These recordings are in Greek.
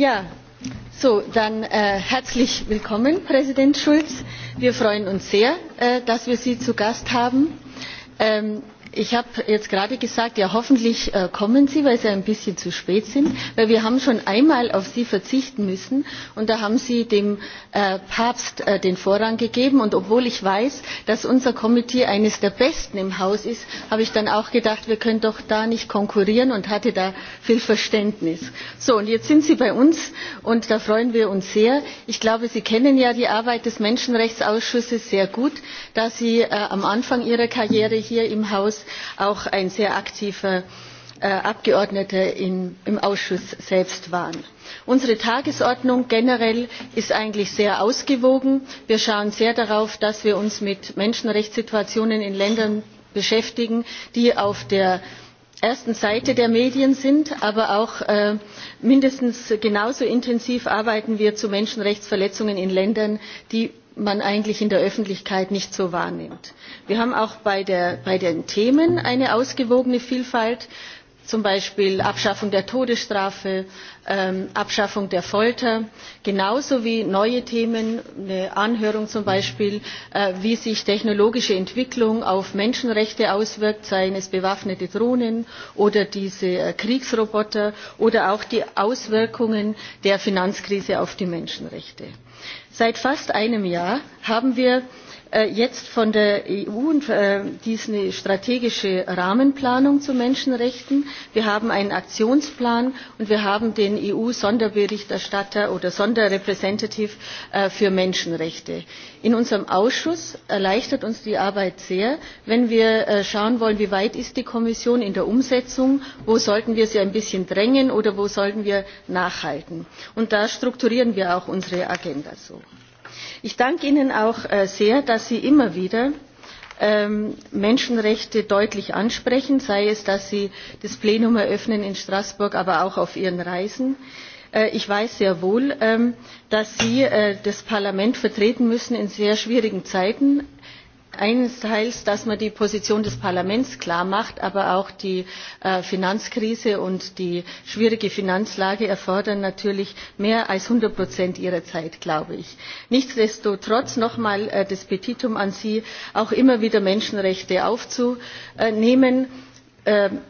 Ja, dann herzlich willkommen, Präsident Schulz. Wir freuen uns sehr, dass wir Sie zu Gast haben Ich habe jetzt gerade gesagt, ja hoffentlich kommen Sie, weil Sie ein bisschen zu spät sind, weil wir haben schon einmal auf Sie verzichten müssen und da haben Sie dem Papst den Vorrang gegeben und obwohl ich weiß, dass unser Komitee eines der besten im Haus ist, habe ich dann auch gedacht, wir können doch da nicht konkurrieren und hatte da viel Verständnis. So, und jetzt sind Sie bei uns und da freuen wir uns sehr. Ich glaube, Sie kennen ja die Arbeit des Menschenrechtsausschusses sehr gut, da Sie am Anfang Ihrer Karriere hier im Haus auch ein sehr aktiver Abgeordneter im Ausschuss selbst waren. Unsere Tagesordnung generell ist eigentlich sehr ausgewogen. Wir schauen sehr darauf, dass wir uns mit Menschenrechtssituationen in Ländern beschäftigen, die auf der ersten Seite der Medien sind, aber auch mindestens genauso intensiv arbeiten wir zu Menschenrechtsverletzungen in Ländern, die man eigentlich in der Öffentlichkeit nicht so wahrnimmt. Wir haben auch bei den Themen eine ausgewogene Vielfalt, zum Beispiel Abschaffung der Todesstrafe, Abschaffung der Folter, genauso wie neue Themen, eine Anhörung zum Beispiel, wie sich technologische Entwicklung auf Menschenrechte auswirkt, seien es bewaffnete Drohnen oder diese Kriegsroboter oder auch die Auswirkungen der Finanzkrise auf die Menschenrechte seit fast einem jahr haben wir jetzt von der EU und dies eine strategische Rahmenplanung zu Menschenrechten. Wir haben einen Aktionsplan und wir haben den EU-Sonderberichterstatter oder Sonderrepräsentative für Menschenrechte. In unserem Ausschuss erleichtert uns die Arbeit sehr, wenn wir schauen wollen, wie weit ist die Kommission in der Umsetzung, ist, wo sollten wir sie ein bisschen drängen oder wo sollten wir nachhalten. Und da strukturieren wir auch unsere Agenda so ich danke ihnen auch sehr dass sie immer wieder menschenrechte deutlich ansprechen sei es dass sie das plenum eröffnen in straßburg aber auch auf ihren reisen. ich weiß sehr wohl dass sie das parlament vertreten müssen in sehr schwierigen zeiten einerseits dass man die position des parlaments klar macht aber auch die finanzkrise und die schwierige finanzlage erfordern natürlich mehr als einhundert ihrer zeit glaube ich. nichtsdestotrotz nochmal das petitum an sie auch immer wieder menschenrechte aufzunehmen.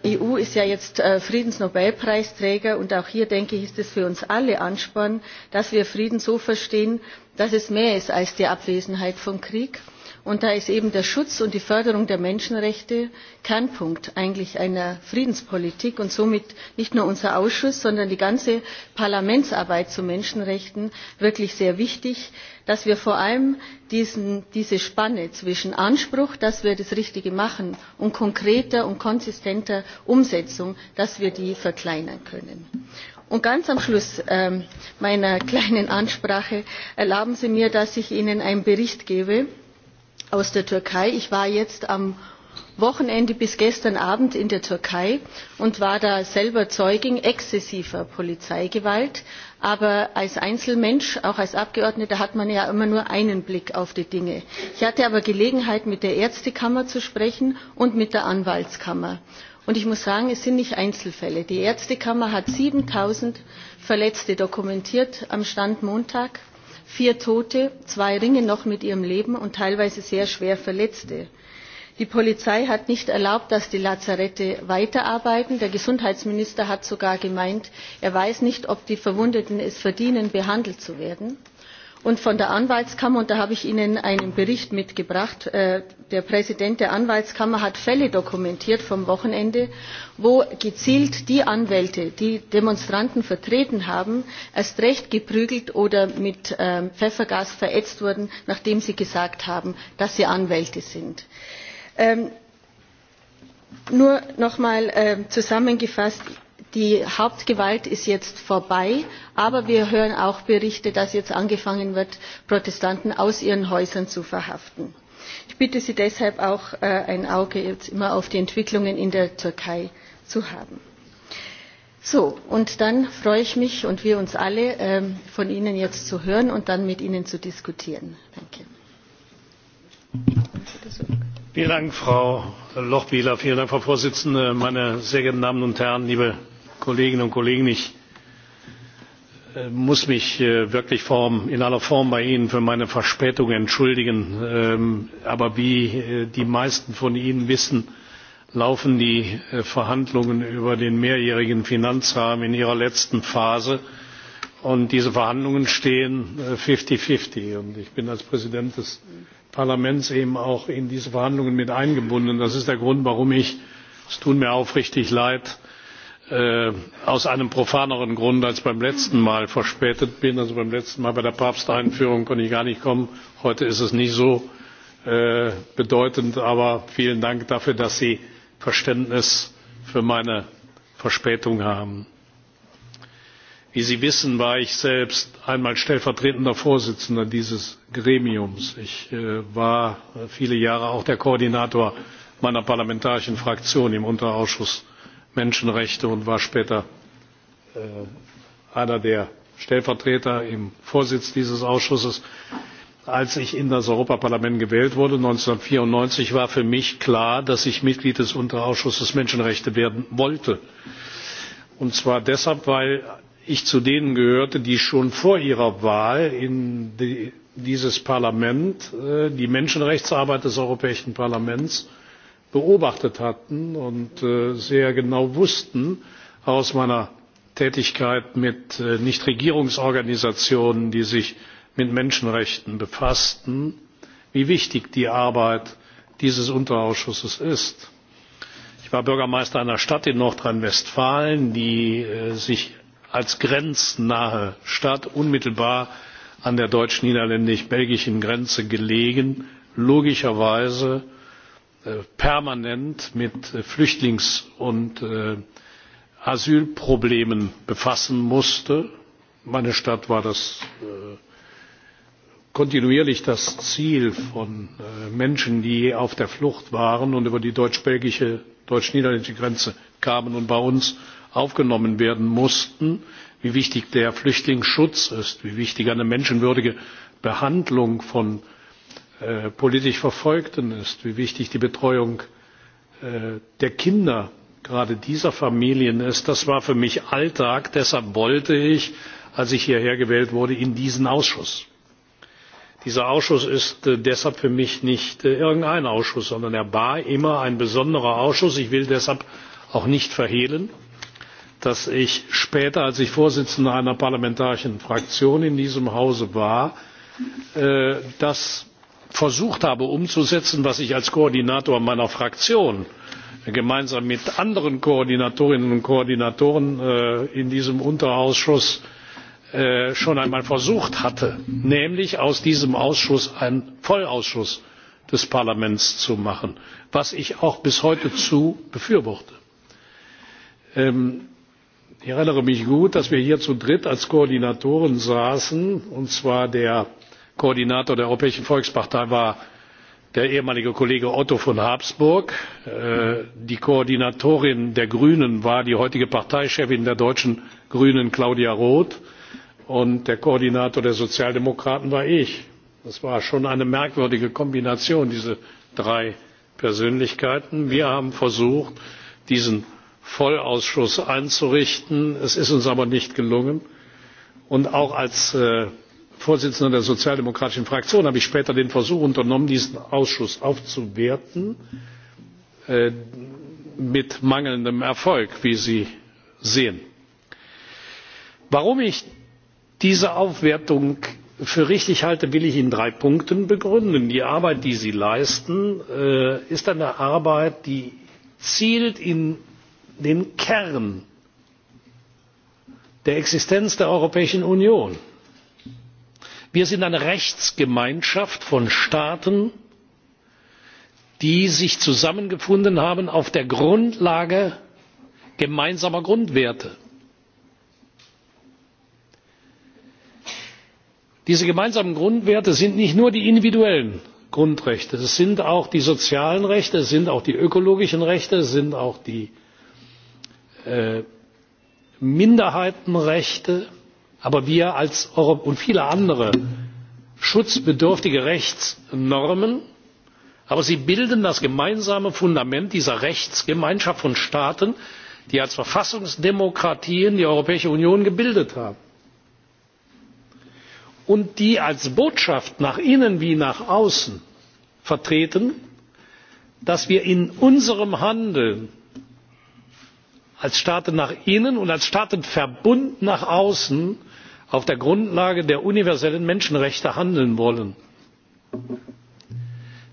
die eu ist ja jetzt friedensnobelpreisträger und auch hier denke ich ist es für uns alle ansporn dass wir frieden so verstehen dass es mehr ist als die abwesenheit von krieg und da ist eben der schutz und die förderung der menschenrechte kernpunkt eigentlich einer friedenspolitik und somit nicht nur unser ausschuss sondern die ganze parlamentsarbeit zu menschenrechten wirklich sehr wichtig dass wir vor allem diese spanne zwischen anspruch dass wir das richtige machen und konkreter und konsistenter umsetzung dass wir die verkleinern können. Und ganz am Schluss meiner kleinen Ansprache erlauben Sie mir, dass ich Ihnen einen Bericht gebe aus der Türkei. Ich war jetzt am Wochenende bis gestern Abend in der Türkei und war da selber Zeugin exzessiver Polizeigewalt. Aber als Einzelmensch, auch als Abgeordneter, hat man ja immer nur einen Blick auf die Dinge. Ich hatte aber Gelegenheit, mit der Ärztekammer zu sprechen und mit der Anwaltskammer. Und ich muss sagen, es sind nicht Einzelfälle. Die Ärztekammer hat 7000 Verletzte dokumentiert am Stand Montag vier Tote, zwei Ringe noch mit ihrem Leben und teilweise sehr schwer Verletzte. Die Polizei hat nicht erlaubt, dass die Lazarette weiterarbeiten. Der Gesundheitsminister hat sogar gemeint, er weiß nicht, ob die Verwundeten es verdienen, behandelt zu werden. Und von der Anwaltskammer, und da habe ich Ihnen einen Bericht mitgebracht, der Präsident der Anwaltskammer hat Fälle dokumentiert vom Wochenende, wo gezielt die Anwälte, die Demonstranten vertreten haben, erst recht geprügelt oder mit Pfeffergas verätzt wurden, nachdem sie gesagt haben, dass sie Anwälte sind. Nur noch einmal zusammengefasst Die Hauptgewalt ist jetzt vorbei, aber wir hören auch Berichte, dass jetzt angefangen wird, Protestanten aus ihren Häusern zu verhaften. Ich bitte Sie deshalb auch, ein Auge jetzt immer auf die Entwicklungen in der Türkei zu haben. So, und dann freue ich mich und wir uns alle, von Ihnen jetzt zu hören und dann mit Ihnen zu diskutieren. Danke. Vielen Dank, Frau Lochbihler. Vielen Dank, Frau Vorsitzende. Meine sehr geehrten Damen und Herren, liebe Kolleginnen und Kollegen muss mich wirklich in aller Form bei Ihnen für meine Verspätung entschuldigen. Aber wie die meisten von Ihnen wissen, laufen die Verhandlungen über den mehrjährigen Finanzrahmen in ihrer letzten Phase. Und diese Verhandlungen stehen 50 fifty. ich bin als Präsident des Parlaments eben auch in diese Verhandlungen mit eingebunden. Das ist der Grund, warum ich, es tut mir aufrichtig leid, aus einem profaneren grund als beim letzten mal verspätet bin. also beim letzten mal bei der papsteinführung konnte ich gar nicht kommen heute ist es nicht so bedeutend aber vielen dank dafür dass sie verständnis für meine verspätung haben. wie sie wissen war ich selbst einmal stellvertretender vorsitzender dieses gremiums. ich war viele jahre auch der koordinator meiner parlamentarischen fraktion im unterausschuss menschenrechte und war später einer der stellvertreter im vorsitz dieses ausschusses. als ich in das europäische parlament gewählt wurde eintausendneunhundertvierundneunzig war für mich klar dass ich mitglied des unterausschusses menschenrechte werden wollte und zwar deshalb weil ich zu denen gehörte die schon vor ihrer wahl in dieses parlament die menschenrechtsarbeit des europäischen parlaments beobachtet hatten und sehr genau wussten aus meiner tätigkeit mit nichtregierungsorganisationen die sich mit menschenrechten befassten wie wichtig die arbeit dieses unterausschusses ist. ich war bürgermeister einer stadt in nordrhein westfalen die sich als grenznahe stadt unmittelbar an der deutsch niederländisch belgischen grenze gelegen logischerweise permanent mit flüchtlings und asylproblemen befassen musste. meine stadt war kontinuierlich das ziel von menschen die auf der flucht waren und über die deutsch belgische deutsch niederländische grenze kamen und bei uns aufgenommen werden mussten wie wichtig der flüchtlingsschutz ist wie wichtig eine menschenwürdige behandlung von politisch Verfolgten ist, wie wichtig die Betreuung der Kinder gerade dieser Familien ist. Das war für mich Alltag. Deshalb wollte ich, als ich hierher gewählt wurde, in diesen Ausschuss. Dieser Ausschuss ist deshalb für mich nicht irgendein Ausschuss, sondern er war immer ein besonderer Ausschuss. Ich will deshalb auch nicht verhehlen, dass ich später, als ich Vorsitzender einer parlamentarischen Fraktion in diesem Hause war, versucht habe umzusetzen was ich als koordinator meiner fraktion gemeinsam mit anderen koordinatorinnen und koordinatoren in diesem unterausschuss schon einmal versucht hatte nämlich aus diesem ausschuss einen vollausschuss des parlaments zu machen was ich auch bis heute zu befürworte. ich erinnere mich gut dass wir hier zu dritt als koordinatoren saßen und zwar der koordinator der europäischen volkspartei war der ehemalige kollege otto von habsburg die koordinatorin der grünen war die heutige parteichefin der deutschen grünen claudia roth und der koordinator der sozialdemokraten war ich. das war schon eine merkwürdige kombination diese drei persönlichkeiten. wir haben versucht diesen vollausschuss einzurichten es ist uns aber nicht gelungen. und auch als vorsitzender der sozialdemokratischen fraktion habe ich später den versuch unternommen diesen ausschuss aufzuwerten mit mangelndem erfolg wie sie sehen. warum ich diese aufwertung für richtig halte will ich in drei punkten begründen die arbeit die sie leisten ist eine arbeit die zielt in den kern der existenz der europäischen union wir sind eine rechtsgemeinschaft von staaten die sich zusammengefunden haben auf der grundlage gemeinsamer grundwerte. diese gemeinsamen grundwerte sind nicht nur die individuellen grundrechte es sind auch die sozialen rechte es sind auch die ökologischen rechte es sind auch die minderheitenrechte aber wir als und viele andere schutzbedürftige rechtsnormen aber sie bilden das gemeinsame fundament dieser rechtsgemeinschaft von staaten die als verfassungsdemokratien die europäische union gebildet haben und die als botschaft nach innen wie nach außen vertreten dass wir in unserem handeln als staaten nach innen und als staatenverbund nach außen auf der grundlage der universellen menschenrechte handeln wollen.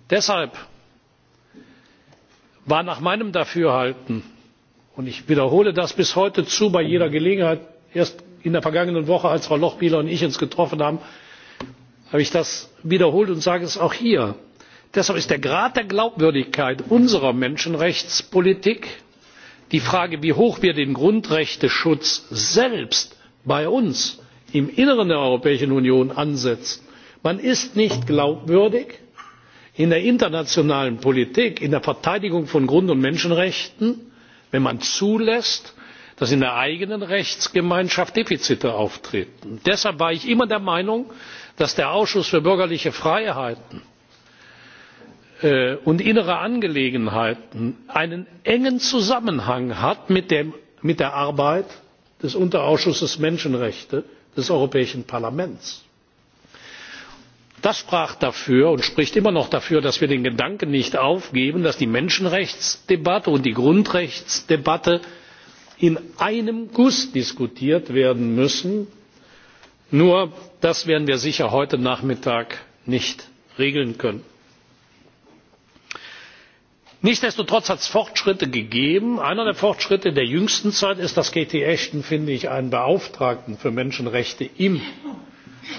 deshalb war nach meinem dafürhalten und ich wiederhole das bis heute zu bei jeder gelegenheit erst in der vergangenen woche als frau lochbihler und ich uns getroffen haben habe ich das wiederholt und sage es auch hier deshalb ist der grad der glaubwürdigkeit unserer menschenrechtspolitik die frage wie hoch wir den grundrechteschutz selbst bei uns im inneren der europäischen union ansetzen. man ist nicht glaubwürdig in der internationalen politik in der verteidigung von grund und menschenrechten wenn man zulässt dass in der eigenen rechtsgemeinschaft defizite auftreten. deshalb war ich immer der meinung dass der ausschuss für bürgerliche freiheiten und innere angelegenheiten einen engen zusammenhang hat mit der arbeit des unterausschusses menschenrechte des europäischen parlaments. das sprach dafür und spricht immer noch dafür dass wir den gedanken nicht aufgeben dass die menschenrechtsdebatte und die grundrechtsdebatte in einem guss diskutiert werden müssen nur das werden wir sicher heute nachmittag nicht regeln nichtsdestotrotz hat es fortschritte gegeben. einer der fortschritte der jüngsten zeit ist dass catherine ashton finde ich einen beauftragten für menschenrechte im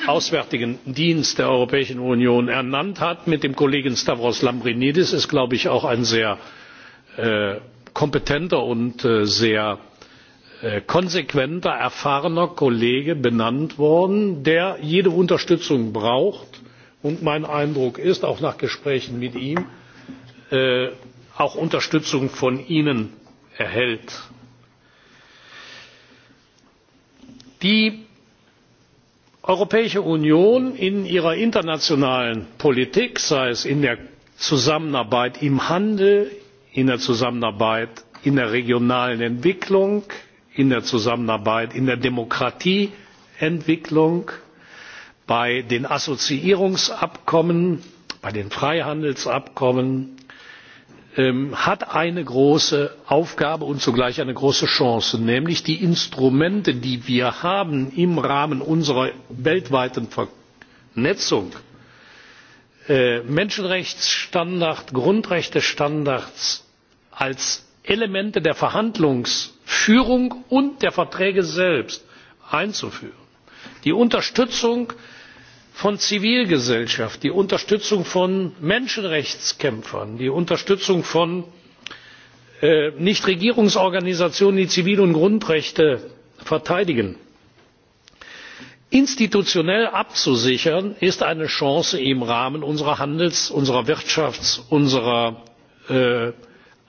auswärtigen dienst der europäischen union ernannt hat. mit dem kollegen stavros lambrinidis ist glaube ich auch ein sehr kompetenter und sehr konsequenter erfahrener kollege benannt worden der jede unterstützung braucht und mein eindruck ist auch nach gesprächen mit ihm auch Unterstützung von Ihnen erhält. Die Europäische Union in ihrer internationalen Politik, sei es in der Zusammenarbeit im Handel, in der Zusammenarbeit in der regionalen Entwicklung, in der Zusammenarbeit in der Demokratieentwicklung, bei den Assoziierungsabkommen, bei den Freihandelsabkommen, hat eine große aufgabe und zugleich eine große chance nämlich die instrumente die wir haben im rahmen unserer weltweiten vernetzung menschenrechtsstandards grundrechtestandards als elemente der verhandlungsführung und der verträge selbst einzuführen die unterstützung von zivilgesellschaft die unterstützung von menschenrechtskämpfern die unterstützung von nichtregierungsorganisationen die zivil und grundrechte verteidigen institutionell abzusichern ist eine chance im rahmen unserer handels unserer wirtschafts unserer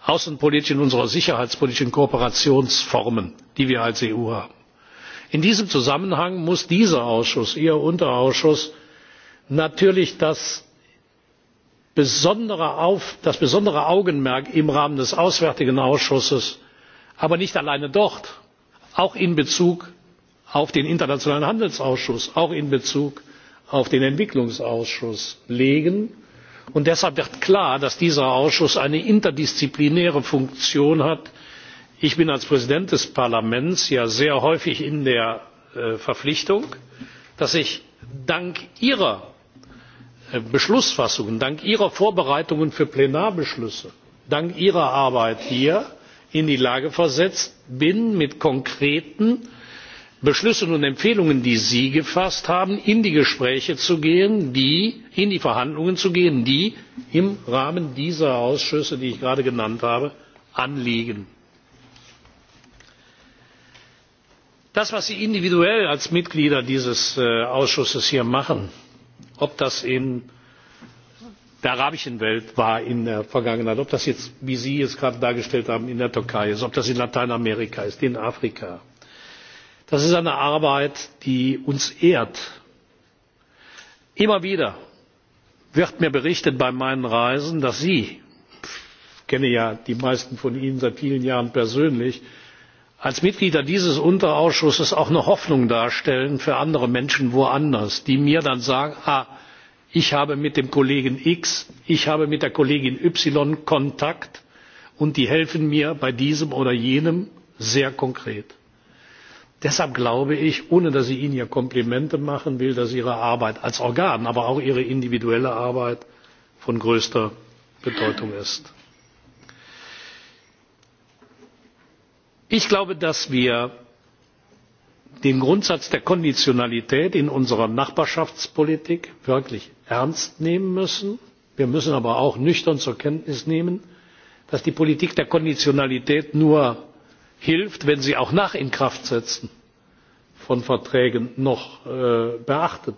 außenpolitischen unserer sicherheitspolitischen kooperationsformen die wir als eu haben. in diesem zusammenhang muss dieser ausschuss ihr unterausschuss natürlich das besondere augenmerk im rahmen des auswärtigen ausschusses aber nicht alleine dort auch in bezug auf den internationalen handelsausschuss auch in bezug auf den entwicklungsausschuss legen und deshalb wird klar dass dieser ausschuss eine interdisziplinäre funktion hat. ich bin als präsident des parlaments ja sehr häufig in der verpflichtung dass ich dank ihrer beschlussfassungen dank ihrer vorbereitungen für plenarbeschlüsse dank ihrer arbeit hier in die lage versetzt bin mit konkreten beschlüssen und empfehlungen die sie gefasst haben in die gespräche zu gehen in die verhandlungen zu gehen die im rahmen dieser ausschüsse die ich gerade genannt habe anliegen. das was sie individuell als mitglieder dieses ausschusses hier machen ob das in der arabischen welt war in der vergangenheit ob das jetzt wie sie es gerade dargestellt haben in der türkei ist ob das in lateinamerika ist in afrika das ist eine arbeit die uns ehrt. immer wieder wird mir berichtet bei meinen reisen dass sie ich kenne ja die meisten von ihnen seit vielen jahren persönlich als mitglieder dieses unterausschusses auch eine hoffnung darstellen für andere menschen woanders die mir dann sagen ah ich habe mit dem kollegen x ich habe mit der kollegin y kontakt und die helfen mir bei diesem oder jenem sehr konkret. deshalb glaube ich ohne dass ich ihnen hier komplimente machen will dass ihre arbeit als organ aber auch ihre individuelle arbeit von größter bedeutung ist. ich glaube dass wir den grundsatz der konditionalität in unserer nachbarschaftspolitik wirklich ernst nehmen müssen. wir müssen aber auch nüchtern zur kenntnis nehmen dass die politik der konditionalität nur hilft wenn sie auch nach inkraftsetzen von verträgen noch beachtet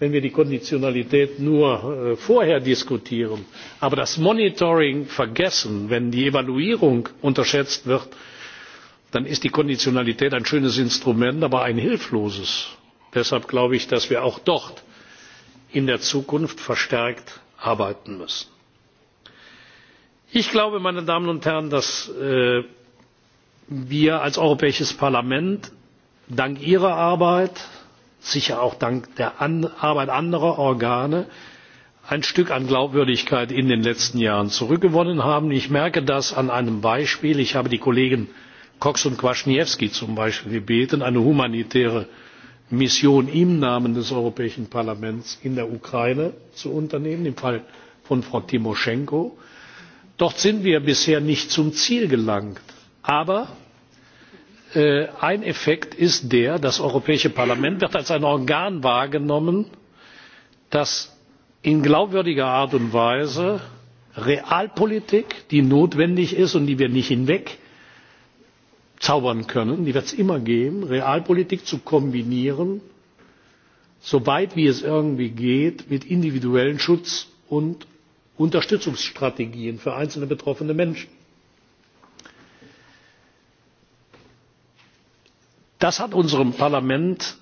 wenn wir die konditionalität nur vorher diskutieren aber das monitoring vergessen wenn die evaluierung unterschätzt wird dann ist die konditionalität ein schönes instrument aber ein hilfloses. deshalb glaube ich dass wir auch dort in der zukunft verstärkt arbeiten müssen. ich glaube meine damen und herren dass wir als europäisches parlament dank ihrer arbeit sicher auch dank der arbeit anderer organe ein stück an glaubwürdigkeit in den letzten jahren zurückgewonnen haben. ich merke das an einem beispiel ich habe die kollegen cox und kwaniewski zum beispiel gebeten eine humanitäre mission im namen des europäischen parlaments in der ukraine zu unternehmen im fall von frau timoschenko. dort sind wir bisher nicht zum ziel gelangt. aber ein effekt ist der das europäische parlament wird als ein organ wahrgenommen das in glaubwürdiger art und weise realpolitik die notwendig ist und die wir nicht hinweg zaubern können die wird es immer geben realpolitik zu kombinieren soweit wie es irgendwie geht mit individuellen schutz und unterstützungsstrategien für einzelne betroffene menschen. das hat unserem parlament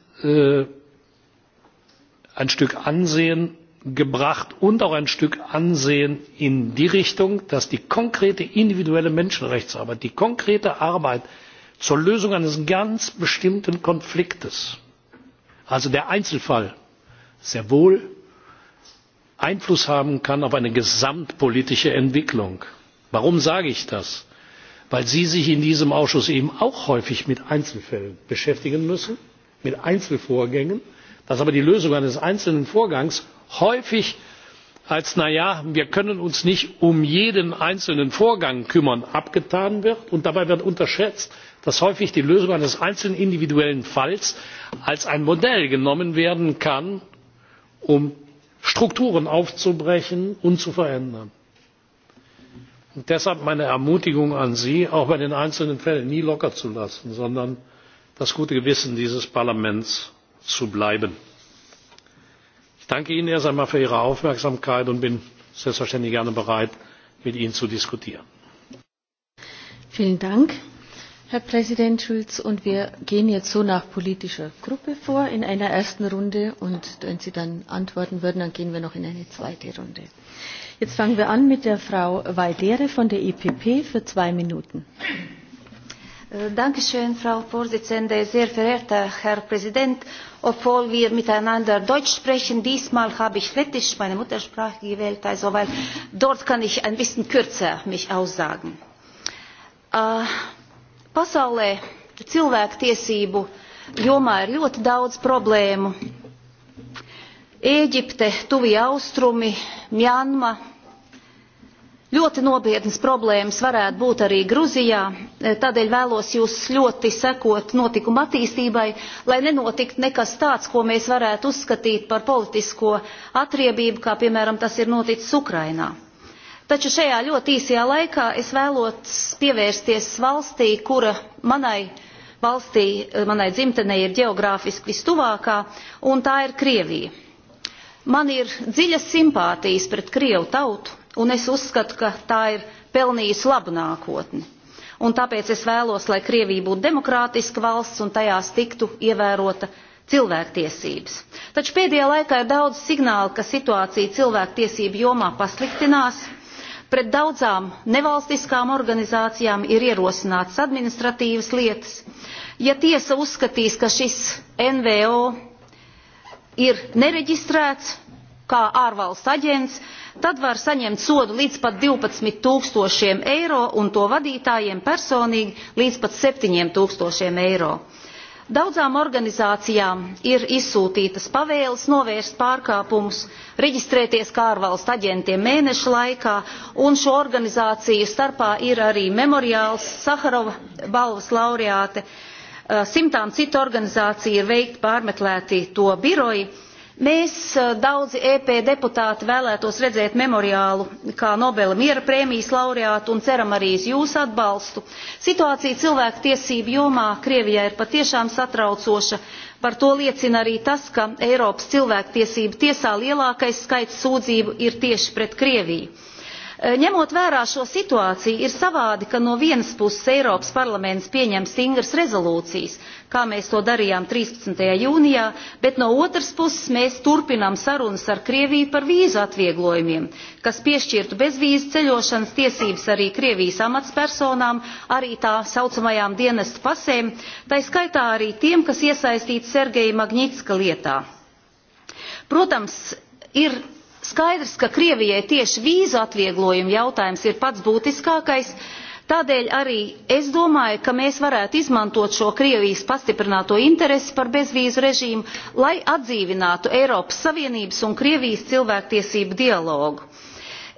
ein stück ansehen gebracht und auch ein stück ansehen in die richtung dass die konkrete individuelle menschenrechtsarbeit die konkrete arbeit zur lösung eines ganz bestimmten konfliktes also der einzelfall sehr wohl einfluss haben kann auf eine gesamtpolitische entwicklung. warum sage ich weil sie sich in diesem ausschuss eben auch häufig mit einzelfällen beschäftigen müssen mit einzelvorgängen dass aber die lösung eines einzelnen vorgangs häufig als na ja wir können uns nicht um jeden einzelnen vorgang kümmern abgetan wird und dabei wird unterschätzt dass häufig die lösung eines einzelnen individuellen falls als ein modell genommen werden kann um strukturen aufzubrechen und zu verändern deshalb meine ermutigung an sie auch bei den einzelnen fällen nie locker zu lassen sondern das gute gewissen dieses parlaments zu bleiben. ich danke ihnen erst einmal für ihre aufmerksamkeit und bin selbstverständlich gerne bereit mit ihnen zu diskutieren. vielen dank herr präsident schulz! und wir gehen jetzt so nach politischer gruppe vor in einer ersten runde und wenn sie dann antworten würden dann gehen wir noch in eine zweite runde. Jetzt fangen wir an mit der Frau Waldere von der EPP für zwei Minuten. Dankeschön, Frau Vorsitzende, sehr verehrter Herr Präsident. Obwohl wir miteinander Deutsch sprechen, diesmal habe ich Lettisch, meine Muttersprache, gewählt, also weil dort kann ich ein bisschen kürzer aussagen. Pasaulē cilvēktiesību jomā ir ļoti daudz Ēģipte, Tuvija austrumi, Mjanma. Ļoti nopietnas problēmas varētu būt arī Gruzijā, tādēļ vēlos jūs ļoti sekot notikuma attīstībai, lai nenotikt nekas tāds, ko mēs varētu uzskatīt par politisko atriebību, kā piemēram tas ir noticis Ukrainā. Taču šajā ļoti īsajā laikā es vēlos pievērsties valstī, kura manai valstī, manai dzimtenei ir ģeogrāfiski vistuvākā, un tā ir Krievija Man ir dziļas simpātijas pret Krievu tautu, un es uzskatu, ka tā ir pelnījusi labu nākotni. Un tāpēc es vēlos, lai Krievija būtu demokrātiska valsts un tajās tiktu ievērota cilvēktiesības. Taču pēdējā laikā ir daudz signālu, ka situācija cilvēktiesību jomā pasliktinās. Pret daudzām nevalstiskām organizācijām ir ierosināts administratīvas lietas. Ja tiesa uzskatīs, ka šis NVO ir nereģistrēts kā ārvalstu aģents tad var saņemt sodu līdz pat 12 tūkstošiem eiro un to vadītājiem personīgi līdz pat 7 tūkstošiem eiro. Daudzām organizācijām ir izsūtītas pavēles novērst pārkāpumus, reģistrēties kā ārvalstu aģentiem mēneša laikā, un šo organizāciju starpā ir arī memoriāls Saharova balvas laureāte simtām citu organizāciju ir veikti pārmeklēti to biroji. Mēs daudzi EP deputāti vēlētos redzēt memoriālu kā Nobela miera prēmijas laureātu un ceram arī jūsu atbalstu. Situācija cilvēku tiesību jomā Krievijā ir patiešām satraucoša. Par to liecina arī tas, ka Eiropas cilvēktiesību tiesā lielākais skaits sūdzību ir tieši pret Krieviju ņemot vērā šo situāciju ir savādi ka no vienas puses eiropas parlaments pieņem stingras rezolūcijas kā mēs to darījām 13. jūnijā bet no otras puses mēs turpinām sarunas ar krieviju par vīzu atvieglojumiem kas piešķirtu bezvīzu ceļošanas tiesības arī krievijas amatpersonām arī tā saucamajām dienestu pasēm tai skaitā arī tiem kas iesaistīti sergeja magnitska lietā. protams ir skaidrs ka krievijai tieši vīzu atvieglojuma jautājums ir pats būtiskākais tādēļ arī es domāju ka mēs varētu izmantot šo krievijas pastiprināto interesi par bezvīzu režīmu lai atdzīvinātu eiropas savienības un krievijas cilvēktiesību dialogu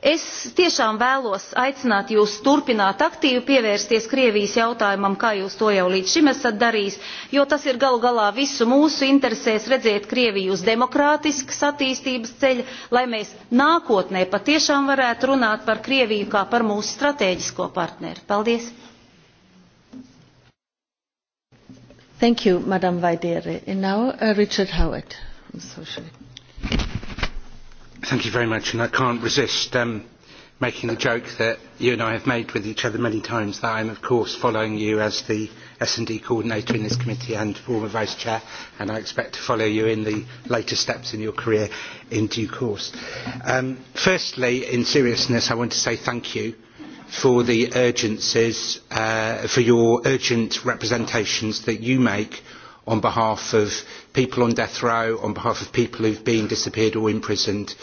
es tiešām vēlos aicināt jūs turpināt aktīvi pievērsties krievijas jautājumam kā jūs to jau līdz šim esat darījis jo tas ir galu galā visu mūsu interesēs redzēt krieviju uz demokrātiskas attīstības ceļa lai mēs nākotnē patiešām varētu runāt par krieviju kā par mūsu stratēģisko partneri. paldies! Thank you, Madam Vaidere. now, Richard Thank you very much, and I can't resist making the joke that you and I have made with each other many times that I am, of course, following you as the S&D coordinator in this committee and former vice chair, and I expect to follow you in the later steps in your career in due course. Firstly, in seriousness, I want to say thank you for the urgencies, for your urgent representations that you make on behalf of people on death row, on behalf of people who've been disappeared or imprisoned.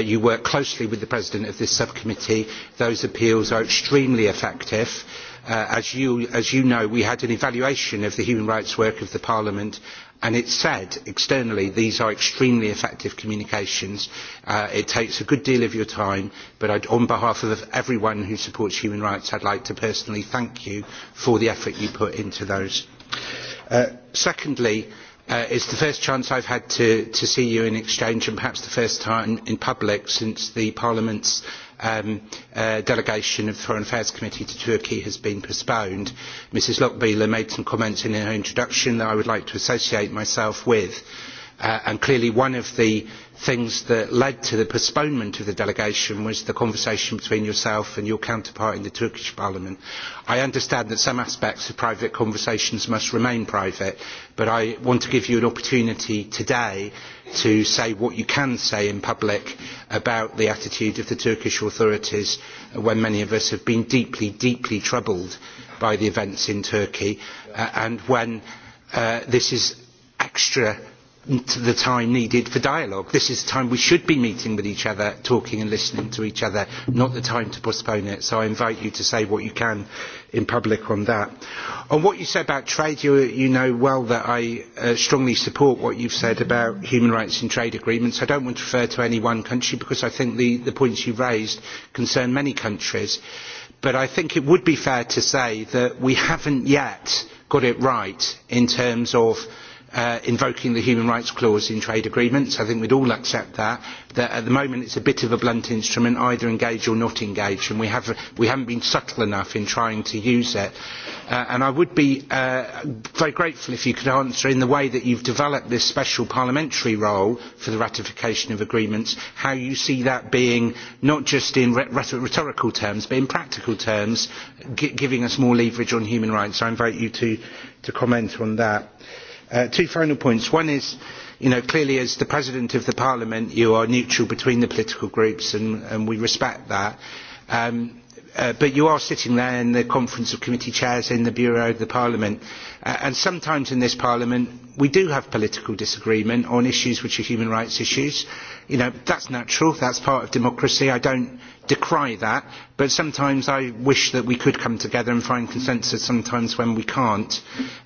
You work closely with the President of this subcommittee. Those appeals are extremely effective. As you know, we had an evaluation of the human rights work of the Parliament and it said externally these are extremely effective communications. It takes a good deal of your time, but on behalf of everyone who supports human rights, I'd like to personally thank you for the effort you put into those. Secondly, it is the first chance I have had to see you in exchange and perhaps the first time in public since the Parliament's delegation of the Foreign Affairs Committee to Turkey has been postponed. Mrs. Lochbihler made some comments in her introduction that I would like to associate myself with and clearly one of the things that led to the postponement of the delegation was the conversation between yourself and your counterpart in the Turkish Parliament. I understand that some aspects of private conversations must remain private, but I want to give you an opportunity today to say what you can say in public about the attitude of the Turkish authorities when many of us have been deeply, deeply troubled by the events in Turkey and when this is extra the time needed for dialogue. This is the time we should be meeting with each other, talking and listening to each other, not the time to postpone it. So I invite you to say what you can in public on that. On what you said about trade, you know well that I strongly support what you've said about human rights in trade agreements. I don't want to refer to any one country because I think the points you raised concern many countries. But I think it would be fair to say that we haven't yet got it right in terms of invoking the human rights clause in trade agreements. I think we'd all accept that. That at the moment it's a bit of a blunt instrument, either engage or not engage, and we have haven't been subtle enough in trying to use it. And I would be very grateful if you could answer in the way that you've developed this special parliamentary role for the ratification of agreements, how you see that being not just in rhetorical terms, but in practical terms, giving us more leverage on human rights. I invite you to comment on that. Two final points. One is, you know, clearly as the President of the Parliament, you are neutral between the political groups and we respect that. But you are sitting there in the Conference of Committee Chairs in the Bureau of the Parliament, and sometimes in this Parliament we do have political disagreement on issues which are human rights issues. You know that's natural, that's part of democracy. I don't decry that, but sometimes I wish that we could come together and find consensus. Sometimes when we can't,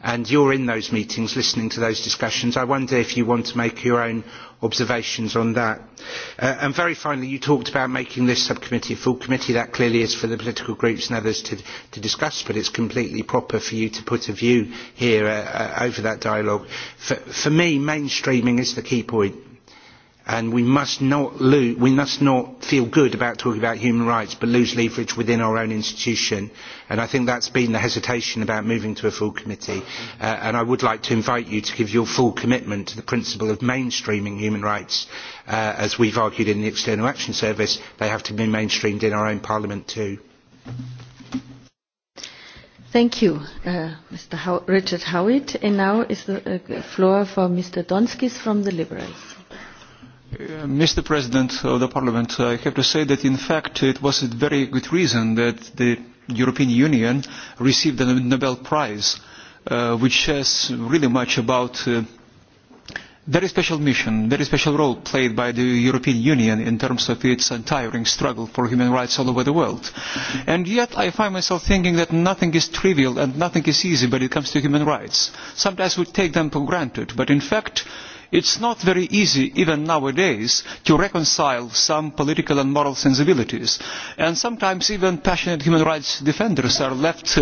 and you're in those meetings listening to those discussions, I wonder if you want to make your own observations on that. And very finally, you talked about making this subcommittee a full committee. That clearly is for the political groups and others to discuss, but it's completely proper for you to put a view here over that dialogue. For me, mainstreaming is the key point and we must not we must not feel good about talking about human rights but lose leverage within our own institution and i think that's been the hesitation about moving to a full committee and i would like to invite you to give your full commitment to the principle of mainstreaming human rights as we've argued in the external action service they have to be mainstreamed in our own parliament too Thank you, Mr. Richard Howitt. And now is the floor for Mr. Donskis from the Liberals. Mr. President of the Parliament, I have to say that in fact it was a very good reason that the European Union received the Nobel Prize, which says really much about very special mission, very special role played by the European Union in terms of its untiring struggle for human rights all over the world. And yet I find myself thinking that nothing is trivial and nothing is easy when it comes to human rights. Sometimes we take them for granted, but in fact It is not very easy, even nowadays, to reconcile some political and moral sensibilities, and sometimes even passionate human rights defenders are left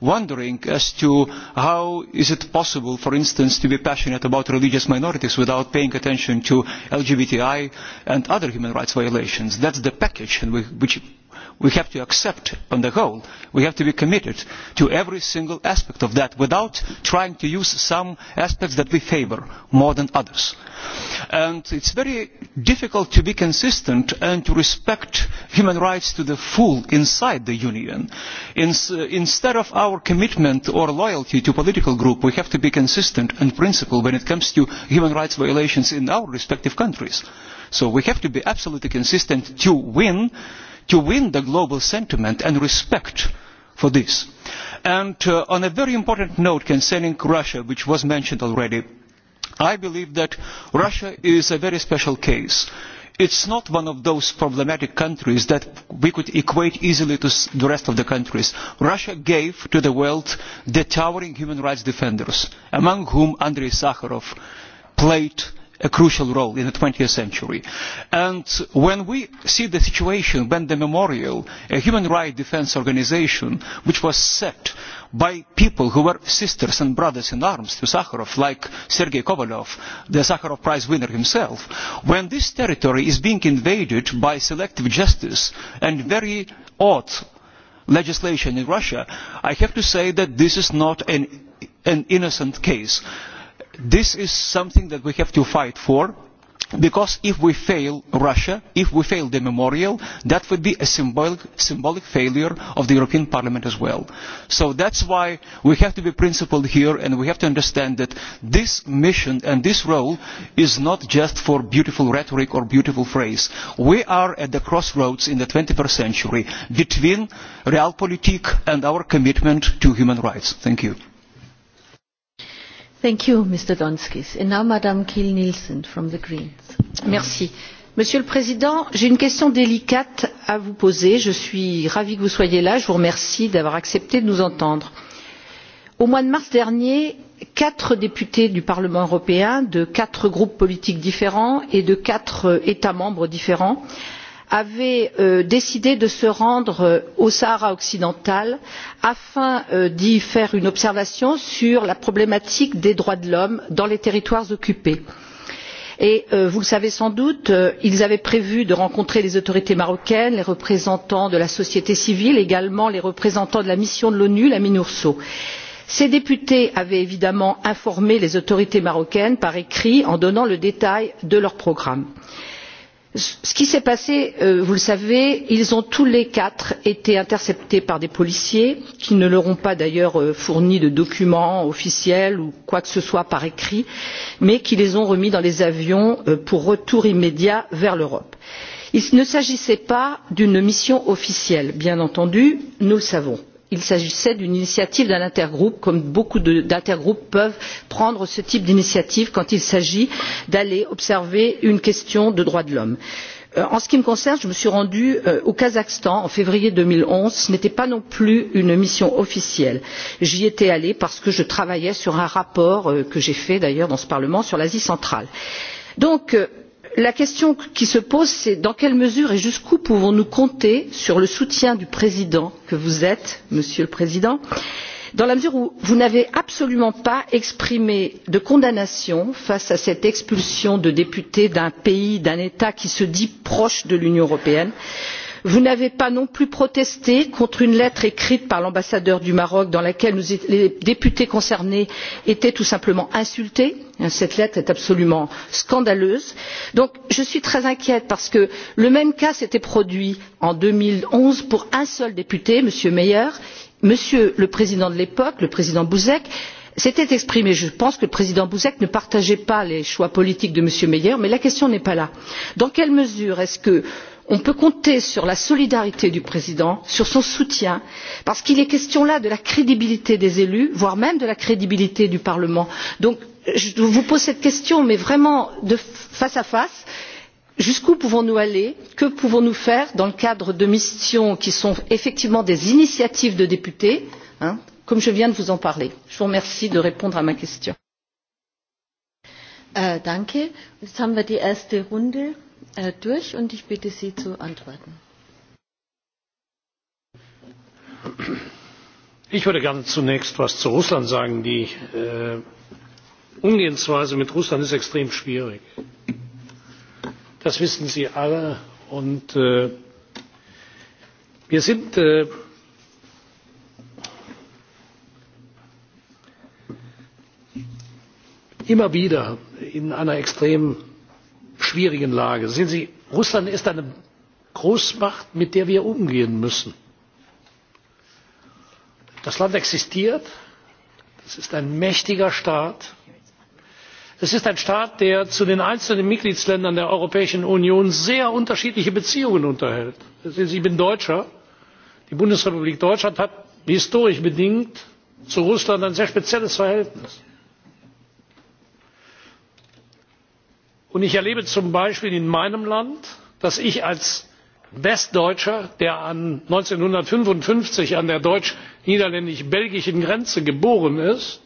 wondering as to how is it possible, for instance, to be passionate about religious minorities without paying attention to LGBTI and other human rights violations. That's the package which we have to accept on the whole. We have to be committed to every single aspect of that without trying to use some aspects that we favour more than others. And it's very difficult to be consistent and to respect human rights to the full inside the Union. Instead of our commitment or loyalty to political group, we have to be consistent and principled when it comes to human rights violations in our respective countries. So we have to be absolutely consistent to win, to win the global sentiment and respect for this. And on a very important note concerning Russia, which was mentioned already, I believe that Russia is a very special case It's not one of those problematic countries that we could equate easily to the rest of the countries. Russia gave to the world the towering human rights defenders, among whom Andrei Sakharov played a crucial role in the 20th century. And when we see the situation when the Memorial, a human rights defence organisation which was set by people who were sisters and brothers in arms to Sakharov, like Sergei Kovalev, the Sakharov Prize winner himself, when this territory is being invaded by selective justice and very odd legislation in Russia, I have to say that this is not an innocent case. This is something that we have to fight for because if we fail Russia, if we fail the memorial, that would be a symbolic failure of the European Parliament as well. So that's why we have to be principled here and we have to understand that this mission and this role is not just for beautiful rhetoric or beautiful phrase. We are at the crossroads in the 21st century between realpolitik and our commitment to human rights. Thank you. Monsieur le Président, j'ai une question délicate à vous poser. Je suis ravie que vous soyez là. Je vous remercie d'avoir accepté de nous entendre. Au mois de mars dernier, quatre députés du Parlement européen, de quatre groupes politiques différents et de quatre États membres différents, avait décidé de se rendre au sahara occidental afin d'y faire une observation sur la problématique des droits de l'homme dans les territoires occupés. vous le savez sans doute ils avaient prévu de rencontrer les autorités marocaines les représentants de la société civile également les représentants de la mission de l'onu la minurso. ces députés avaient évidemment informé les autorités marocaines par écrit en donnant le détail de leur programme ce qui s'est passé vous le savez ils ont tous les quatre été interceptés par des policiers qui ne leur ont pas d'ailleurs fourni de documents officiels ou quoi que ce soit par écrit mais qui les ont remis dans les avions pour retour immédiat vers l'europe. il ne s'agissait pas d'une mission officielle bien entendu nous le savons il s'agissait d'une initiative d'un intergroupe comme beaucoup d'intergroupes peuvent prendre ce type d'initiative quand il s'agit d'aller observer une question de droits de l'homme. en ce qui me concerne je me suis rendue au kazakhstan en février deux mille onze ce n'était pas non plus une mission officielle. j'y étais allée parce que je travaillais sur un rapport que j'ai fait d'ailleurs dans ce parlement sur l'asie centrale la question qui se pose c'est dans quelle mesure et jusqu'où pouvons nous compter sur le soutien du président que vous êtes monsieur le président dans la mesure où vous n'avez absolument pas exprimé de condamnation face à cette expulsion de députés d'un pays d'un état qui se dit proche de l'union européenne vous n'avez pas non plus protesté contre une lettre écrite par l'ambassadeur du maroc dans laquelle les députés concernés étaient tout simplement insultés cette lettre est absolument scandaleuse. je suis très inquiète parce que le même cas s'était produit en deux mille onze pour un seul député m. meyer. m. le président de l'époque le président buzek s'était exprimé je pense que le président buzek ne partageait pas les choix politiques de m. meyer mais la question n'est pas là. dans quelle mesure est ce que on peut compter sur la solidarité du président sur son soutien parce qu'il est question là de la crédibilité des élus voire même de la crédibilité du parlement. donc je vous pose cette question mais vraiment face à face jusqu'où pouvons nous aller que pouvons nous faire dans le cadre de missions qui sont effectivement des initiatives de députés comme je viens de vous en parler? je vous remercie de répondre à ma question. Danke durch und ich bitte Sie zu antworten. Ich würde gerne zunächst etwas zu Russland sagen. Die Umgehensweise mit Russland ist extrem schwierig. Das wissen Sie alle. Und wir sind immer wieder in einer extremen schwierigen lage. sehen sie russland ist eine großmacht mit der wir umgehen müssen. das land existiert es ist ein mächtiger staat es ist ein staat der zu den einzelnen mitgliedstaaten der europäischen union sehr unterschiedliche beziehungen unterhält. ich bin deutscher die bundesrepublik deutschland hat historisch bedingt zu russland ein sehr spezielles verhältnis. und ich erlebe zum beispiel in meinem land dass ich als westdeutscher der eintausendneunhundertfünfundfünfzig an der deutsch niederländisch belgischen grenze geboren ist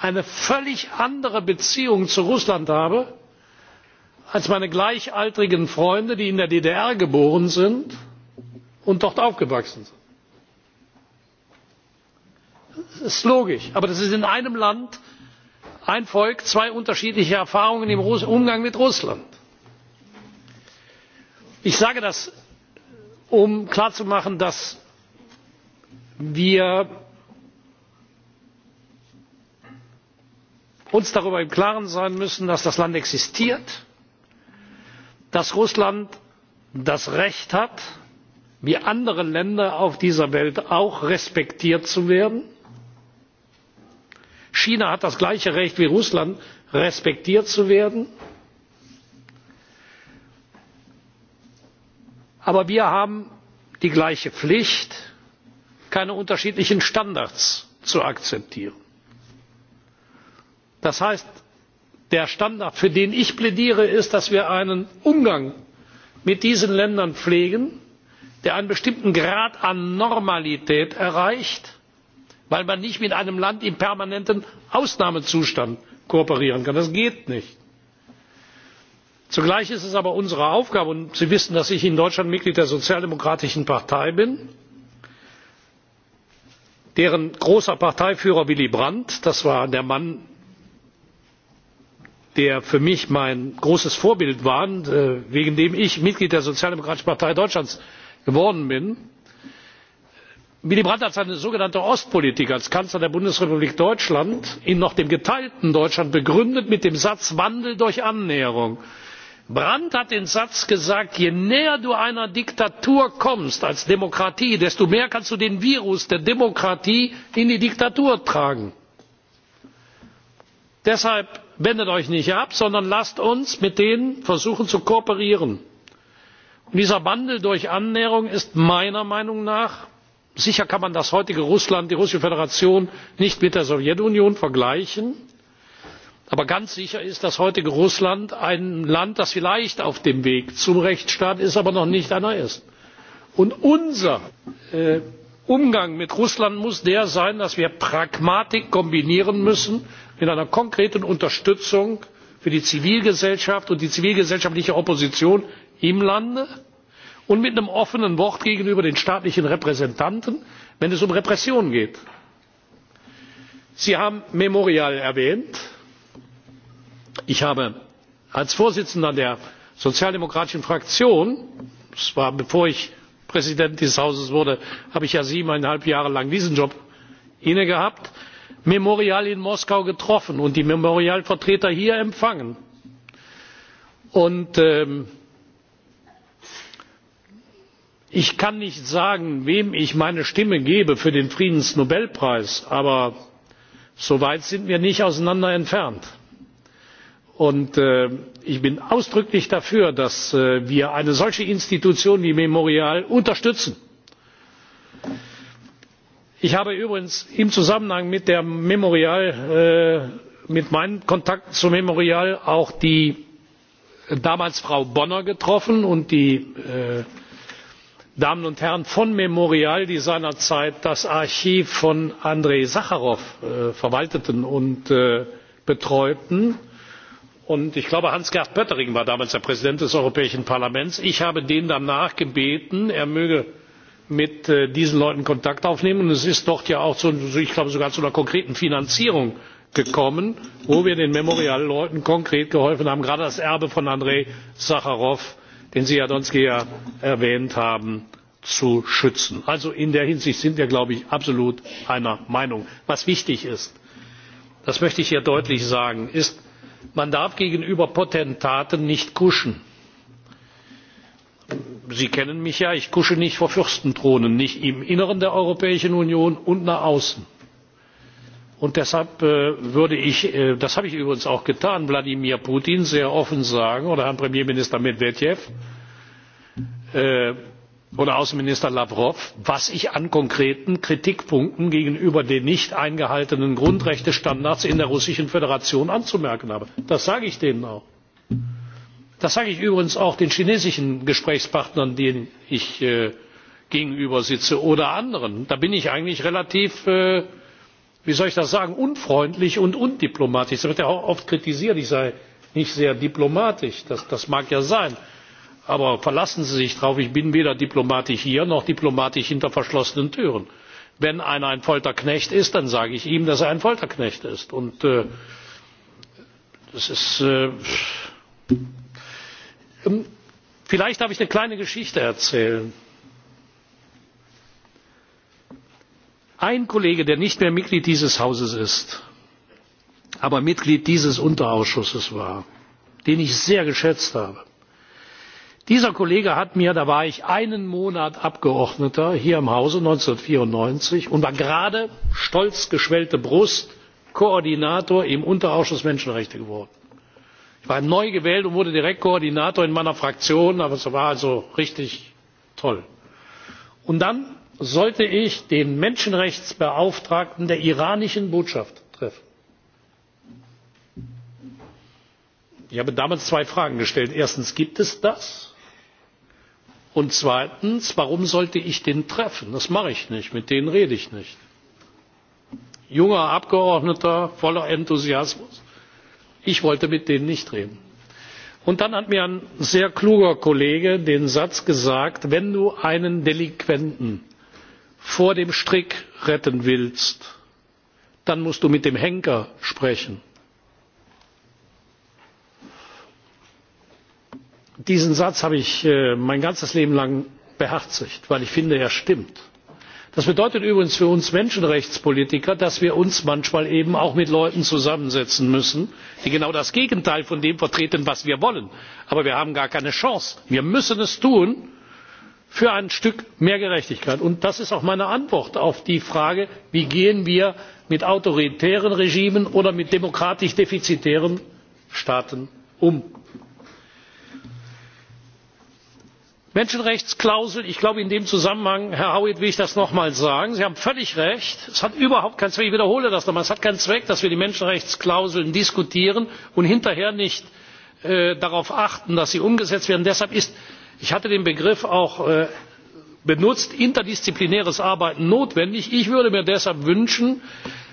eine völlig andere beziehung zu russland habe als meine gleichaltrigen freunde die in der ddr geboren sind und dort aufgewachsen sind. das ist logisch aber das ist in einem land ein volk zwei unterschiedliche erfahrungen im umgang mit russland. ich sage das um klarzumachen dass wir uns darüber im klaren sein müssen dass das land existiert dass russland das recht hat wie andere länder auf dieser welt auch respektiert zu werden china hat das gleiche recht wie russland respektiert zu werden aber wir haben die gleiche pflicht keine unterschiedlichen standards zu akzeptieren. das heißt der standard für den ich plädiere ist dass wir einen umgang mit diesen ländern pflegen der einen bestimmten grad an normalität erreicht weil man nicht mit einem land im permanenten ausnahmezustand kooperieren kann. das geht nicht! zugleich ist es aber unsere aufgabe und sie wissen dass ich in deutschland mitglied der sozialdemokratischen partei bin deren großer parteiführer willy brandt das war der mann der für mich mein großes vorbild war wegen dem ich mitglied der sozialdemokratischen partei deutschlands geworden bin willy brandt hat seine sogenannte ostpolitik als kanzler der bundesrepublik deutschland in noch dem geteilten deutschland begründet mit dem satz wandel durch annäherung. brandt hat den satz gesagt je näher du einer diktatur kommst als demokratie desto mehr kannst du den virus der demokratie in die diktatur tragen. deshalb wendet euch nicht ab sondern lasst uns mit denen versuchen zu kooperieren. dieser wandel durch annäherung ist meiner meinung nach sicher kann man das heutige russland die russische föderation nicht mit der sowjetunion vergleichen aber ganz sicher ist das heutige russland ein land das vielleicht auf dem weg zum rechtsstaat ist aber noch nicht einer ist. und unser umgang mit russland muss der sein dass wir pragmatik kombinieren müssen mit einer konkreten unterstützung für die zivilgesellschaft und die zivilgesellschaftliche opposition im lande und mit einem offenen wort gegenüber den staatlichen repräsentanten wenn es um repression geht. sie haben memorial erwähnt. ich habe als vorsitzender der sozialdemokratischen fraktion das war bevor ich präsident dieses hauses wurde habe ich ja siebeneinhalb jahre lang diesen job innegehabt memorial in moskau getroffen und die Memorialvertreter hier empfangen ich kann nicht sagen wem ich meine stimme gebe für den friedensnobelpreis aber so weit sind wir nicht auseinander entfernt. und ich bin ausdrücklich dafür dass wir eine solche institution wie memorial unterstützen. ich habe übrigens im zusammenhang mit memorial mit meinen kontakten zu memorial auch die damals frau bonner getroffen und die damen und herren von memorial die seinerzeit das archiv von andrej sacharow verwalteten und betreuten und ich glaube hans gert pöttering war damals der präsident des europäischen parlaments. ich habe den danach gebeten er möge mit diesen leuten kontakt aufnehmen und es ist dort ja auch ich glaube sogar zu einer konkreten finanzierung gekommen wo wir den memorial leuten konkret geholfen haben gerade das erbe von andrej sacharow den sie herr ja erwähnt haben zu schützen. also in der hinsicht sind wir glaube ich absolut einer meinung. was wichtig ist das möchte ich hier deutlich sagen ist man darf gegenüber potentaten nicht kuschen. sie kennen mich ja ich kusche nicht vor fürstenthronen nicht im inneren der europäischen union und nach außen und deshalb würde ich das habe ich übrigens auch getan wladimir putin sehr offen sagen oder herrn premierminister medwedjew oder außenminister lawrow was ich an konkreten kritikpunkten gegenüber den nicht eingehaltenen grundrechtestandards in der russischen föderation anzumerken habe. das sage ich denen auch. das sage ich übrigens auch den chinesischen gesprächspartnern denen ich gegenüber sitze oder anderen. da bin ich eigentlich relativ wie soll ich das sagen unfreundlich und undiplomatisch. es wird ja auch oft kritisiert ich sei nicht sehr diplomatisch. das mag ja sein aber verlassen sie sich darauf ich bin weder diplomatisch hier noch diplomatisch hinter verschlossenen türen. wenn einer ein folterknecht ist dann sage ich ihm dass er ein folterknecht ist. und das ist vielleicht darf ich eine kleine geschichte erzählen ein kollege der nicht mehr mitglied dieses hauses ist aber mitglied dieses unterausschusses war den ich sehr geschätzt habe dieser kollege hat mir da war ich einen monat abgeordneter hier im hause eintausendneunhundertvierundneunzig und war gerade stolz geschwellte brust koordinator im unterausschuss menschenrechte geworden. ich war neu gewählt und wurde direkt koordinator in meiner fraktion aber es war also richtig toll. und dann sollte ich den menschenrechtsbeauftragten der iranischen botschaft treffen. ich habe damals zwei fragen gestellt erstens gibt es das? und zweitens warum sollte ich den treffen? das mache ich nicht mit denen rede ich nicht. junger abgeordneter voller enthusiasmus ich wollte mit denen nicht reden. und dann hat mir ein sehr kluger kollege den satz gesagt wenn du einen delinquenten vor dem strick retten willst dann musst du mit dem henker sprechen. diesen satz habe ich mein ganzes leben lang beherzigt weil ich finde er stimmt. das bedeutet übrigens für uns menschenrechtspolitiker dass wir uns manchmal eben auch mit leuten zusammensetzen müssen die genau das gegenteil von dem vertreten was wir wollen. aber wir haben gar keine chance. wir müssen es tun für ein stück mehr gerechtigkeit. und das ist auch meine antwort auf die frage wie gehen wir mit autoritären regimen oder mit demokratisch defizitären staaten um? menschenrechtsklausel ich glaube in dem zusammenhang herr howitt will ich das nochmals sagen sie haben völlig recht es hat überhaupt keinen zweck ich wiederhole das noch einmal es hat keinen zweck dass wir die menschenrechtsklauseln diskutieren und hinterher nicht darauf achten dass sie umgesetzt werden. deshalb ich hatte den begriff auch benutzt interdisziplinäres arbeiten notwendig. ich würde mir deshalb wünschen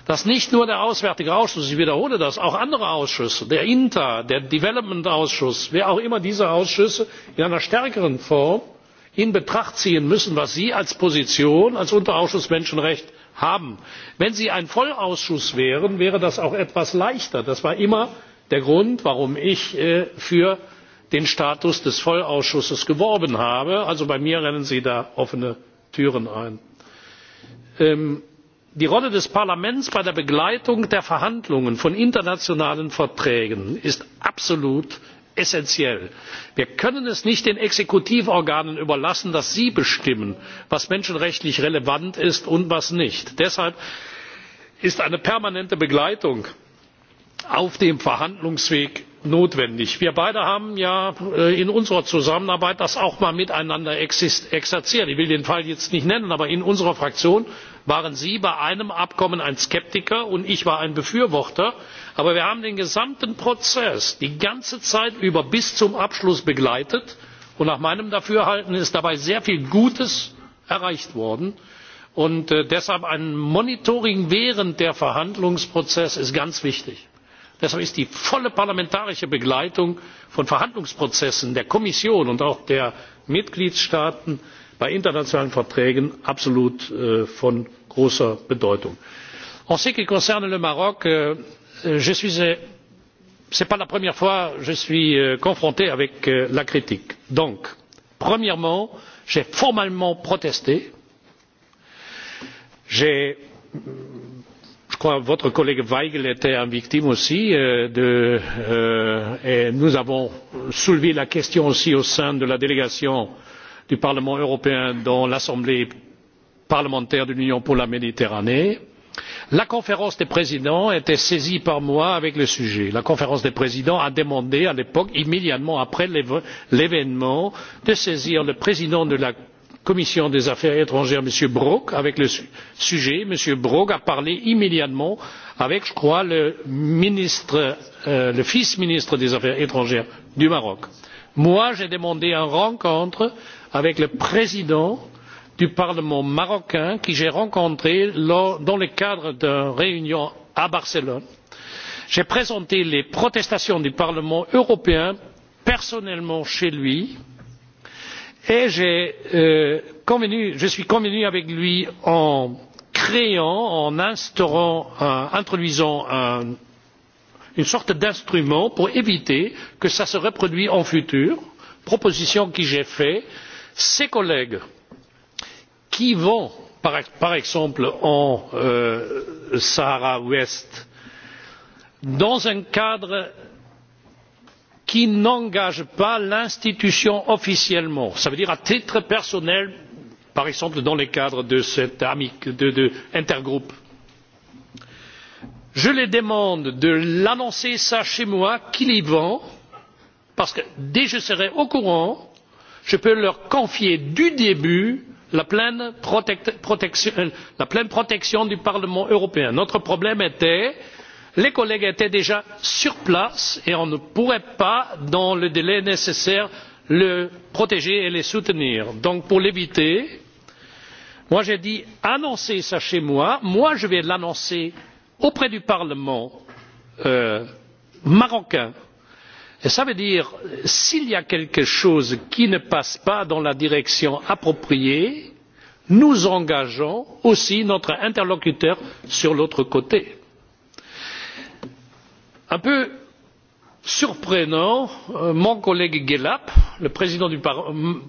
dass nicht nur der auswärtige ausschuss ich wiederhole das auch andere ausschüsse der inta der development ausschuss wer auch immer diese ausschüsse in einer stärkeren form in betracht ziehen müssen was sie als position als unterausschuss Menschenrecht haben. wenn sie ein vollausschuss wären wäre das auch etwas leichter. das war immer der grund warum ich für den status des vollausschusses geworben habe. also bei mir rennen sie da offene türen ein. die rolle des parlaments bei der begleitung der verhandlungen von internationalen verträgen ist absolut essenziell. wir können es nicht den exekutivorganen überlassen dass sie bestimmen was menschenrechtlich relevant ist und was nicht. deshalb ist eine permanente begleitung auf dem verhandlungsweg notwendig. wir beide haben ja in unserer zusammenarbeit das auch mal miteinander exerziert. ich will den fall jetzt nicht nennen aber in unserer fraktion waren sie bei einem abkommen ein skeptiker und ich war ein befürworter. aber wir haben den gesamten prozess die ganze zeit über bis zum abschluss begleitet und nach meinem dafürhalten ist dabei sehr viel gutes erreicht worden. deshalb ist ein monitoring während der verhandlungsprozesses ganz wichtig deshalb ist die volle parlamentarische begleitung von verhandlungsprozessen der kommission und auch der mitgliedstaaten bei internationalen verträgen absolut von großer bedeutung. en ce qui concerne le maroc ce n'est pas la première fois que je suis confronté à la critique. donc premièrement j'ai formellement protesté j'ai crois votre collègue Weigel était une victime aussi. Et nous avons soulevé la question aussi au sein de la délégation du Parlement européen dans l'Assemblée parlementaire de l'Union pour la Méditerranée. La conférence des présidents était saisie par moi avec le sujet. La conférence des présidents a demandé à l'époque, immédiatement après l'événement, de saisir le président de la commission des affaires étrangères m. brok avec le sujet m. brok a parlé immédiatement avec je crois le vice ministre des affaires étrangères du maroc. moi j'ai demandé une rencontre avec le président du parlement marocain que j'ai rencontré dans le cadre d'une réunion à barcelone. j'ai présenté les protestations du parlement européen personnellement chez lui et je suis convenu avec lui en créant en instaurant introduisant une sorte d'instrument pour éviter que cela se reproduise en futur proposition que j'ai faite. ses collègues qui vont par exemple en sahara ouest dans un cadre qui n'engage pas l'institution officiellement cela veut dire à titre personnel par exemple dans le cadre de cet intergroupe. je les demande de l'annoncer chez moi qu'il y vend, parce que dès que je serai au courant je peux leur confier du début la pleine protection du parlement européen. notre problème était les collègues étaient déjà sur place et on ne pourrait pas dans le délai nécessaire les protéger et les soutenir. donc pour l'éviter j'ai dit annoncez cela chez moi moi je vais l'annoncer auprès du parlement marocain et cela veut dire s'il y a quelque chose qui ne passe pas dans la direction appropriée nous engageons aussi notre interlocuteur sur l'autre côté un peu surprenant mon collègue guelap le président du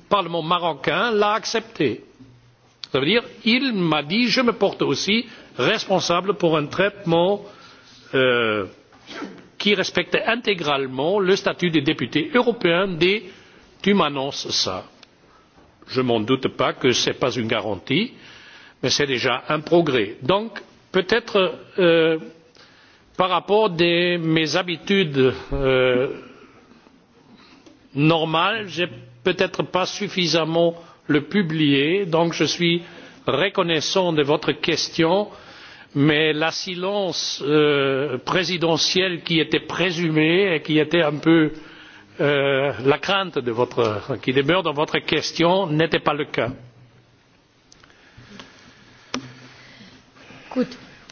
parlement marocain l'a accepté. cela veut dire il m'a dit je me porte aussi responsable pour un traitement qui respecte intégralement le statut des députés européens dès tu m'annonces cela. je ne m'en doute pas que ce n'est pas une garantie mais c'est déjà un progrès. donc peut être par rapport à mes habitudes normales je n'ai peut être pas suffisamment le publié donc je suis reconnaissant de votre question mais la silence présidentielle qui était présumé et qui était un peu la crainte qui demeure dans votre question n'était pas le cas.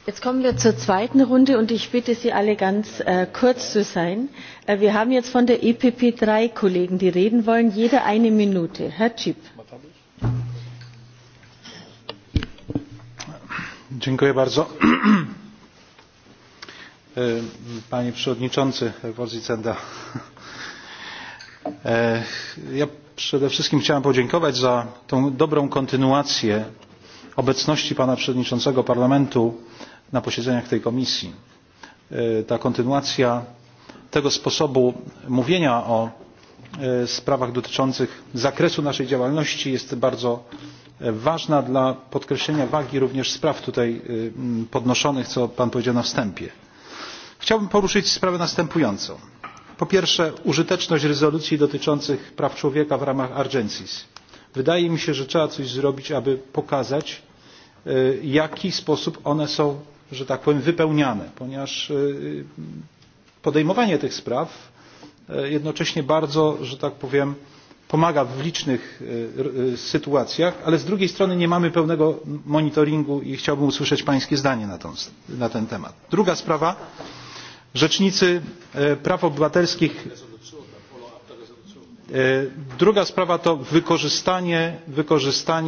Jetzt kommen wir zur zweiten Runde und ich bitte Sie alle ganz kurz zu sein. Wir haben jetzt von der EPP drei Kollegen, die reden wollen. Jeder eine Minute. Herr Cip. Dziękuję bardzo. Panie Przewodniczący, Vorsitzender. Ja przede wszystkim chciałem podziękować za tą dobrą kontynuację obecności Pana Przewodniczącego Parlamentu na posiedzeniach tej komisji. Ta kontynuacja tego sposobu mówienia o sprawach dotyczących zakresu naszej działalności jest bardzo ważna dla podkreślenia wagi również spraw tutaj podnoszonych, co Pan powiedział na wstępie. Chciałbym poruszyć sprawę następującą. Po pierwsze, użyteczność rezolucji dotyczących praw człowieka w ramach Argencis. Wydaje mi się, że trzeba coś zrobić, aby pokazać, w jaki sposób one są że tak powiem, wypełniane, ponieważ podejmowanie tych spraw jednocześnie bardzo, że tak powiem, pomaga w licznych sytuacjach, ale z drugiej strony nie mamy pełnego monitoringu i chciałbym usłyszeć Pańskie zdanie na ten temat. Druga sprawa. Rzecznicy Praw Obywatelskich. Druga sprawa to wykorzystanie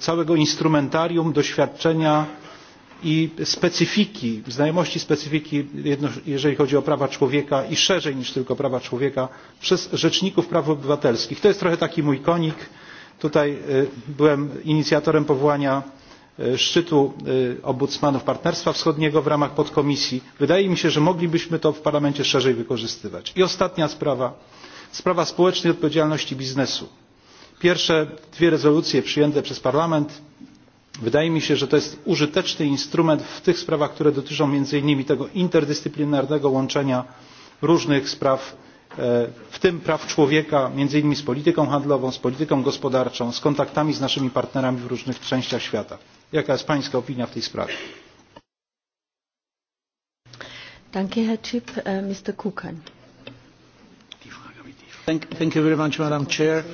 całego instrumentarium doświadczenia i specyfiki, znajomości specyfiki, jeżeli chodzi o prawa człowieka i szerzej niż tylko prawa człowieka, przez rzeczników praw obywatelskich. To jest trochę taki mój konik. Tutaj byłem inicjatorem powołania szczytu ombudsmanów Partnerstwa Wschodniego w ramach podkomisji. Wydaje mi się, że moglibyśmy to w parlamencie szerzej wykorzystywać. I ostatnia sprawa. Sprawa społecznej odpowiedzialności biznesu. Pierwsze dwie rezolucje przyjęte przez parlament wydaje mi się że to jest użyteczny instrument w tych sprawach które dotyczą między innymi tego interdyscyplinarnego łączenia różnych spraw w tym praw człowieka między innymi z polityką handlową z polityką gospodarczą z kontaktami z naszymi partnerami w różnych częściach świata. jaka jest pańska opinia w tej sprawie? Thank you very much, Madam Chair.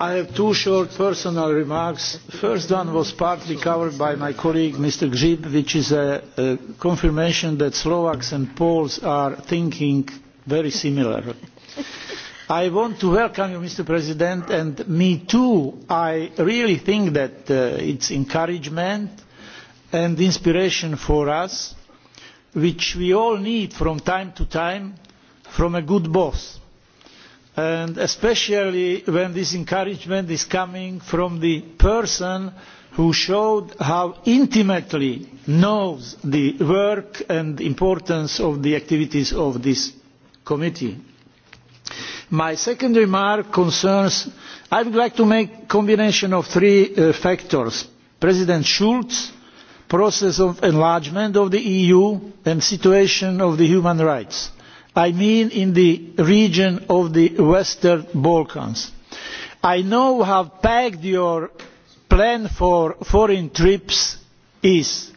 I have two short personal remarks. The first one was partly covered by my colleague, Mr. Grzyb, which is a confirmation that Slovaks and Poles are thinking very similarly. I want to welcome you, Mr. President, and me too. I really think that it's encouragement and inspiration for us, which we all need from time to time from a good boss and especially when this encouragement is coming from the person who showed how intimately knows the work and the importance of the activities of this committee. My second remark concerns I would like to make a combination of three factors President Schulz, process of enlargement of the EU and situation of human rights. I mean in the region of the Western Balkans. I know how packed your plan for foreign trips is,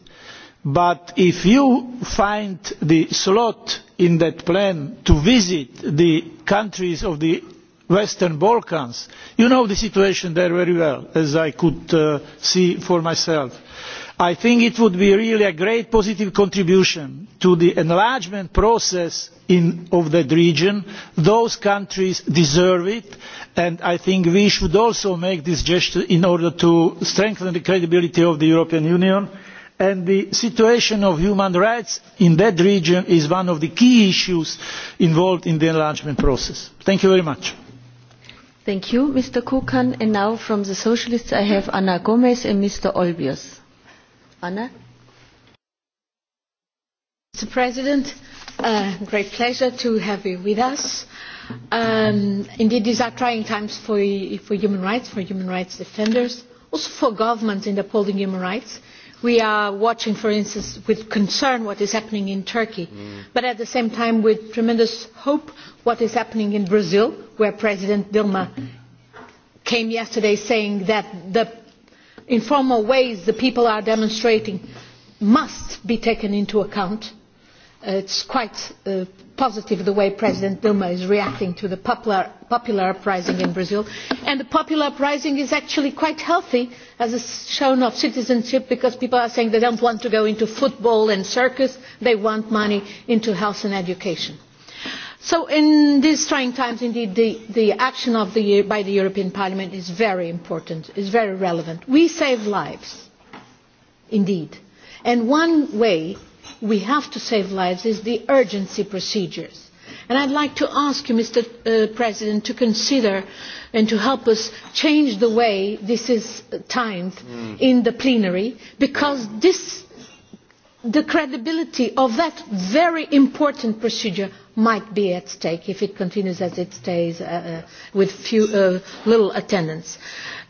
but if you find the slot in that plan to visit the countries of the Western Balkans, you know the situation there very well, as I could see for myself I think it would be really a great positive contribution to the enlargement process of that region. Those countries deserve it, and I think we should also make this gesture in order to strengthen the credibility of the European Union. And the situation of human rights in that region is one of the key issues involved in the enlargement process. Thank you very much. Thank you, Mr. Kukan. And now from the Socialists I have Anna Gomez and Mr. Olbius. Anna? Mr. President, great pleasure to have you with us. Indeed, these are trying times for human rights, for human rights defenders, also for governments in upholding human rights. We are watching, for instance, with concern what is happening in Turkey, but at the same time with tremendous hope what is happening in Brazil, where President Dilma came yesterday saying that the informal ways the people are demonstrating must be taken into account. It is quite positive the way President Dilma is reacting to the popular uprising in Brazil. And the popular uprising is actually quite healthy as a shown of citizenship because people are saying they don't want to go into football and circus, they want money into health and education. So in these trying times, indeed, the action by the European Parliament is very important, is very relevant. We save lives, indeed. And one way we have to save lives is the urgency procedures. And I'd like to ask you, Mr. President, to consider and to help us change the way this is timed in the plenary, because this the credibility of that very important procedure might be at stake if it continues as it stays with little attendance.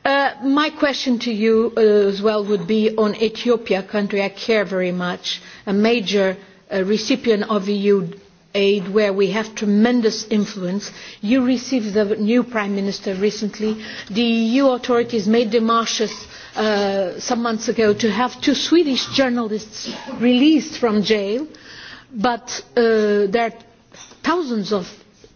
My question to you as well would be on Ethiopia, a country I care very much, a major recipient of EU aid where we have tremendous influence. You received the new Prime Minister recently. The EU authorities made demarches some months ago to have two Swedish journalists released from jail, but there are thousands of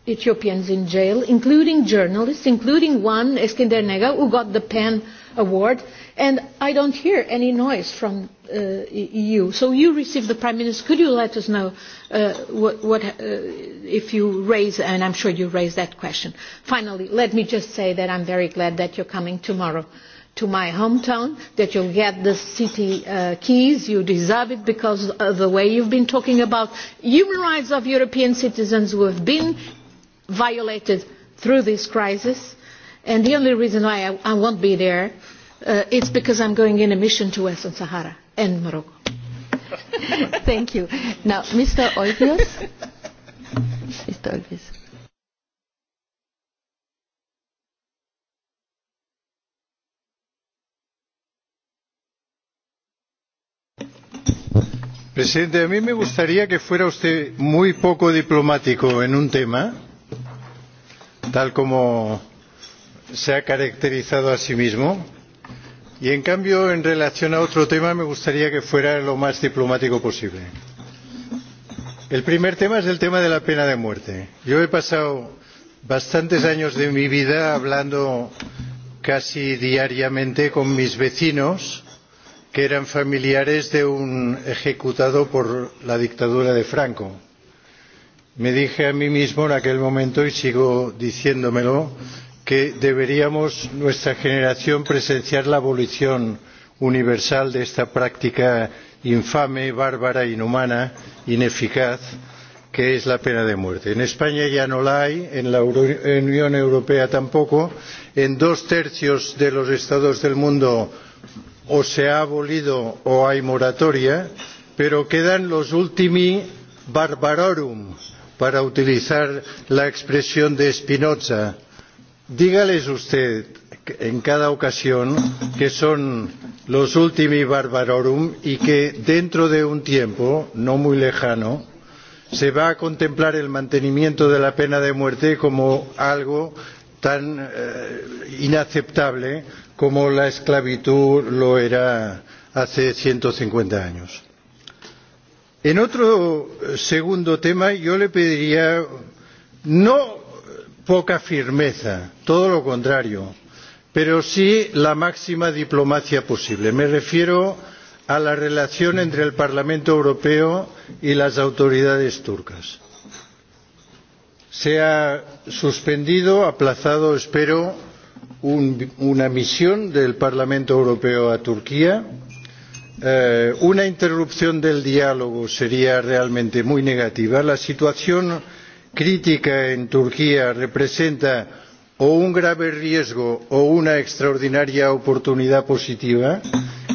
Ethiopians in jail, including journalists, including one, Eskinder Nega, who got the PEN award, and I don't hear any noise from EU. So you received the Prime Minister. Could you let us know if you raise, and I'm sure you raised that question. Finally, let me just say that I'm very glad that you're coming tomorrow to my hometown, that you'll get the city keys, you deserve it because of the way you've been talking about human rights of European citizens who have been violated through this crisis. And the only reason why I won't be there is because I'm going in a mission to Western Sahara and Morocco. Thank you. Now, Mr. Olbius. Mr. Presidente, a mí me gustaría que fuera usted muy poco diplomático en un tema, tal como se ha caracterizado a sí mismo, y en cambio, en relación a otro tema, me gustaría que fuera lo más diplomático posible. El primer tema es el tema de la pena de muerte. Yo he pasado bastantes años de mi vida hablando casi diariamente con mis vecinos que eran familiares de un ejecutado por la dictadura de Franco. Me dije a mí mismo en aquel momento, y sigo diciéndomelo, que deberíamos, nuestra generación, presenciar la abolición universal de esta práctica infame, bárbara, inhumana, ineficaz, que es la pena de muerte. En España ya no la hay, en la Unión Europea tampoco, en dos tercios de los estados del mundo o se ha abolido o hay moratoria, pero quedan los ultimi barbarorum, para utilizar la expresión de Spinoza. Dígales usted en cada ocasión que son los ultimi barbarorum y que dentro de un tiempo, no muy lejano, se va a contemplar el mantenimiento de la pena de muerte como algo tan inaceptable como la esclavitud lo era hace 150 años. En otro segundo tema yo le pediría no poca firmeza, todo lo contrario, pero sí la máxima diplomacia posible. Me refiero a la relación entre el Parlamento Europeo y las autoridades turcas. Se ha suspendido, aplazado, espero, una misión del Parlamento Europeo a Turquía. Una interrupción del diálogo sería realmente muy negativa. La situación crítica en Turquía representa o un grave riesgo o una extraordinaria oportunidad positiva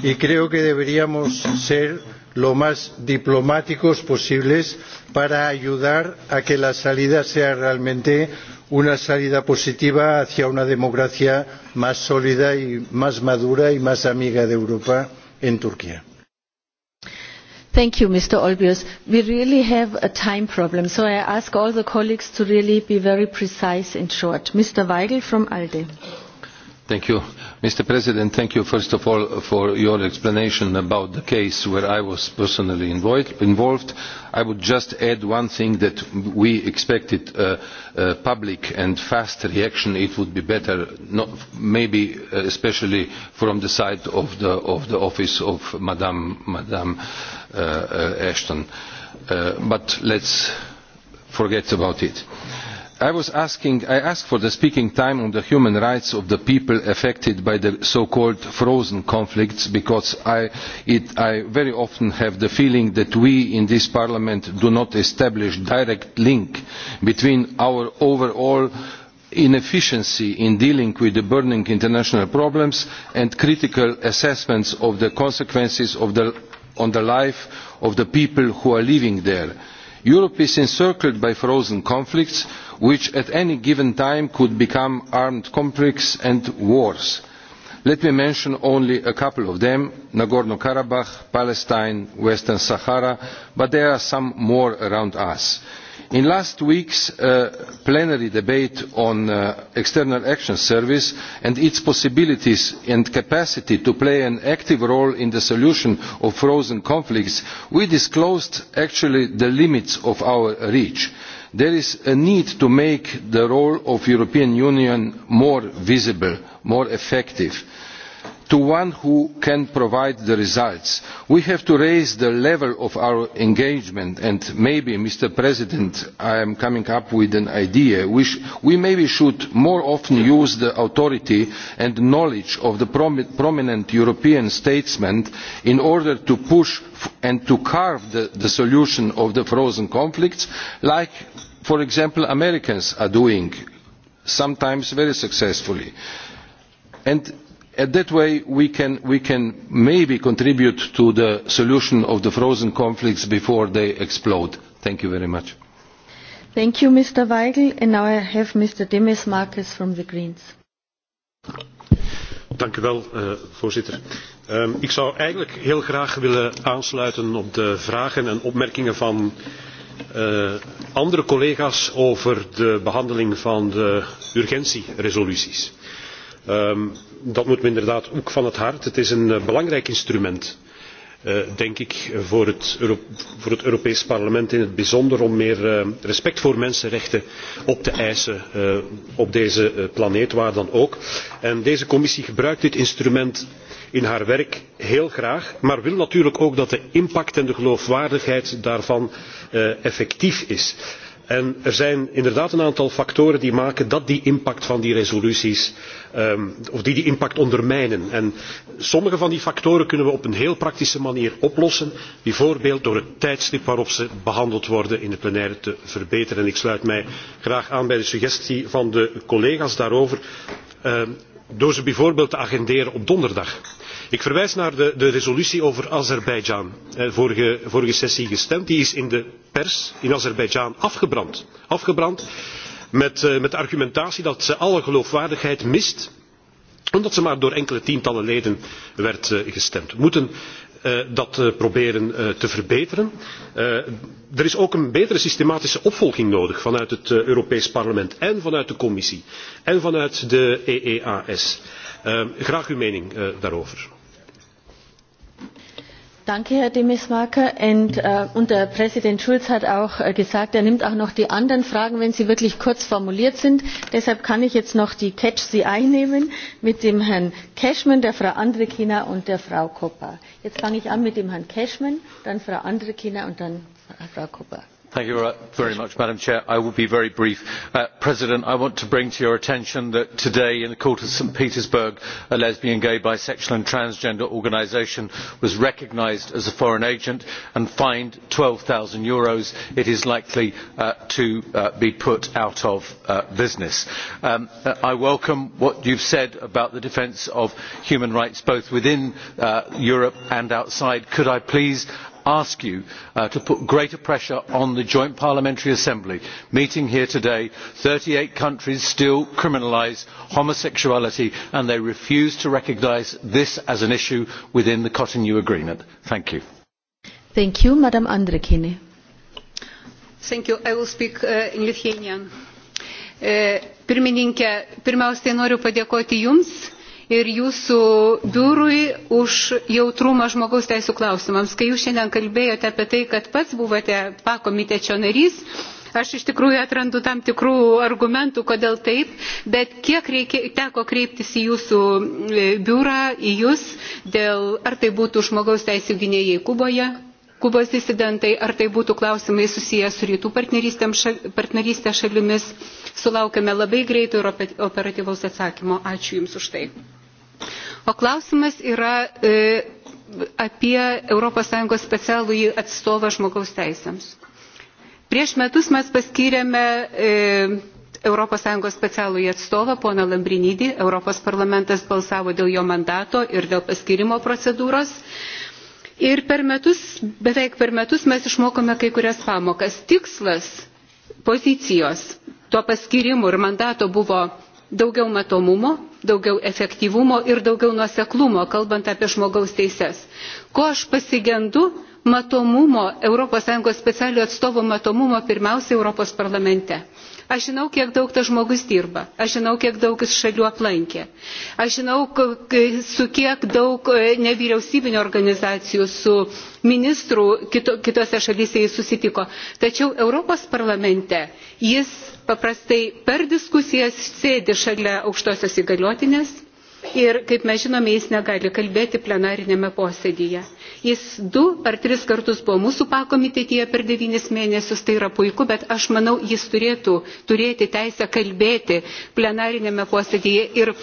y creo que deberíamos ser lo más diplomáticos posibles para ayudar a que la salida sea realmente una salida positiva hacia una democracia más sólida y más madura y más amiga de Europa en Turquía. Thank you, Mr. Olbius. We really have a time problem, so I ask all the colleagues to really be very precise and short. Mr. Weigel from ALDE. Thank you. Mr. President, thank you first of all for your explanation about the case where I was personally involved. I would just add one thing that we expected a public and fast reaction. It would be better, maybe especially from the side of the office of Ms Ashton. But let's forget about it. I asked for the speaking time on the human rights of the people affected by the so-called frozen conflicts because I very often have the feeling that we in this Parliament do not establish a direct link between our overall inefficiency in dealing with the burning international problems and critical assessments of the consequences on the life of the people who are living there. Europe is encircled by frozen conflicts which at any given time could become armed conflicts and wars. Let me mention only a couple of them Nagorno Karabakh, Palestine, Western Sahara, but there are some more around us. In last week's plenary debate on the External Action Service and its possibilities and capacity to play an active role in the solution of frozen conflicts, we disclosed actually the limits of our reach there is a need to make the role of the european union more visible more effective to one who can provide the results. we have to raise the level of our engagement and maybe mr president i am coming up with an idea we maybe should more often use the authority and knowledge of the prominent european statesmen in order to push and to carve the solution of the frozen conflicts like for example americans are doing sometimes very successfully. and in that way we can maybe contribute to the solution of the frozen conflicts before they explode. thank you very much. voorzitter. Ik zou eigenlijk heel graag willen aansluiten op de vragen en opmerkingen van andere collega's over de behandeling van de urgentieresoluties dat moet me inderdaad ook van het hart. het is een belangrijk instrument denk ik voor het europees parlement in het bijzonder om meer respect voor mensenrechten op te eisen op deze planeet waar dan ook. deze commissie gebruikt dit instrument in haar werk heel graag maar wil natuurlijk ook dat de impact en de geloofwaardigheid daarvan effectief is en er zijn inderdaad een aantal factoren die maken dat die impact van die resoluties of die die impact ondermijnen. sommige van die factoren kunnen we op een heel praktische manier oplossen bijvoorbeeld door het tijdstip waarop ze behandeld worden in de plenaire te verbeteren. ik sluit mij graag aan bij de suggestie van de collega's daarover door ze bijvoorbeeld te agenderen op donderdag. Ik verwijs naar de resolutie over Azerbeidzjan, vorige sessie gestemd. Die is in de pers in Azerbeidzjan afgebrand. Afgebrand met de argumentatie dat ze alle geloofwaardigheid mist, omdat ze maar door enkele tientallen leden werd gestemd. We moeten dat proberen te verbeteren. Er is ook een betere systematische opvolging nodig vanuit het Europees Parlement en vanuit de Commissie en vanuit de EEAS. Graag uw mening daarover. Danke, Herr Demesmaker. Und Präsident Schulz hat auch gesagt, er nimmt auch noch die anderen Fragen, wenn sie wirklich kurz formuliert sind. Deshalb kann ich jetzt noch die Catch the Eye nehmen mit dem Herrn Cashman, der Frau Andrekina und der Frau Koppa. Jetzt fange ich an mit dem Herrn Cashman, dann Frau Andrekina und dann Frau Koppa madam president i will be very brief. President, i want to bring to your attention that today in the court of st petersburg a lesbian gay bisexual and transgender organisation was recognised as a foreign agent and fined eur twelve zero it is likely to be put out of business. i welcome what you have said about the defence of human rights both within europe and outside. could i please ask ask you to put greater pressure on the Joint Parliamentary Assembly meeting here today. Thirty eight countries still criminalise homosexuality and they refuse to recognise this as an issue within the Cotonou Agreement. Thank you. Thank you, Madam Andrekine. Thank you. I will speak in Lithuanian ir jūsų biurui už jautrumą žmogaus teisų klausimams. Kai jūs šiandien kalbėjote apie tai, kad pats buvote pakomitečio narys, aš iš tikrųjų atrandu tam tikrų argumentų, kodėl taip, bet kiek reikia, teko kreiptis į jūsų biurą, į jūs, dėl ar tai būtų žmogaus teisų gynėjai Kuboje, Kubos disidentai, ar tai būtų klausimai susiję su rytų partnerystė šalimis, sulaukėme labai greito ir operatyvaus atsakymo. Ačiū Jums už tai o klausimas yra apie europos sąjungos specialųjį atstovą žmogaus teisėms. prieš metus mes paskyrėme europos sąjungos specialųjį atstovą poną lambrinidį europos parlamentas balsavo dėl jo mandato ir dėl paskyrimo procedūros ir per metus beveik per metus mes išmokome kai kurias pamokas. tikslas pozicijos to paskyrimo ir mandato buvo daugiau matomumo daugiau efektyvumo ir daugiau nuoseklumo kalbant apie žmogaus teises. ko aš pasigendu matomumo europos sąjungos specialiojo atstovo matomumo pirmiausia europos parlamente. aš žinau kiek daug tas žmogus dirba aš žinau kiek daug jis šalių aplankė aš žinau su kiek daug nevyriausybinių organizacijų su ministrų kitose šalyse jis susitiko tačiau europos parlamente jis paprastai per diskusijas sėdi šalia aukštosios įgaliotinės ir, kaip mes žinome, jis negali kalbėti plenarinėme posėdyje. Jis du ar tris kartus buvo mūsų pakomitetyje per devynis mėnesius, tai yra puiku, bet aš manau, jis turėtų turėti teisę kalbėti plenarinėme posėdyje ir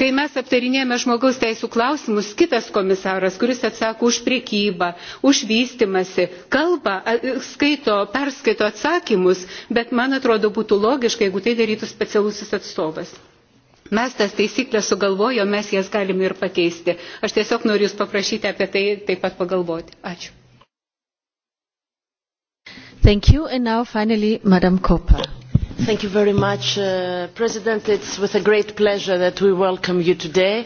kai mes aptarinėjame žmogaus teisų klausimus kitas komisaras kuris atsako už prekybą už vystymąsi kalba skaito perskaito atsakymus bet man atrodo būtų logiška jeigu tai darytų specialusis atstovas. Mes tas taisyklės sugalvojom, mes jas galime ir pakeisti. Aš tiesiog noriu Jūs paprašyti apie tai taip pat pagalvoti. Ačiū. Thank you. And now finally, Madam Thank you very much, with a great pleasure that we welcome you today.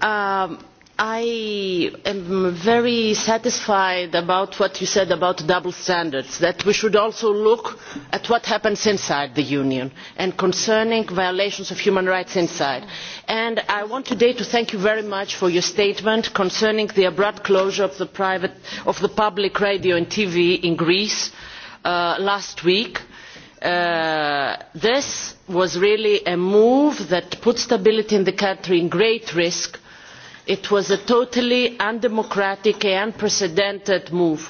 I am very satisfied about what you said about double standards, that we should also look at what happens inside the Union and concerning violations of human rights inside. And I want today to thank you very much for your statement concerning the abrupt closure of the public radio and TV in Greece last week this was really a move that put stability in the country at great risk. it was a totally undemocratic and unprecedented move.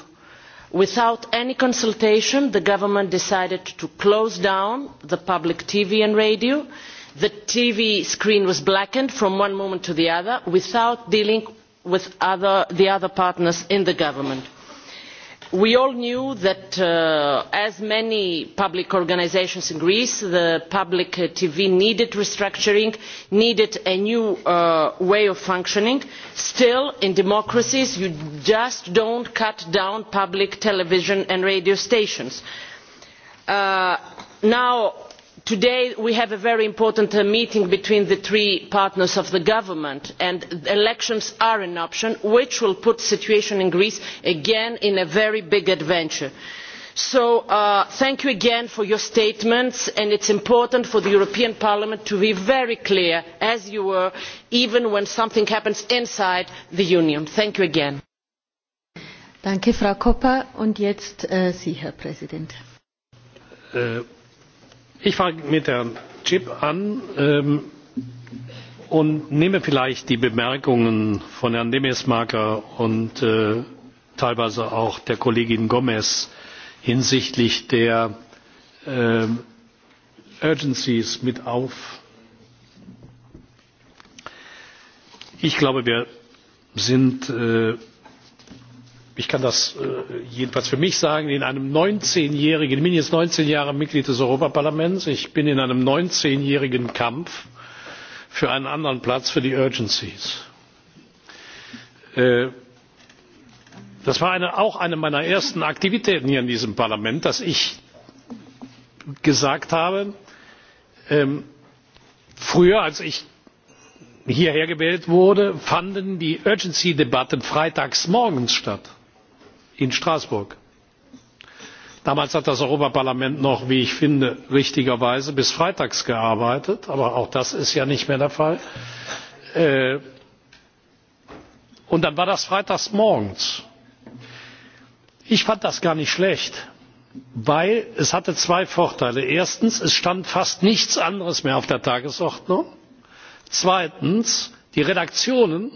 without any consultation the government decided to close down the public tv and radio. the tv screen was blackened from one moment to the other without dealing with the other partners in the government we all knew that as many public organisations in greece the public tv needed restructuring needed a new way of functioning. still in democracies you just do not cut down public television and radio stations. now today we have a very important meeting between the three partners of the government and elections are an option which will put the situation in greece again in a very big adventure. so thank you again for your statements and it is important for the european parliament to be very clear as you were even when something happens inside the union. thank you again. frau koppa herr ich fange mit herrn Chip an und nehme vielleicht die bemerkungen von herrn demesmaeker und teilweise auch der kollegin gomes hinsichtlich der urgencies mit auf. ich glaube wir sind ich kann das jedenfalls für mich sagen in einem 19-jährigen ich bin jetzt 19 Jahre Mitglied des Europaparlaments ich bin in einem 19-jährigen Kampf für einen anderen Platz für die Urgencies. Das war auch eine meiner ersten Aktivitäten hier in diesem Parlament, dass ich gesagt habe Früher, als ich hierher gewählt wurde, fanden die Urgency Debatten freitags morgens statt in straßburg. damals hat das europäische parlament noch wie ich finde richtigerweise bis freitags gearbeitet aber auch das ist ja nicht mehr der fall. und dann war das freitags morgens. ich fand das gar nicht schlecht weil es hatte zwei vorteile erstens es stand fast nichts anderes mehr auf der tagesordnung zweitens die redaktionen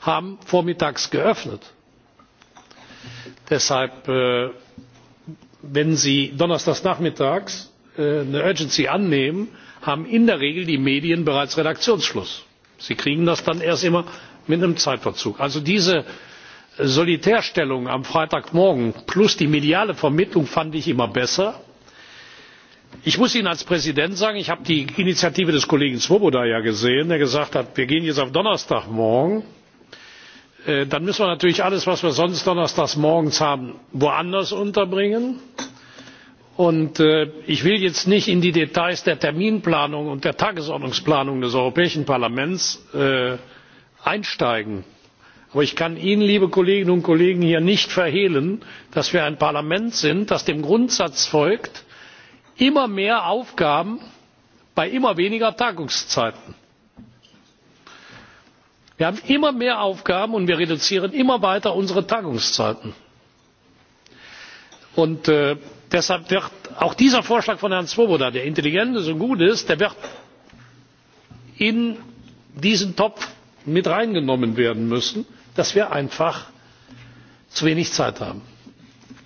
haben vormittags geöffnet deshalb wenn sie donnerstags nachmittags eine urgency annehmen haben in der regel die medien bereits redaktionsschluss. sie kriegen das dann erst immer mit einem zeitverzug. also diese solitärstellung am freitagmorgen plus die mediale vermittlung fand ich immer besser. ich muss ihnen als präsident sagen ich habe die initiative des kollegen swoboda ja gesehen der gesagt hat wir gehen jetzt auf donnerstagmorgen dann müssen wir natürlich alles was wir sonst donnerstags morgens haben woanders unterbringen. ich will jetzt nicht in die details der terminplanung und der tagesordnungsplanung des europäischen parlaments einsteigen aber ich kann ihnen liebe kolleginnen und kollegen hier nicht verhehlen dass wir ein parlament sind das dem grundsatz folgt immer mehr aufgaben bei immer weniger tagungszeiten wir haben immer mehr aufgaben und wir reduzieren immer weiter unsere tagungszeiten. deshalb wird auch dieser vorschlag von herrn swoboda der intelligent so und gut ist wird in diesen topf mit hineingenommen werden müssen dass wir einfach zu wenig zeit haben.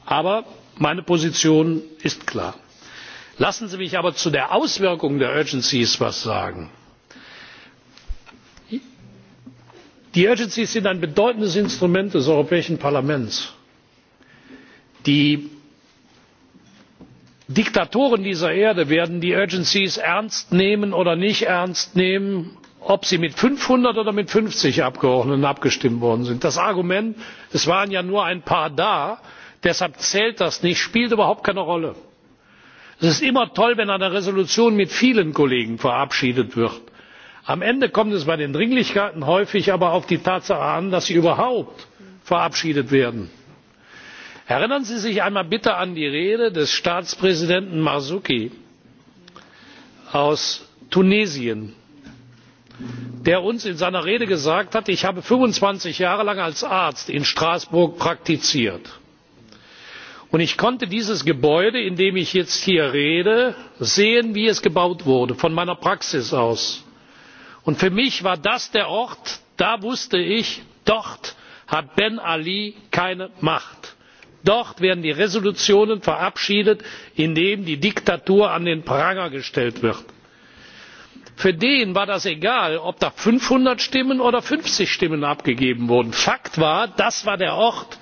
aber meine position ist klar. lassen sie mich aber zu der auswirkung der urgencies etwas sagen. die agencies sind ein bedeutendes instrument des europäischen parlaments. die diktatoren dieser erde werden die agencies ernst nehmen oder nicht ernst nehmen ob sie mit fünfhundert oder mit fünfzig abgeordneten abgestimmt worden sind. das argument es waren ja nur ein paar da deshalb zählt das nicht spielt überhaupt keine rolle. es ist immer toll wenn eine entschließung mit vielen kollegen verabschiedet am ende kommt es bei den dringlichkeiten häufig aber auf die tatsache an dass sie überhaupt verabschiedet werden. erinnern sie sich einmal bitte an die rede des staatspräsidenten marzouki aus tunesien der uns in seiner rede gesagt hat ich habe fünfundzwanzig jahre lang als arzt in straßburg praktiziert und ich konnte dieses gebäude in dem ich jetzt hier rede sehen wie es gebaut wurde von meiner praxis aus und für mich war das der ort da wusste ich dort hat ben ali keine macht dort werden die resolutionen verabschiedet in denen die diktatur an den pranger gestellt wird. für den war das egal ob da fünfhundert stimmen oder fünfzig stimmen abgegeben wurden. fakt war das war der ort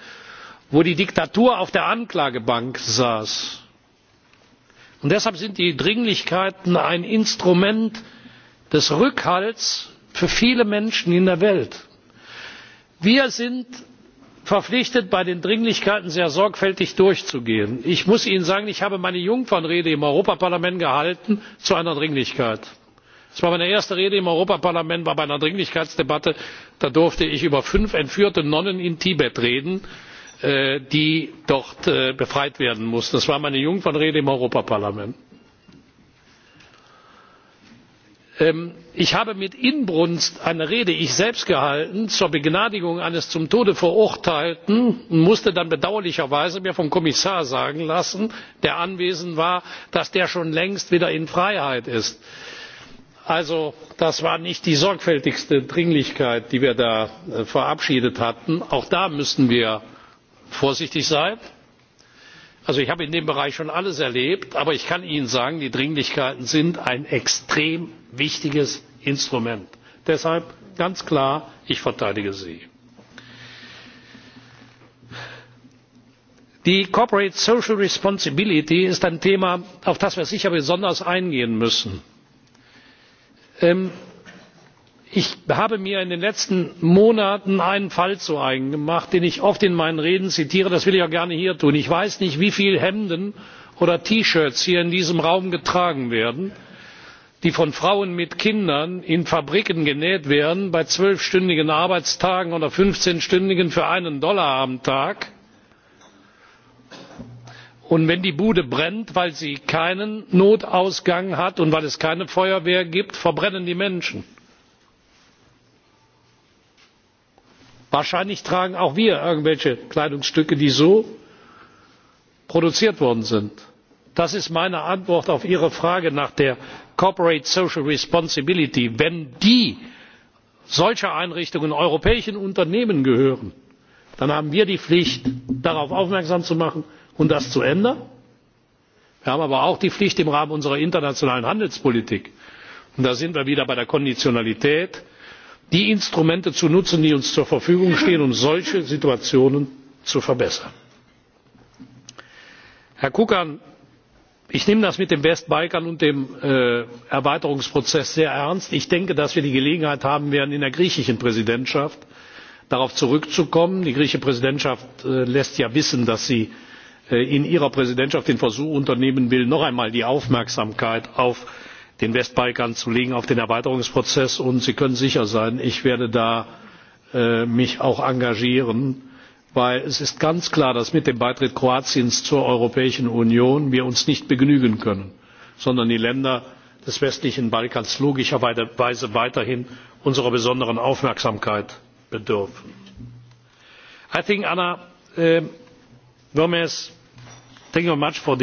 wo die diktatur auf der anklagebank saß. deshalb sind die dringlichkeiten ein instrument des rückhalts für viele menschen in der welt. wir sind verpflichtet bei den dringlichkeiten sehr sorgfältig durchzugehen. ich muss ihnen sagen ich habe meine jungfernrede im europäischen parlament gehalten zu einer dringlichkeit. Es war meine erste rede im europäischen parlament war bei einer dringlichkeitsdebatte da durfte ich über fünf entführte nonnen in tibet reden die dort befreit werden mussten. das war meine jungfernrede im europäischen ich habe mit inbrunst eine rede ich selbst gehalten zur begnadigung eines zum tode verurteilten und musste dann bedauerlicherweise mir vom kommissar sagen lassen der anwesend war dass der schon längst wieder in freiheit ist. also das war nicht die sorgfältigste dringlichkeit die wir da verabschiedet hatten. auch da müssen wir vorsichtig sein. ich habe in dem bereich schon alles erlebt aber ich kann ihnen sagen die dringlichkeiten sind ein extrem wichtiges instrument. deshalb ganz klar ich verteidige sie. die corporate social responsibility ist ein thema auf das wir sicher besonders eingehen müssen. ich habe mir in den letzten monaten einen fall zu eigen gemacht den ich oft in meinen reden zitiere das will ich auch gerne hier tun. ich weiß nicht wie viele hemden oder t shirts hier in diesem raum getragen werden die von frauen mit kindern in fabriken genäht werden bei zwölf stündigen arbeitstagen oder fünfzehn stündigen für einen dollar am tag und wenn die bude brennt weil sie keinen notausgang hat und weil es keine feuerwehr gibt verbrennen die menschen. wahrscheinlich tragen auch wir irgendwelche kleidungsstücke die so produziert worden sind. das ist meine antwort auf ihre frage nach der corporate social responsibility wenn die solcher einrichtungen europäischen unternehmen gehören dann haben wir die pflicht darauf aufmerksam zu machen und das zu ändern. wir haben aber auch die pflicht im rahmen unserer internationalen handelspolitik und da sind wir wieder bei der konditionalität die instrumente zu nutzen die uns zur verfügung stehen um solche situationen zu verbessern. herr ich nehme das mit dem westbalkan und dem erweiterungsprozess sehr ernst. ich denke dass wir die gelegenheit haben werden in der griechischen präsidentschaft darauf zurückzukommen. die griechische präsidentschaft lässt ja wissen dass sie in ihrer präsidentschaft den versuch unternehmen will noch einmal die aufmerksamkeit auf den westbalkan zu legen auf den erweiterungsprozess und sie können sicher sein ich werde mich da auch engagieren weil es ist ganz klar dass wir mit dem beitritt kroatiens zur europäischen union nicht begnügen können sondern die länder des westlichen balkans logischerweise weiterhin unserer besonderen aufmerksamkeit bedürfen. i think ana gomes thank you much for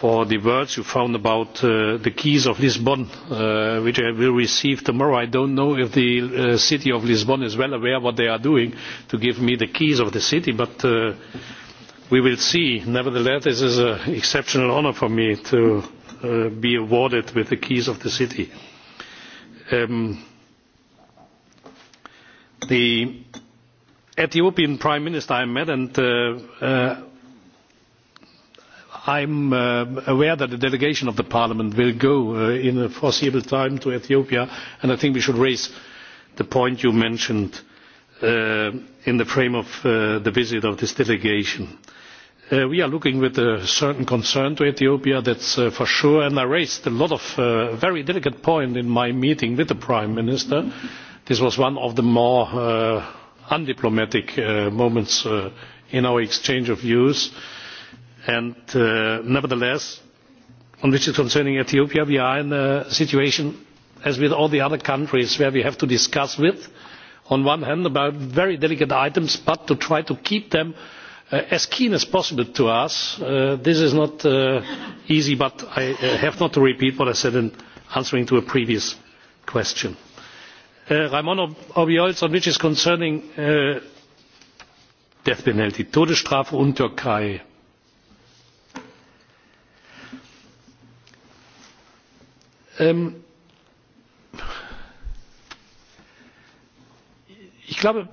for the words you found about the keys of Lisbon, which I will receive tomorrow. I don't know if the city of Lisbon is well aware what they are doing to give me the keys of the city, but we will see. Nevertheless, this is an exceptional honour for me to be awarded with the keys of the city. The Ethiopian Prime Minister I met and I am aware that the delegation of the Parliament will go in a foreseeable time to Ethiopia, and I think we should raise the point you mentioned in the frame of the visit of this delegation. We are looking with a certain concern to Ethiopia, that is for sure, and I raised a lot of very delicate points in my meeting with the Prime Minister. This was one of the more undiplomatic moments in our exchange of views and nevertheless on which is concerning ethiopia we are in a situation as with all the other countries where we have to discuss with on one hand about very delicate items but to try to keep them as keen as possible to us. this is not easy but i have not to repeat what i said in answering to a previous question. ramon obiols on which is concerning death penalty todesstrafe und türkei ich glaube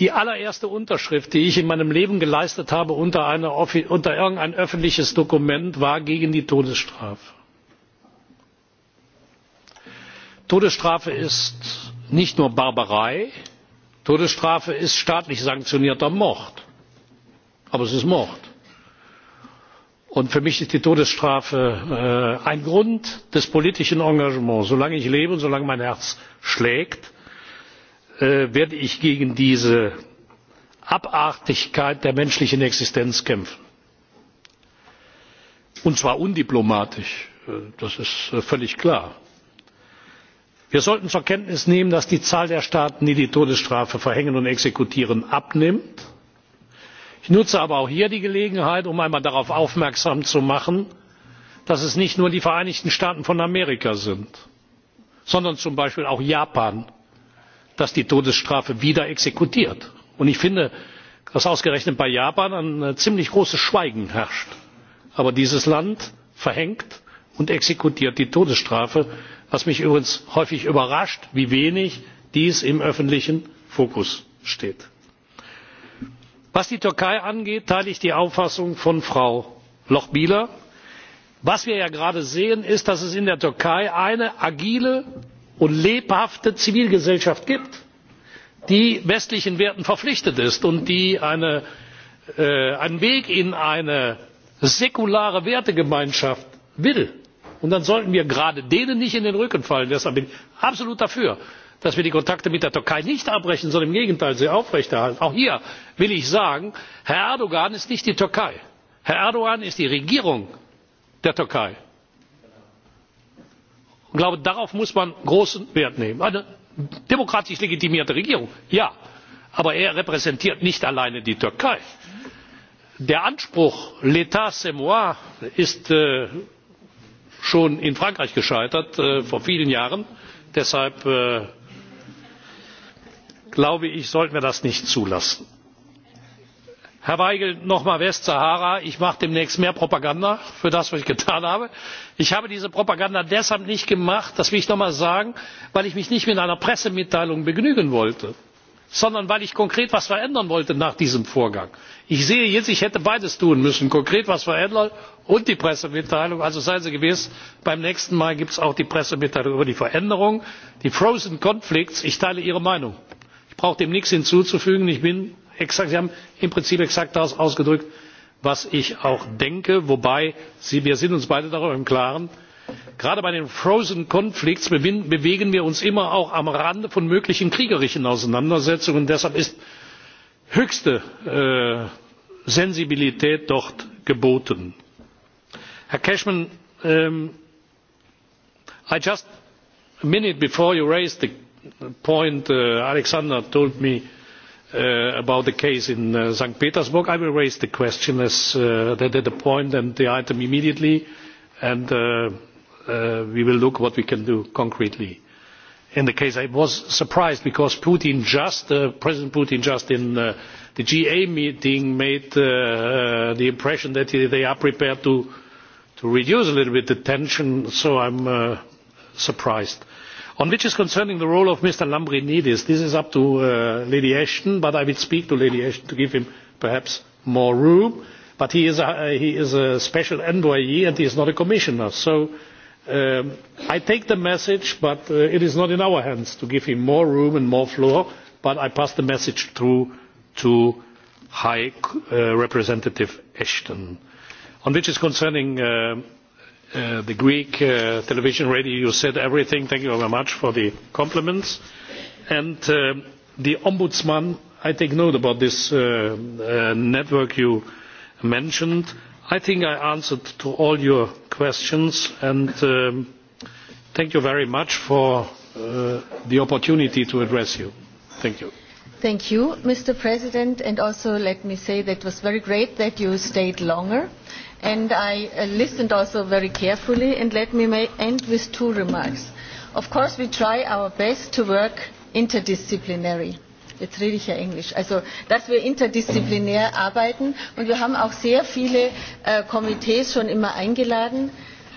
die allererste unterschrift die ich in meinem leben geleistet habe unter irgendein öffentliches dokument war gegen die todesstrafe. todesstrafe ist nicht nur barbarei todesstrafe ist staatlich sanktionierter mord aber es ist mord und für mich ist die todesstrafe ein grund des politischen engagements. solange ich lebe und solange mein herz schlägt werde ich gegen diese abartigkeit der menschlichen existenz kämpfen und zwar undiplomatisch das ist völlig klar. wir sollten zur kenntnis nehmen dass die zahl der staaten die die todesstrafe verhängen und exekutieren abnimmt ich nutze aber auch hier die gelegenheit um einmal darauf aufmerksam zu machen dass es nicht nur die vereinigten staaten von amerika sind sondern zum beispiel auch japan das die todesstrafe wieder exekutiert. ich finde dass ausgerechnet bei japan ein ziemlich großes schweigen herrscht. aber dieses land verhängt und exekutiert die todesstrafe was mich übrigens häufig überrascht wie wenig dies im öffentlichen fokus steht was die türkei angeht teile ich die auffassung von frau lochbihler. was wir ja gerade sehen ist dass es in der türkei eine agile und lebhafte zivilgesellschaft gibt die westlichen werten verpflichtet ist und die einen weg in eine säkulare wertegemeinschaft will. und dann sollten wir gerade denen nicht in den rücken fallen. deshalb bin ich absolut dafür dass wir die kontakte mit der türkei nicht abbrechen sondern im gegenteil sie aufrechterhalten. auch hier will ich sagen herr Erdogan ist nicht die türkei herr erdoan ist die regierung der türkei. ich glaube darauf muss man großen wert nehmen. eine demokratisch legitimierte regierung ja aber er repräsentiert nicht alleine die türkei. der anspruch l'tat c'est moi ist schon in frankreich gescheitert vor vielen jahren. deshalb glaube ich sollten wir das nicht zulassen. herr Weigel, noch einmal westsahara ich mache demnächst mehr propaganda für das was ich getan habe. ich habe diese propaganda deshalb nicht gemacht das will ich noch einmal sagen weil ich mich nicht mit einer pressemitteilung begnügen wollte sondern weil ich konkret etwas verändern wollte nach diesem vorgang. ich sehe jetzt ich hätte beides tun müssen konkret etwas verändern und die pressemitteilung. also seien sie gewiss beim nächsten mal gibt es auch die pressemitteilung über die veränderung. die frozen conflicts ich teile ihre meinung brauche dem nichts hinzuzufügen. bin sie haben im prinzip exakt das ausgedrückt was ich auch denke wobei wir sind uns beide darüber im klaren gerade bei den frozen conflicts bewegen wir uns immer auch am rande von möglichen kriegerischen auseinandersetzungen. deshalb ist höchste sensibilität dort geboten. herr cashman i just a minute before you raised point Alexander told me about the case in St. Petersburg. I will raise the question as the point and the item immediately and we will look what we can do concretely. In the case I was surprised because Putin just, President Putin just in the GA meeting made the impression that they are prepared to reduce a little bit the tension so I am surprised on which is concerning the role of mr lambrinidis this is up to lady ashton but i will speak to lady ashton to give him perhaps more room but he is a special envoy and he is not a commissioner so i take the message but it is not in our hands to give him more room and more floor but i pass the message through to high representative ashton on which is concerning the Greek television radio, you said everything. Thank you very much for the compliments. And the Ombudsman, I take note about this network you mentioned. I think I answered to all your questions and thank you very much for the opportunity to address you. Thank you. Thank you, Mr. President, and also let me say that it was very great that you stayed longer, and I listened also very carefully, and let me end with two remarks. Of course, we try our best to work interdisciplinary. Jetzt rede ich ja Englisch. Also, dass wir interdisziplinär arbeiten, und wir haben auch sehr viele Komitees schon immer eingeladen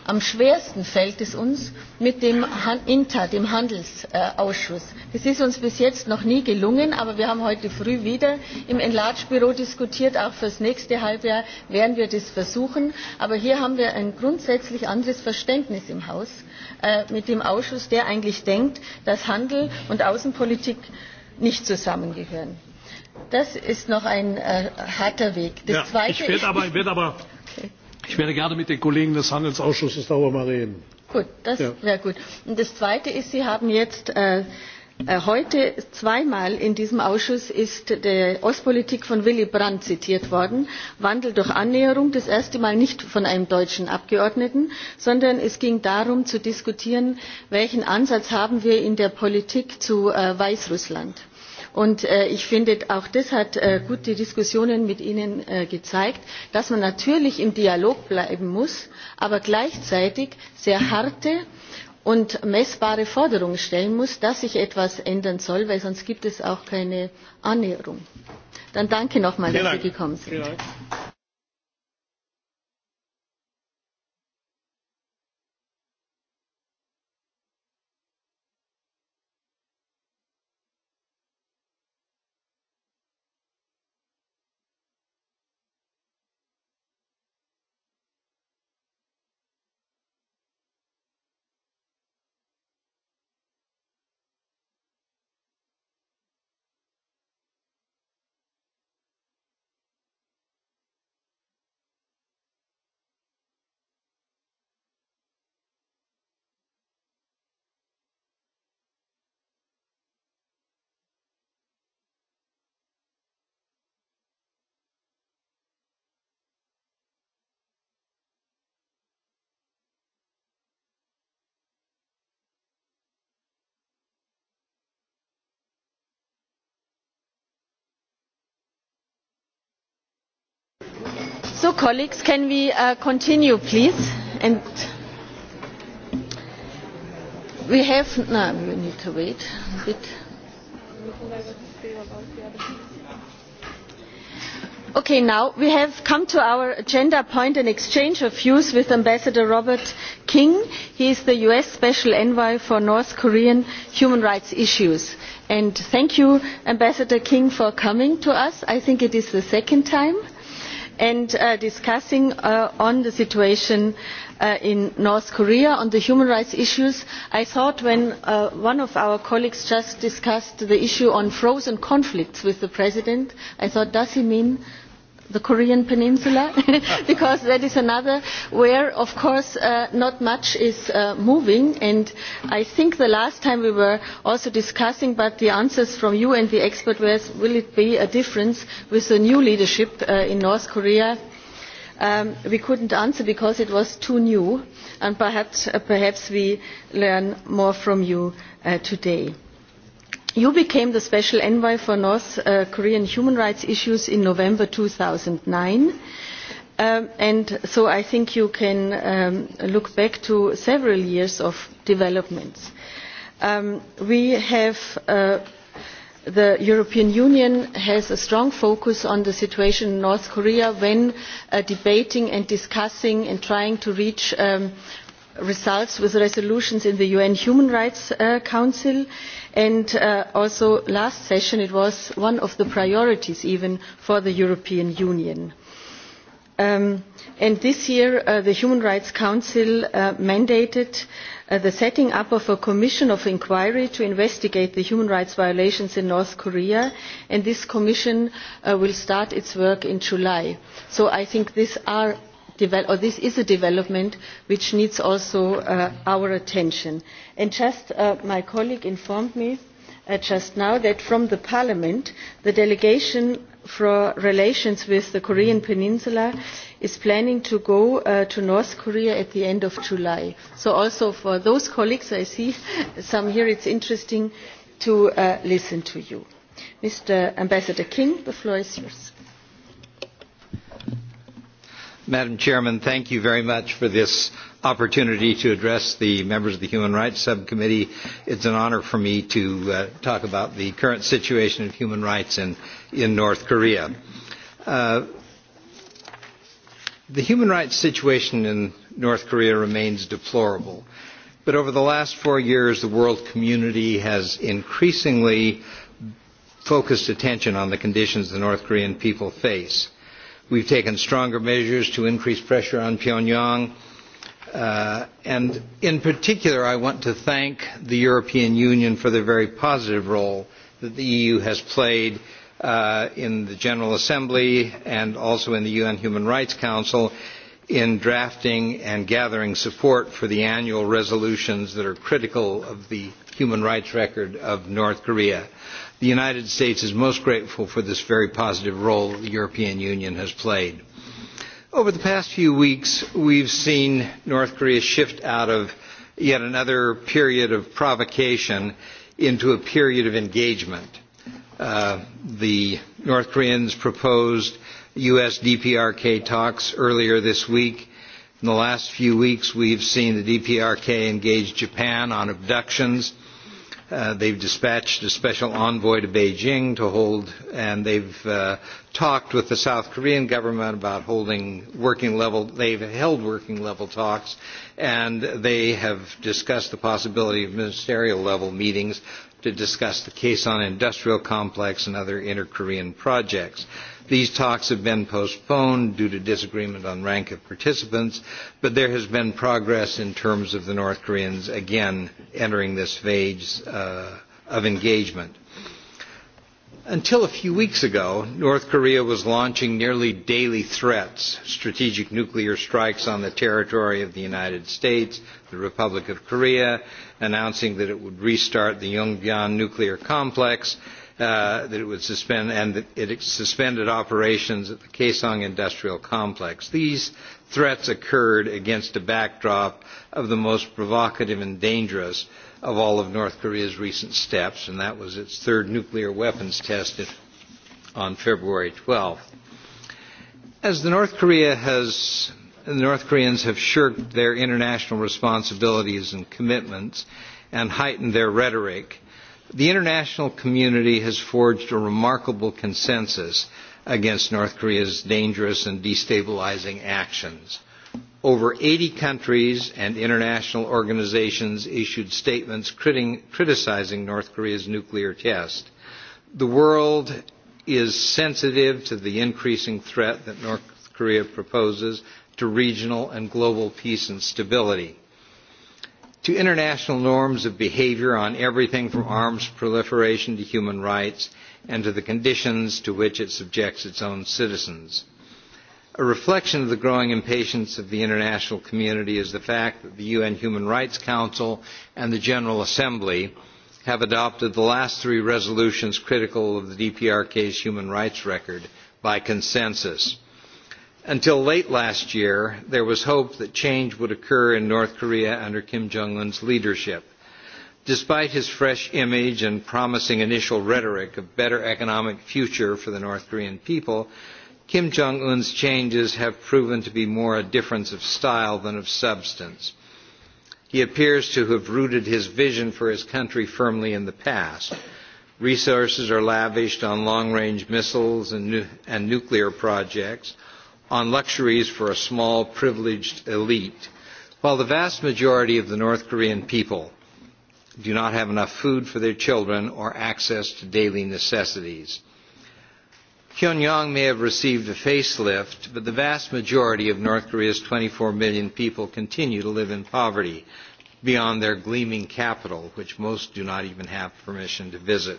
Am schwersten fällt es uns mit dem INTA, dem Handelsausschuss. Es ist uns bis jetzt noch nie gelungen, aber wir haben heute früh wieder im Enlarge Büro diskutiert, auch für das nächste Halbjahr werden wir das versuchen. Aber hier haben wir ein grundsätzlich anderes Verständnis im Haus mit dem Ausschuss, der eigentlich denkt, dass Handel und Außenpolitik nicht zusammengehören. Das ist noch ein harter Weg. Ich werde aber Ich werde gerne mit den Kollegen des Handelsausschusses darüber reden. Gut, das wäre gut. Und das Zweite ist, Sie haben jetzt heute zweimal in diesem ausschuss die ostpolitik von willy brandt zitiert worden wandel durch annäherung das erste mal nicht von einem deutschen abgeordneten sondern es ging darum zu diskutieren welchen ansatz haben wir in der politik zu weißrussland? Und ich finde, auch das hat gute die Diskussionen mit Ihnen gezeigt, dass man natürlich im Dialog bleiben muss, aber gleichzeitig sehr harte und messbare Forderungen stellen muss, dass sich etwas ändern soll, weil sonst gibt es auch keine Annäherung. Dann danke nochmal, dass Sie gekommen sind. So, colleagues, can we continue, please? And we have, no, we need to wait a bit. Okay, now we have come to our agenda point, an exchange of views with Ambassador Robert King. He is the U.S. Special Envoy for North Korean human rights issues. And thank you, Ambassador King, for coming to us. I think it is the second time and discussing on the situation in North Korea on the human rights issues. I thought when one of our colleagues just discussed the issue on frozen conflicts with the President, I thought, does he mean the Korean Peninsula, because that is another where, of course, not much is moving. And I think the last time we were also discussing, but the answers from you and the expert were, will it be a difference with the new leadership in North Korea? We couldn't answer because it was too new, and perhaps we learn more from you today. You became the special envoy for North Korean human rights issues in November 2009, and so I think you can look back to several years of developments. We have the European Union has a strong focus on the situation in North Korea when debating and discussing and trying to reach results with resolutions in the UN Human Rights Council and also last session it was one of the priorities even for the European Union. this year the Human Rights Council mandated the setting up of a commission of inquiry to investigate the human rights violations in North Korea and this commission will start its work in July. So I think these are This is a development which needs also our attention. And just my colleague informed me just now that from the Parliament, the delegation for relations with the Korean Peninsula is planning to go to North Korea at the end of July. So also for those colleagues, I see some here, it's interesting to listen to you. Mr. Ambassador King, the floor is yours. Madam President, thank you very much for this opportunity to address the members of the Human Rights Subcommittee. It's an honor for me to talk about the current situation of human rights in North Korea. The human rights situation in North Korea remains deplorable, but over the last four years the world community has increasingly focused attention on the conditions the North Korean people face. We've taken stronger measures to increase pressure on Pyongyang. And in particular, I want to thank the European Union for the very positive role that the EU has played in the General Assembly and also in the UN Human Rights Council in drafting and gathering support for the annual resolutions that are critical of the human rights record of North Korea the United States is most grateful for this very positive role the European Union has played. Over the past few weeks, we've seen North Korea shift out of yet another period of provocation into a period of engagement. The North Koreans proposed U.S. DPRK talks earlier this week. In the last few weeks, we've seen the DPRK engage Japan on abductions They've dispatched a special envoy to Beijing to hold, and they've talked with the South Korean government about holding working level. They've held working level talks, and they have discussed the possibility of ministerial level meetings to discuss the case on industrial complex and other inter-Korean projects. These talks have been postponed due to disagreement on rank of participants, but there has been progress in terms of the North Koreans again entering this phase of engagement. Until a few weeks ago, North Korea was launching nearly daily threats, strategic nuclear strikes on the territory of the United States, the Republic of Korea, announcing that it would restart the Yongbyon nuclear complex, that it would suspend and that it suspended operations at the Kaesong Industrial Complex. These threats occurred against a backdrop of the most provocative and dangerous of all of North Korea's recent steps, and that was its third nuclear weapons test on February 12th. As the North Korea has the North Koreans have shirked their international responsibilities and commitments and heightened their rhetoric the international community has forged a remarkable consensus against North Korea's dangerous and destabilizing actions. Over 80 countries and international organizations issued statements criticizing North Korea's nuclear test. The world is sensitive to the increasing threat that North Korea proposes to regional and global peace and stability to international norms of behaviour on everything from arms proliferation to human rights and to the conditions to which it subjects its own citizens. A reflection of the growing impatience of the international community is the fact that the UN Human Rights Council and the General Assembly have adopted the last three resolutions critical of the DPRK's human rights record by consensus. Until late last year, there was hope that change would occur in North Korea under Kim Jong-un's leadership. Despite his fresh image and promising initial rhetoric of better economic future for the North Korean people, Kim Jong-un's changes have proven to be more a difference of style than of substance. He appears to have rooted his vision for his country firmly in the past. Resources are lavished on long-range missiles and nuclear projects – on luxuries for a small privileged elite, while the vast majority of the North Korean people do not have enough food for their children or access to daily necessities. Pyongyang may have received a facelift, but the vast majority of North Korea's 24 million people continue to live in poverty beyond their gleaming capital, which most do not even have permission to visit.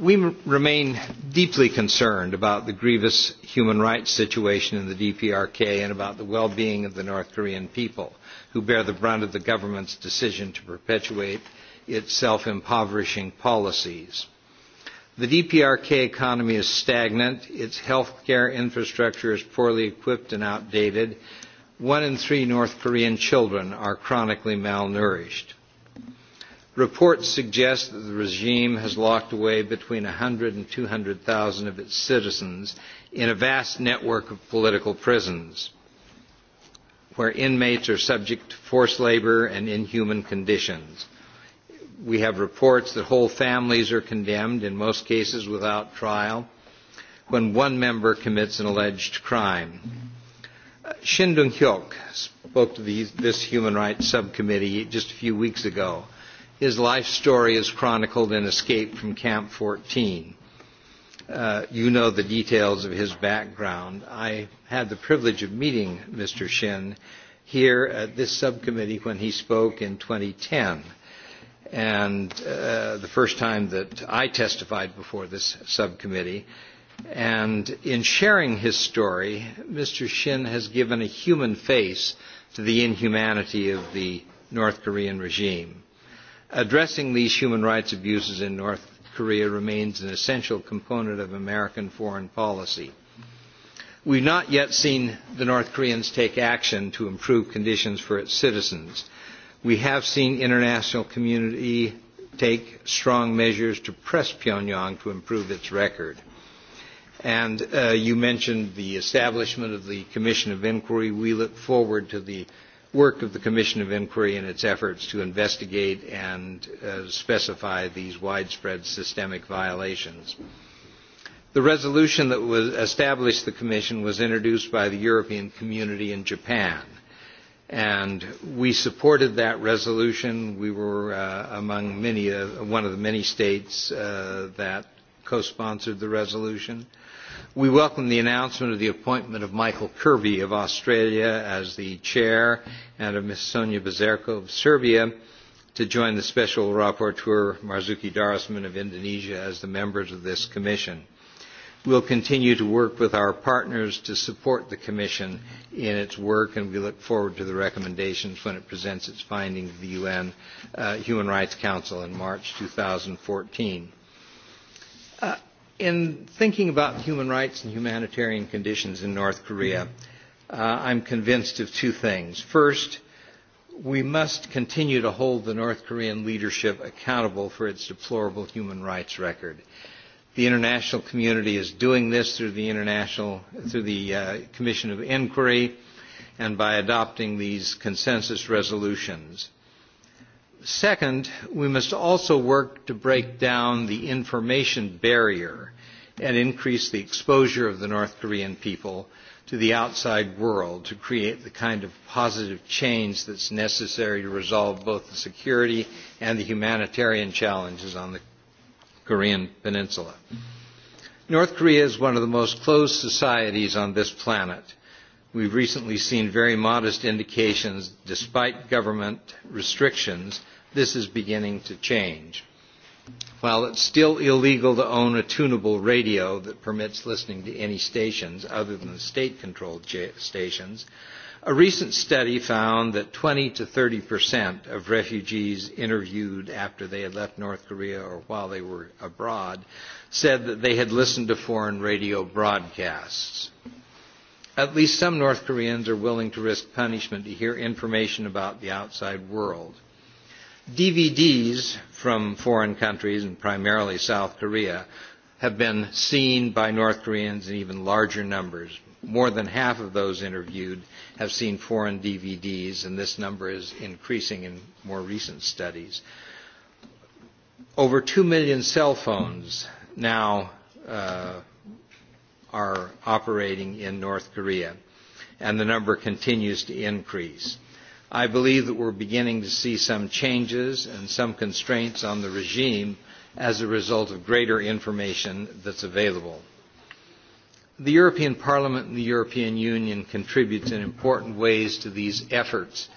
We remain deeply concerned about the grievous human rights situation in the DPRK and about the well-being of the North Korean people, who bear the brunt of the government's decision to perpetuate its self-impoverishing policies. The DPRK economy is stagnant, its healthcare infrastructure is poorly equipped and outdated. One in three North Korean children are chronically malnourished. Reports suggest that the regime has locked away between 100 and 200,000 of its citizens in a vast network of political prisons, where inmates are subject to forced labor and inhuman conditions. We have reports that whole families are condemned, in most cases without trial, when one member commits an alleged crime. Shin Dong-hyuk spoke to this Human Rights Subcommittee just a few weeks ago His life story is chronicled in Escape from Camp 14. You know the details of his background. I had the privilege of meeting Mr. Shin here at this subcommittee when he spoke in 2010, and the first time that I testified before this subcommittee. And in sharing his story, Mr. Shin has given a human face to the inhumanity of the North Korean regime. Addressing these human rights abuses in North Korea remains an essential component of American foreign policy. We've not yet seen the North Koreans take action to improve conditions for its citizens. We have seen international community take strong measures to press Pyongyang to improve its record. And you mentioned the establishment of the Commission of Inquiry. We look forward to the work of the Commission of Inquiry in its efforts to investigate and specify these widespread systemic violations. The resolution that was established the Commission was introduced by the European Community in Japan, and we supported that resolution. We were among many, one of the many states that co-sponsored the resolution. We welcome the announcement of the appointment of Michael Kirby of Australia as the chair and of Ms. Sonia Bezerko of Serbia to join the special rapporteur Marzuki Darasman of Indonesia as the members of this commission. We will continue to work with our partners to support the commission in its work and we look forward to the recommendations when it presents its findings to the UN Human Rights Council in March 2014. In thinking about human rights and humanitarian conditions in North Korea, I'm convinced of two things. First, we must continue to hold the North Korean leadership accountable for its deplorable human rights record. The international community is doing this through the international through the Commission of Inquiry and by adopting these consensus resolutions. Second, we must also work to break down the information barrier and increase the exposure of the North Korean people to the outside world to create the kind of positive change that's necessary to resolve both the security and the humanitarian challenges on the Korean Peninsula. North Korea is one of the most closed societies on this planet. We've recently seen very modest indications, despite government restrictions, This is beginning to change. While it's still illegal to own a tunable radio that permits listening to any stations other than the state-controlled stations, a recent study found that 20 to 30 percent of refugees interviewed after they had left North Korea or while they were abroad said that they had listened to foreign radio broadcasts. At least some North Koreans are willing to risk punishment to hear information about the outside world. DVDs from foreign countries, and primarily South Korea, have been seen by North Koreans in even larger numbers. More than half of those interviewed have seen foreign DVDs, and this number is increasing in more recent studies. Over 2 million cell phones now are operating in North Korea, and the number continues to increase. I believe that we're beginning to see some changes and some constraints on the regime as a result of greater information that's available. The European Parliament and the European Union contributes in important ways to these efforts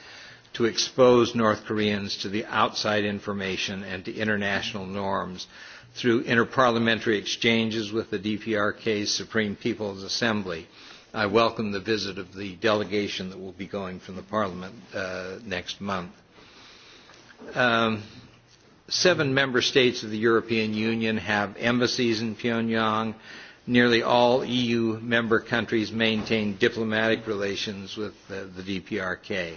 to expose North Koreans to the outside information and to international norms through interparliamentary exchanges with the DPRK's Supreme People's Assembly I welcome the visit of the delegation that will be going from the Parliament next month. Seven member states of the European Union have embassies in Pyongyang. Nearly all EU member countries maintain diplomatic relations with the DPRK.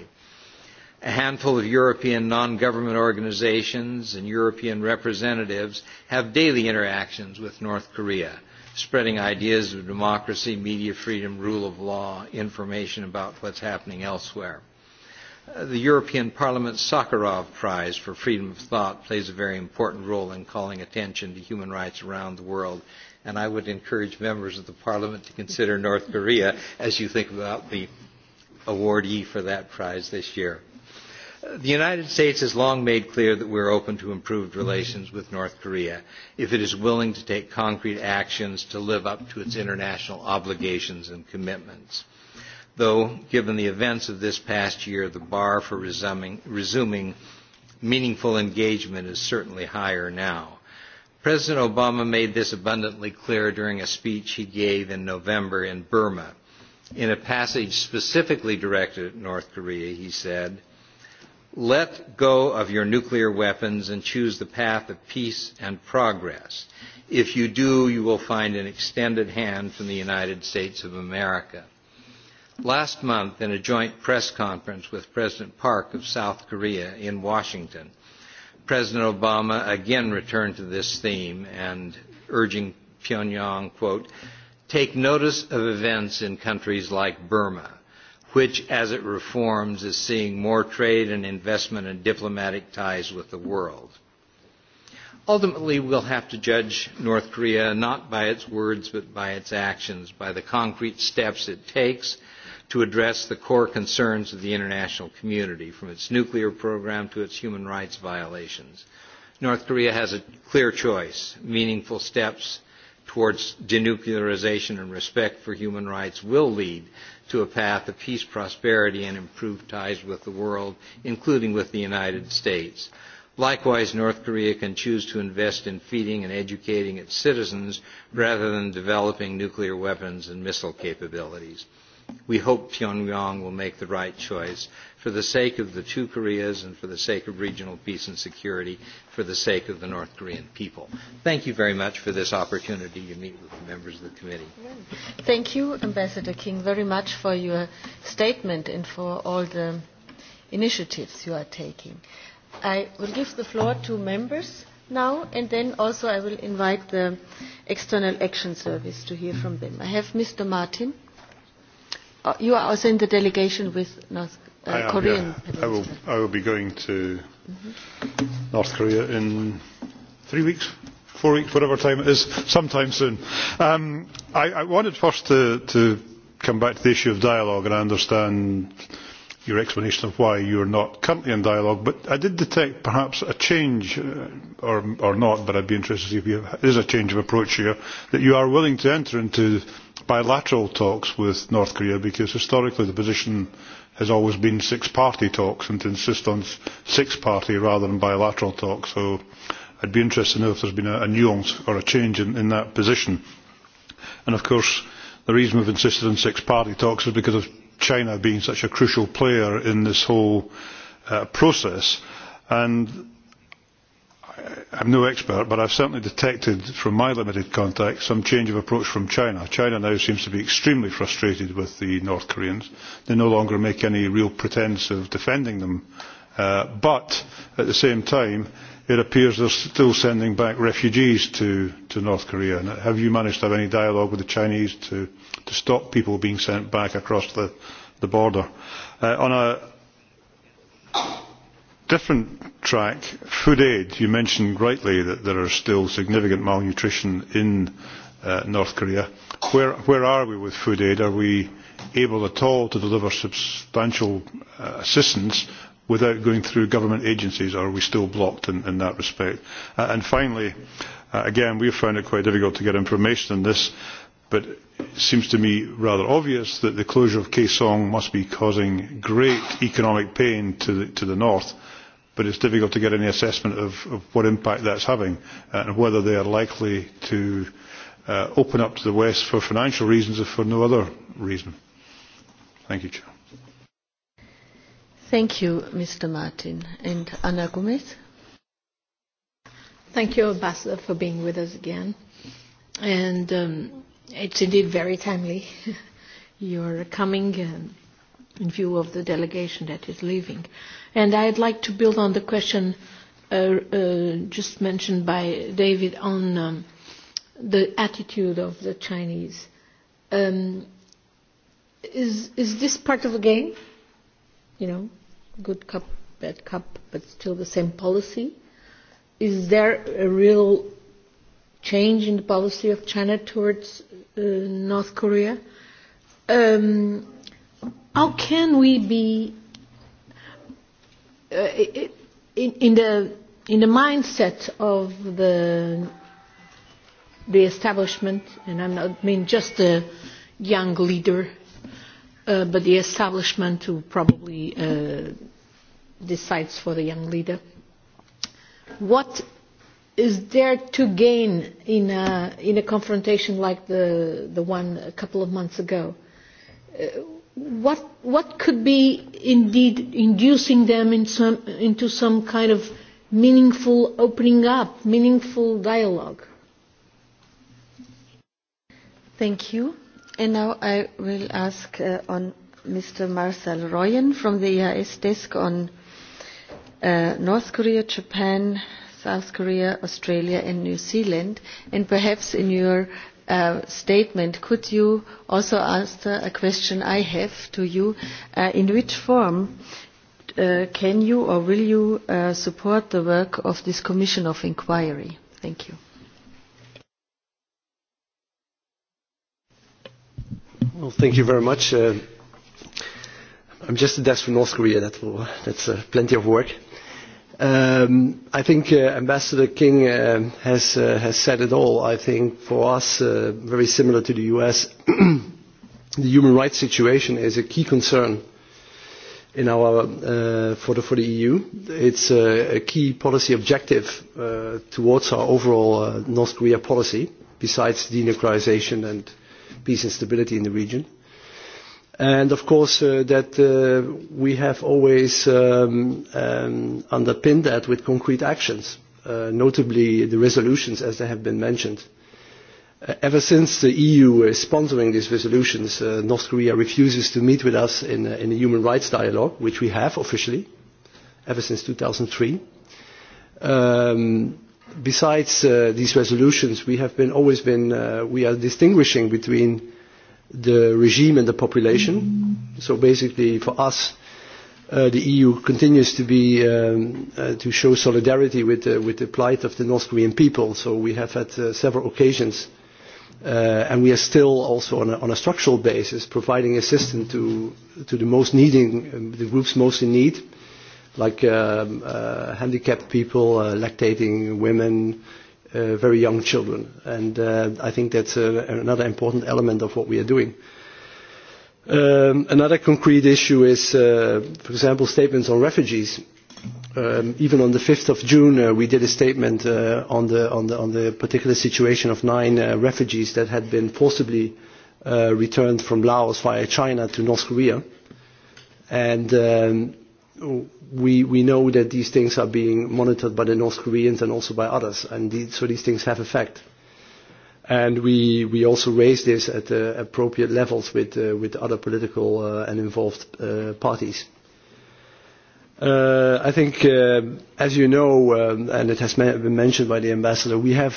A handful of European non-government organizations and European representatives have daily interactions with North Korea spreading ideas of democracy, media freedom, rule of law, information about what's happening elsewhere. The European Parliament's Sakharov Prize for Freedom of Thought plays a very important role in calling attention to human rights around the world, and I would encourage members of the Parliament to consider North Korea as you think about the awardee for that prize this year. The United States has long made clear that we are open to improved relations with North Korea if it is willing to take concrete actions to live up to its international obligations and commitments. Though, given the events of this past year, the bar for resuming meaningful engagement is certainly higher now. President Obama made this abundantly clear during a speech he gave in November in Burma. In a passage specifically directed at North Korea, he said, Let go of your nuclear weapons and choose the path of peace and progress. If you do, you will find an extended hand from the United States of America. Last month, in a joint press conference with President Park of South Korea in Washington, President Obama again returned to this theme and urging Pyongyang, quote, take notice of events in countries like Burma which, as it reforms, is seeing more trade and investment and diplomatic ties with the world. Ultimately, we'll have to judge North Korea not by its words but by its actions, by the concrete steps it takes to address the core concerns of the international community, from its nuclear program to its human rights violations. North Korea has a clear choice. Meaningful steps towards denuclearization and respect for human rights will lead to a path of peace, prosperity, and improved ties with the world, including with the United States. Likewise, North Korea can choose to invest in feeding and educating its citizens rather than developing nuclear weapons and missile capabilities. We hope Pyongyang will make the right choice for the sake of the two Koreas and for the sake of regional peace and security, for the sake of the North Korean people. Thank you very much for this opportunity to meet with the members of the committee. Thank you, Ambassador King, very much for your statement and for all the initiatives you are taking. I will give the floor to members now and then also I will invite the External Action Service to hear from them. I have Mr. Martin. You are also in the delegation with North Korean. I will. I will be going to North Korea in three weeks, four weeks, whatever time it is, sometime soon. I wanted first to come back to the issue of dialogue, and I understand your explanation of why you are not currently in dialogue. But I did detect perhaps a change, or or not, but I'd be interested to see if there is a change of approach here, that you are willing to enter into bilateral talks with North Korea because historically the position has always been six-party talks and to insist on six-party rather than bilateral talks. So I'd be interested to know if there's been a nuance or a change in that position. And of course the reason we've insisted on six-party talks is because of China being such a crucial player in this whole process. And I'm no expert, but I've certainly detected from my limited contact some change of approach from China. China now seems to be extremely frustrated with the North Koreans. They no longer make any real pretense of defending them. But, at the same time, it appears they're still sending back refugees to North Korea. Have you managed to have any dialogue with the Chinese to stop people being sent back across the border? On a different track, food aid. You mentioned rightly that there are still significant malnutrition in North Korea. Where are we with food aid? Are we able at all to deliver substantial assistance without going through government agencies? or Are we still blocked in that respect? And finally, again, we have found it quite difficult to get information on this, but it seems to me rather obvious that the closure of Kaesong must be causing great economic pain to the north but it's difficult to get any assessment of what impact that's having and whether they are likely to open up to the West for financial reasons or for no other reason. Thank you, Chair. Thank you, Mr. Martin. And Anna Gomez? Thank you, Ambassador, for being with us again. And um, it's indeed very timely. You're coming in view of the delegation that is leaving. And I'd like to build on the question just mentioned by David on the attitude of the Chinese. Is is this part of a game? You know, good cup, bad cup, but still the same policy. Is there a real change in the policy of China towards North Korea? How can we be in the in the mindset of the the establishment and I'm not mean just the young leader but the establishment who probably decides for the young leader what is there to gain in a in a confrontation like the the one a couple of months ago what what could be indeed inducing them into some kind of meaningful opening up meaningful dialogue thank you and now i will ask on mr marcel royen from the EIS desk on north korea japan south korea australia and new zealand and perhaps in your statement, could you also answer a question I have to you? In which form can you or will you support the work of this Commission of Inquiry? Thank you. Well, thank you very much. I'm just a desk from North Korea. That's plenty of work. I think Ambassador King has has said it all. I think for us, very similar to the US, the human rights situation is a key concern in our for the for the EU. It's a key policy objective towards our overall North Korea policy, besides denuclearization and peace and stability in the region. And of course that we have always underpinned that with concrete actions, notably the resolutions as they have been mentioned. Ever since the EU is sponsoring these resolutions, North Korea refuses to meet with us in a human rights dialogue, which we have officially, ever since 2003. Besides these resolutions, we have always been, we are distinguishing between the regime and the population. So basically, for us, the EU continues to be to show solidarity with with the plight of the North Korean people. So we have had several occasions, and we are still also on a structural basis providing assistance to to the most needing, the groups most in need, like handicapped people, lactating women very young children. And I think that's another important element of what we are doing. Another concrete issue is, for example, statements on refugees. Even on the 5th of June, we did a statement on the particular situation of nine refugees that had been forcibly returned from Laos via China to North Korea. And we we know that these things are being monitored by the North Koreans and also by others, and so these things have effect. And we we also raise this at appropriate levels with with other political and involved parties. I think, as you know, and it has been mentioned by the ambassador, we have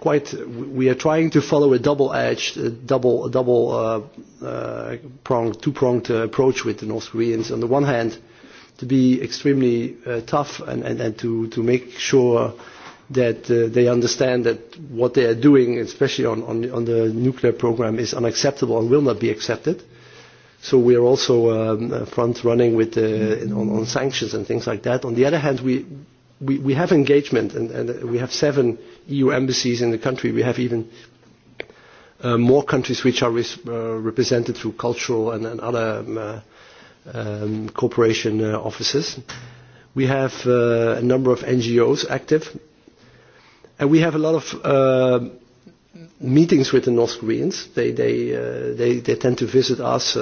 quite we are trying to follow a double-edged, double double pronged, two-pronged approach with the North Koreans. On the one hand to be extremely tough and and to to make sure that they understand that what they are doing, especially on the nuclear program, is unacceptable and will not be accepted. So we are also front running with on sanctions and things like that. On the other hand, we we have engagement and we have seven EU embassies in the country. We have even more countries which are represented through cultural and other corporation offices. We have a number of NGOs active. And we have a lot of meetings with the North Koreans. They tend to visit us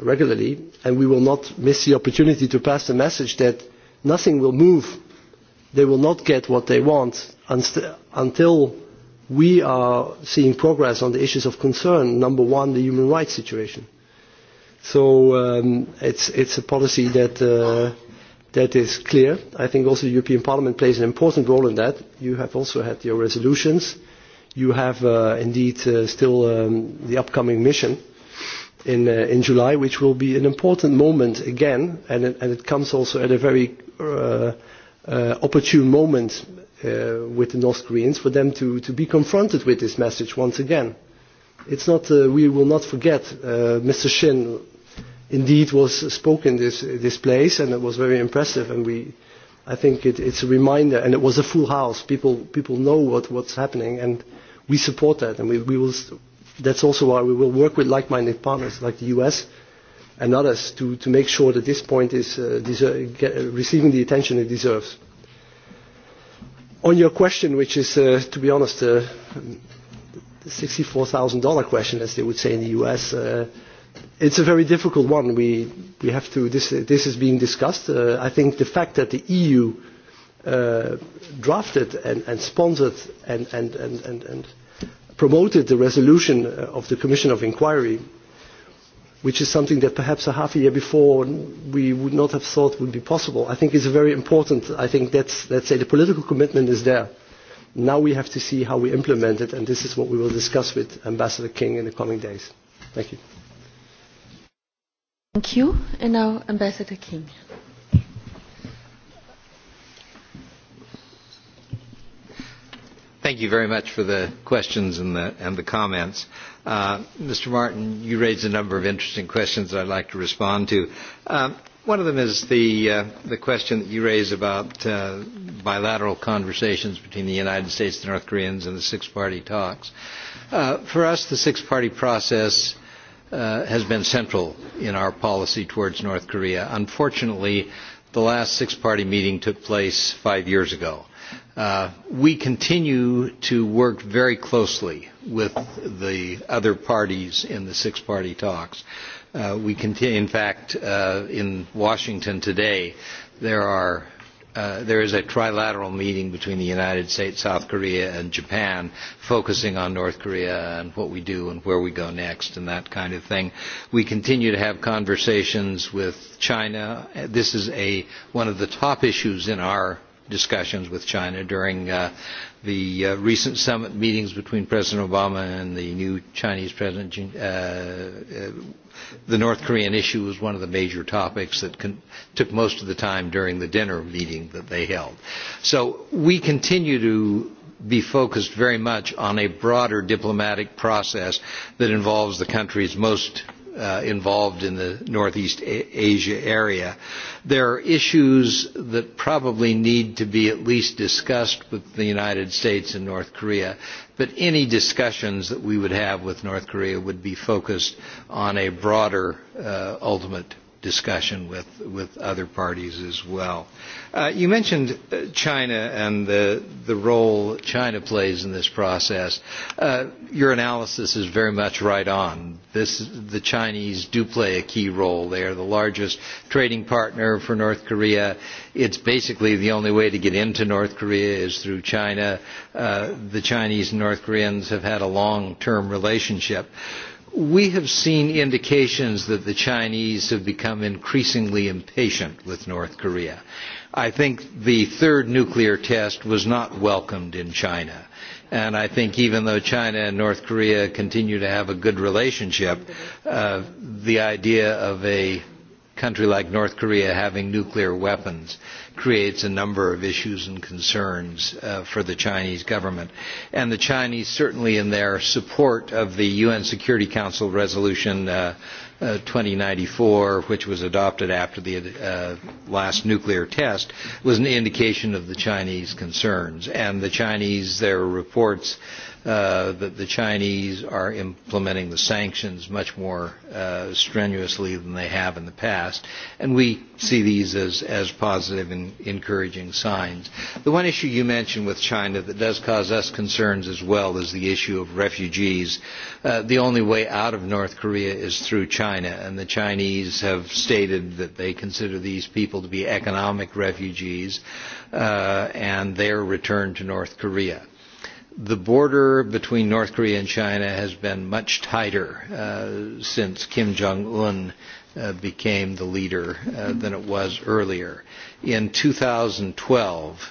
regularly. And we will not miss the opportunity to pass the message that nothing will move. They will not get what they want until we are seeing progress on the issues of concern. Number one, the human rights situation So it's it's a policy that that is clear. I think also the European Parliament plays an important role in that. You have also had your resolutions. You have indeed still the upcoming mission in in July, which will be an important moment again, and it comes also at a very opportune moment with the North Koreans for them to be confronted with this message once again it's not we will not forget Mr. Shin indeed was spoken this this place and it was very impressive and we I think it, it's a reminder and it was a full house people people know what what's happening and we support that and we, we will that's also why we will work with like-minded partners like the US and others to, to make sure that this point is receiving the attention it deserves. On your question, which is, to be honest, $64,000 question, as they would say in the U.S. It's a very difficult one. We we have to. This this is being discussed. I think the fact that the EU drafted and sponsored and and and and promoted the resolution of the Commission of Inquiry, which is something that perhaps a half a year before we would not have thought would be possible. I think is very important. I think that's let's say the political commitment is there. Now we have to see how we implement it, and this is what we will discuss with Ambassador King in the coming days. Thank you. Thank you. And now Ambassador King. Thank you very much for the questions and the, and the comments. Mr. Martin, you raised a number of interesting questions that I'd like to respond to. One of them is the the question that you raise about bilateral conversations between the United States and North Koreans and the six-party talks. For us, the six-party process has been central in our policy towards North Korea. Unfortunately, the last six-party meeting took place five years ago. We continue to work very closely with the other parties in the six-party talks We in fact, in Washington today, there are there is a trilateral meeting between the United States, South Korea and Japan, focusing on North Korea and what we do and where we go next and that kind of thing. We continue to have conversations with China. This is a one of the top issues in our discussions with China during the recent summit meetings between President Obama and the new Chinese President. The North Korean issue was one of the major topics that took most of the time during the dinner meeting that they held. So we continue to be focused very much on a broader diplomatic process that involves the countries most involved in the Northeast Asia area. There are issues that probably need to be at least discussed with the United States and North Korea, but any discussions that we would have with North Korea would be focused on a broader ultimate discussion with with other parties as well. You mentioned China and the the role China plays in this process. Your analysis is very much right on. This the Chinese do play a key role. They are the largest trading partner for North Korea. It's basically the only way to get into North Korea is through China. The Chinese and North Koreans have had a long term relationship we have seen indications that the Chinese have become increasingly impatient with North Korea. I think the third nuclear test was not welcomed in China. And I think even though China and North Korea continue to have a good relationship, the idea of a country like North Korea having nuclear weapons creates a number of issues and concerns for the Chinese government. And the Chinese certainly in their support of the UN Security Council Resolution 2094, which was adopted after the last nuclear test, was an indication of the Chinese concerns. And the Chinese, their reports that the Chinese are implementing the sanctions much more strenuously than they have in the past. And we see these as, as positive and encouraging signs. The one issue you mentioned with China that does cause us concerns as well is the issue of refugees. The only way out of North Korea is through China, and the Chinese have stated that they consider these people to be economic refugees and their return to North Korea the border between North Korea and China has been much tighter since Kim Jong-un became the leader than it was earlier. In 2012,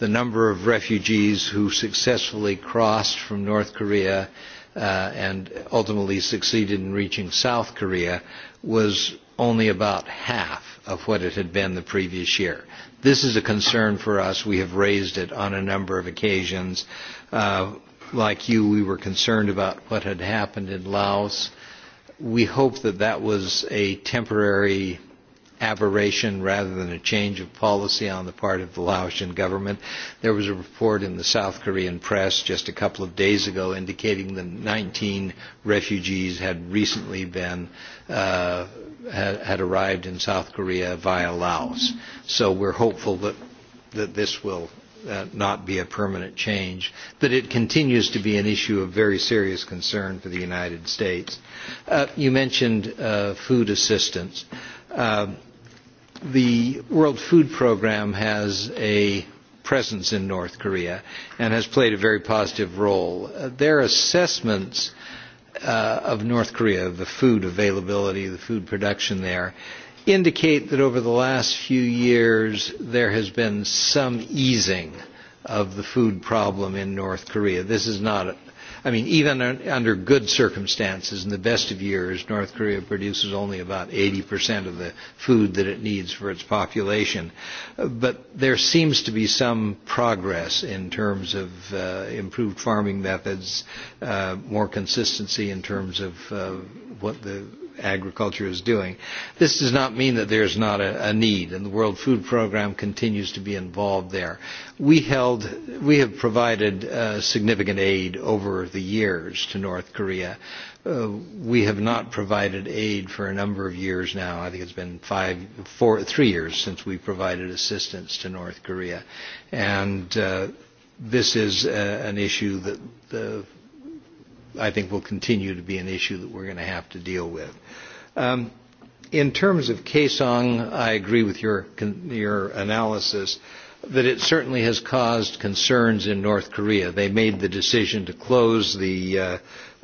the number of refugees who successfully crossed from North Korea and ultimately succeeded in reaching South Korea was only about half of what it had been the previous year. This is a concern for us. We have raised it on a number of occasions like you, we were concerned about what had happened in Laos. We hope that that was a temporary aberration rather than a change of policy on the part of the Laotian government. There was a report in the South Korean press just a couple of days ago indicating that 19 refugees had recently been had arrived in South Korea via Laos. So we're hopeful that that this will not be a permanent change, that it continues to be an issue of very serious concern for the United States. You mentioned food assistance. The World Food Program has a presence in North Korea and has played a very positive role. Their assessments of North Korea, the food availability, the food production there, indicate that over the last few years there has been some easing of the food problem in North Korea. This is not, I mean, even under good circumstances, in the best of years, North Korea produces only about 80% of the food that it needs for its population. But there seems to be some progress in terms of improved farming methods, more consistency in terms of what the agriculture is doing. This does not mean that there is not a need, and the World Food Program continues to be involved there. We have provided significant aid over the years to North Korea. We have not provided aid for a number of years now. I think it's been five, four, three years since we provided assistance to North Korea. And this is an issue that I think will continue to be an issue that we're going to have to deal with. In terms of Kaesong, I agree with your your analysis that it certainly has caused concerns in North Korea. They made the decision to close the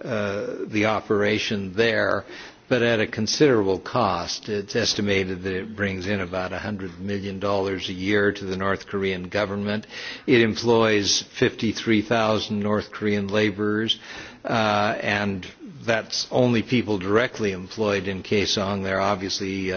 the operation there, but at a considerable cost. It's estimated that it brings in about $100 million a year to the North Korean government. It employs 53,000 North Korean laborers, and that's only people directly employed in Kaesong. There are obviously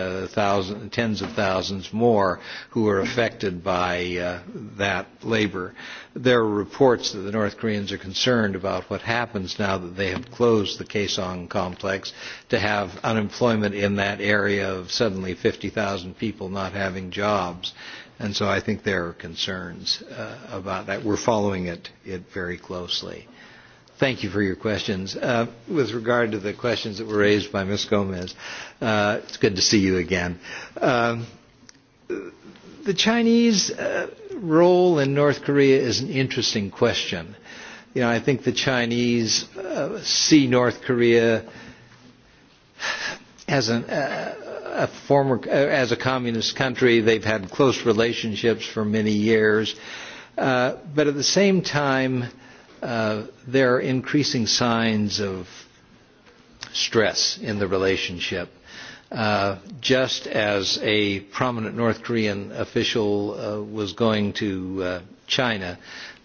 tens of thousands more who are affected by that labor. There are reports that the North Koreans are concerned about what happens now that they have closed the Kaesong complex to have unemployment in that area of suddenly 50,000 people not having jobs. And so I think there are concerns about that. We're following it very closely. Thank you for your questions. With regard to the questions that were raised by Ms. Gomez, it's good to see you again. The Chinese role in North Korea is an interesting question. You know, I think the Chinese see North Korea as a former, as a communist country. They've had close relationships for many years, but at the same time there are increasing signs of stress in the relationship. Just as a prominent North Korean official was going to China,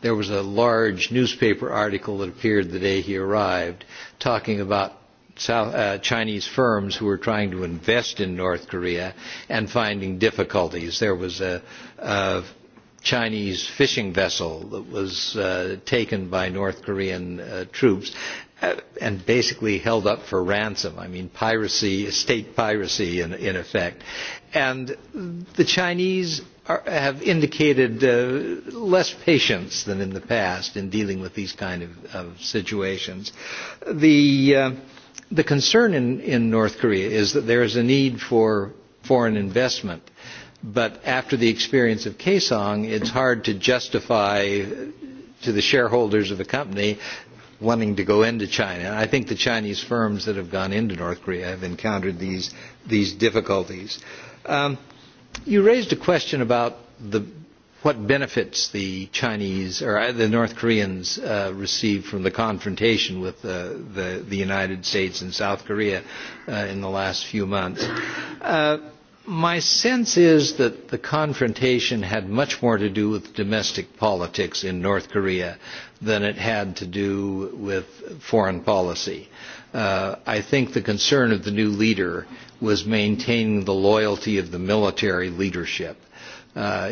there was a large newspaper article that appeared the day he arrived talking about Chinese firms who were trying to invest in North Korea and finding difficulties. There was a Chinese fishing vessel that was taken by North Korean troops and basically held up for ransom. I mean, piracy, state piracy in effect. And the Chinese have indicated less patience than in the past in dealing with these kind of situations. The concern in North Korea is that there is a need for foreign investment but after the experience of Kaesong, it's hard to justify to the shareholders of a company wanting to go into China. I think the Chinese firms that have gone into North Korea have encountered these these difficulties. You raised a question about the what benefits the Chinese or the North Koreans received from the confrontation with the United States and South Korea in the last few months. My sense is that the confrontation had much more to do with domestic politics in North Korea than it had to do with foreign policy. I think the concern of the new leader was maintaining the loyalty of the military leadership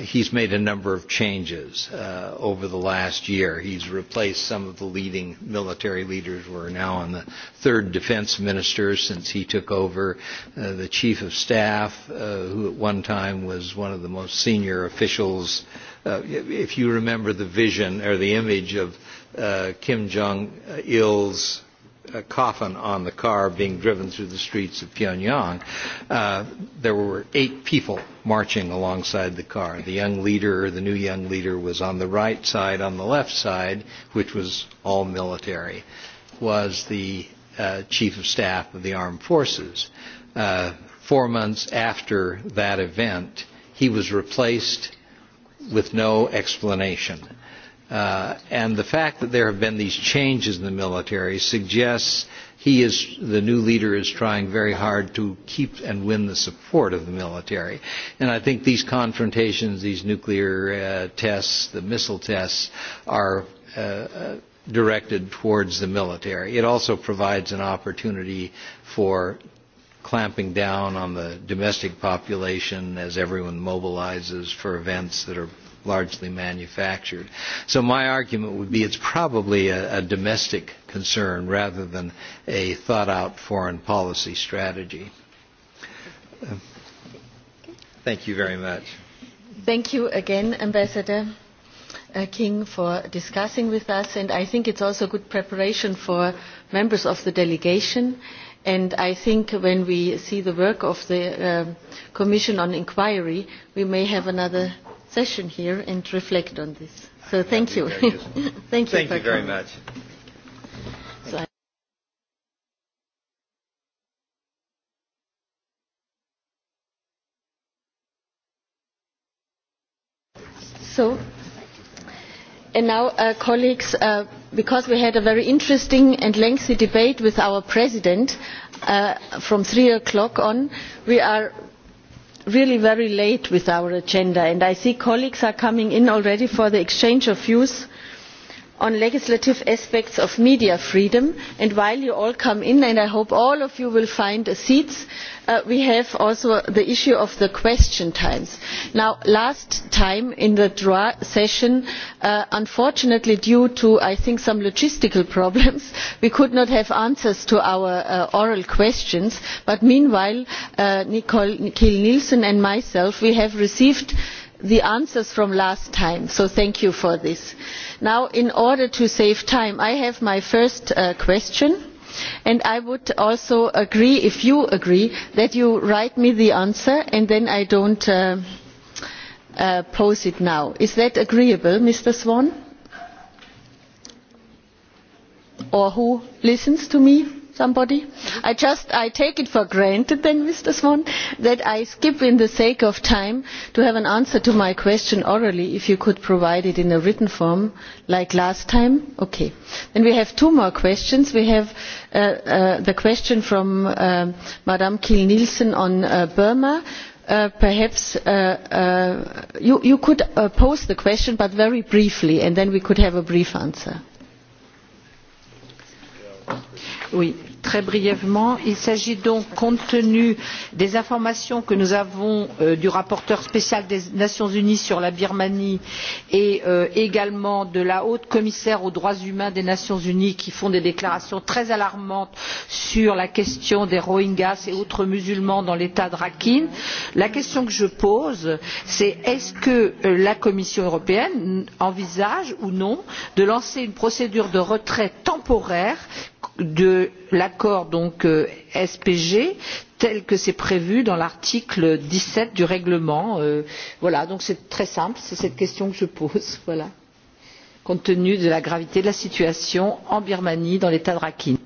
He's made a number of changes over the last year. He's replaced some of the leading military leaders. are now on the third defense minister since he took over. The chief of staff, who at one time was one of the most senior officials. If you remember the vision or the image of Kim Jong-il's A coffin on the car being driven through the streets of Pyongyang, there were eight people marching alongside the car. The young leader, the new young leader, was on the right side, on the left side, which was all military, was the chief of staff of the armed forces. Four months after that event, he was replaced with no explanation and the fact that there have been these changes in the military suggests he is the new leader is trying very hard to keep and win the support of the military and i think these confrontations these nuclear tests the missile tests are directed towards the military it also provides an opportunity for clamping down on the domestic population as everyone mobilizes for events that are largely manufactured. So my argument would be it's probably a domestic concern rather than a thought-out foreign policy strategy. Thank you very much. Thank you again, Ambassador King, for discussing with us. And I think it's also good preparation for members of the delegation. And I think when we see the work of the Commission on Inquiry, we may have another session here and reflect on this. So thank you. Thank you. very much. So, and now, colleagues, because we had a very interesting and lengthy debate with our president from three o'clock on, we are really very late with our agenda and i see colleagues are coming in already for the exchange of views on legislative aspects of media freedom and while you all come in and i hope all of you will find seats we have also the issue of the question times. last time in the draw session, unfortunately due to, I think, some logistical problems, we could not have answers to our oral questions. But meanwhile, Nicole nielsen and myself, we have received the answers from last time so thank you for this. now in order to save time i have my first question and i would also agree if you agree that you write me the answer and then i do not pose it now. is that agreeable mr swan or who listens to me? somebody? I just I take it for granted then, Mr. Swan, that I skip in the sake of time to have an answer to my question orally, if you could provide it in a written form, like last time. Okay. Then we have two more questions. We have the question from Madame Kiel Nielsen on Burma. Perhaps you could pose the question, but very briefly, and then we could have a brief answer. Oui très brièvement il s'agit donc compte tenu des informations que nous avons du rapporteur spécial des nations unies sur la birmanie et également de la haute commissaire aux droits humains des nations unies qui font des déclarations très alarmantes sur la question des rohingyas et autres musulmans dans l'état de rakhine la question que je pose c'est est ce que la commission européenne envisage ou non de lancer une procédure de retrait temporaire de l'accord donc spg tel que c'est prévu dans l'article dix sept du règlement. voilà donc c'est très simple c'est cette question que je pose compte tenu de la gravité de la situation en birmanie dans l'état de rakhine.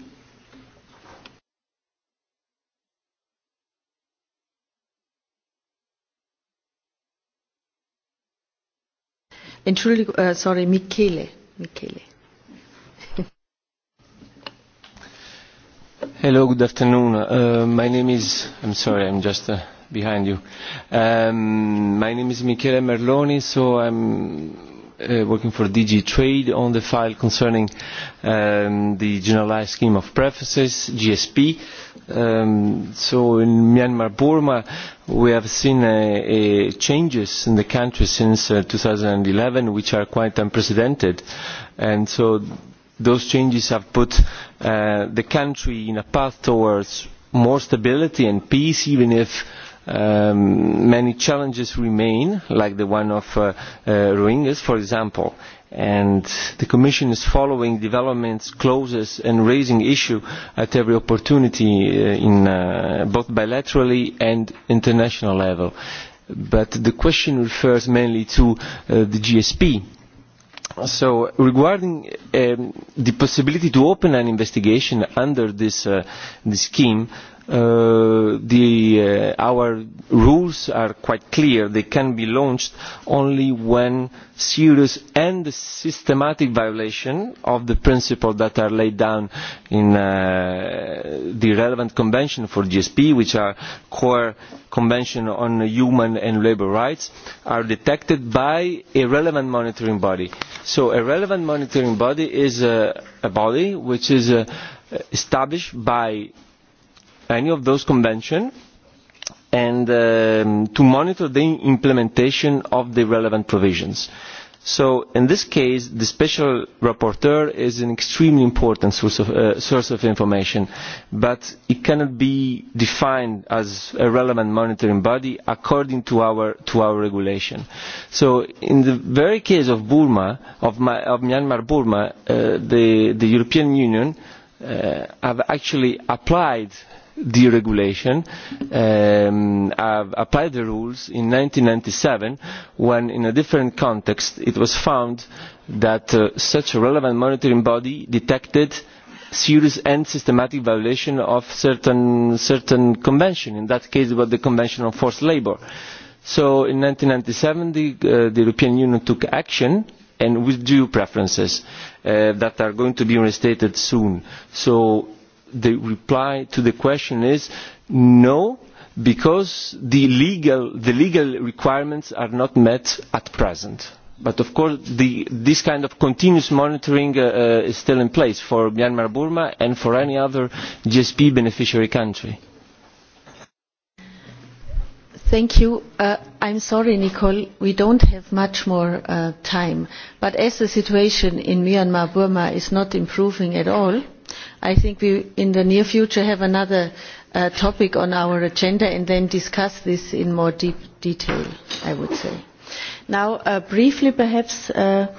Hello, good afternoon. My name is, I'm sorry, I'm just behind you. Um My name is Michele Merloni, so I'm working for DG Trade on the file concerning um the Generalized Scheme of prefaces, GSP. So in Myanmar, Burma, we have seen changes in the country since 2011, which are quite unprecedented. And so those changes have put the country in a path towards more stability and peace, even if many challenges remain, like the one of Rohingyas, for example. And the Commission is following developments, closes and raising issue at every opportunity, in both bilaterally and international level. But the question refers mainly to the GSP So regarding the possibility to open an investigation under this scheme, Our rules are quite clear. They can be launched only when serious and systematic violation of the principles that are laid down in the relevant convention for GSP, which are core convention on human and labour rights, are detected by a relevant monitoring body. So a relevant monitoring body is a body which is established by any of those conventions and to monitor the implementation of the relevant provisions. So in this case, the special rapporteur is an extremely important source of information, but it cannot be defined as a relevant monitoring body according to our regulation. So in the very case of Burma, of Myanmar Burma, the European Union have actually applied deregulation applied the rules in 1997 when in a different context it was found that such a relevant monitoring body detected serious and systematic violation of certain certain convention in that case it was the convention on forced labour so in 1997 the european union took action and withdrew preferences that are going to be restated soon so the reply to the question is no because the legal requirements are not met at present. But of course this kind of continuous monitoring is still in place for Myanmar Burma and for any other GSP beneficiary country. Thank you. I'm sorry, Nicole, we don't have much more time. But as the situation in Myanmar Burma is not improving at all, I think we in the near future have another topic on our agenda and then discuss this in more deep detail, I would say. Now, briefly perhaps, Mr.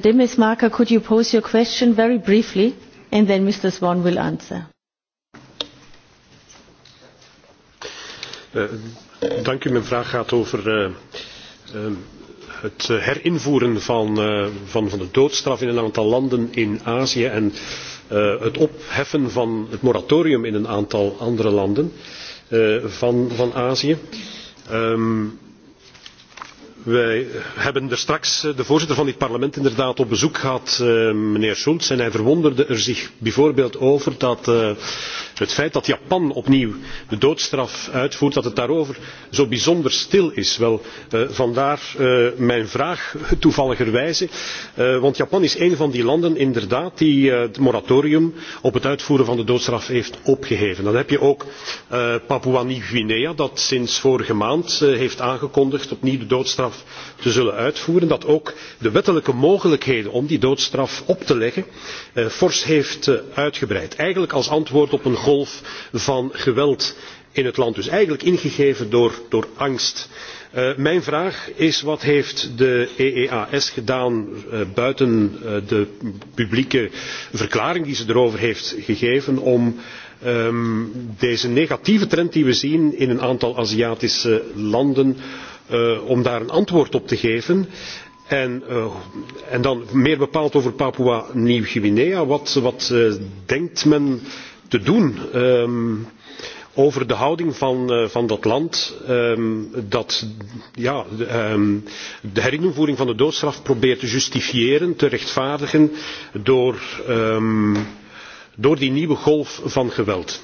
Demesmaeker, could you pose your question very briefly and then Mr. Swan will answer. Dank u. Mijn vraag gaat over het herinvoeren van de doodstraf in een aantal landen in Azië. En het opheffen van het moratorium in een aantal andere landen van Azië. Wij hebben er straks de voorzitter van dit parlement inderdaad op bezoek gehad, meneer Schulz, en hij verwonderde er zich bijvoorbeeld over dat het feit dat japan opnieuw de doodstraf uitvoert dat het daarover zo bijzonder stil is. wel vandaar mijn vraag toevalligerwijze want japan is een van die landen inderdaad die het moratorium op het uitvoeren van de doodstraf heeft opgeheven. dan heb je ook papoea nieuw guinea dat sinds vorige maand heeft aangekondigd opnieuw de doodstraf te zullen uitvoeren dat ook de wettelijke mogelijkheden om die doodstraf op te leggen fors heeft uitgebreid eigenlijk als antwoord op golf van geweld in het land. Dus eigenlijk ingegeven door angst. Mijn vraag is wat heeft de EEAS gedaan buiten de publieke verklaring die ze erover heeft gegeven om deze negatieve trend die we zien in een aantal Aziatische landen om daar een antwoord op te geven en dan meer bepaald over Papua Nieuw Guinea. Wat denkt men te doen over de houding van dat land dat de herinvoering van de doodstraf probeert te justifiëren te rechtvaardigen door die nieuwe golf van geweld.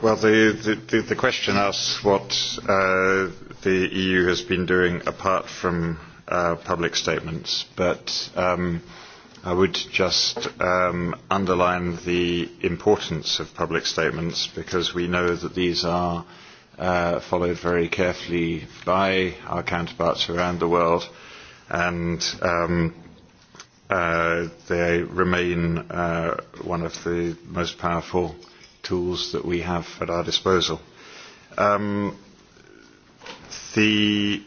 Well, the the question asks what the EU has been doing apart from public statements, but I would just underline the importance of public statements because we know that these are followed very carefully by our counterparts around the world and they remain one of the most powerful tools that we have at our disposal. The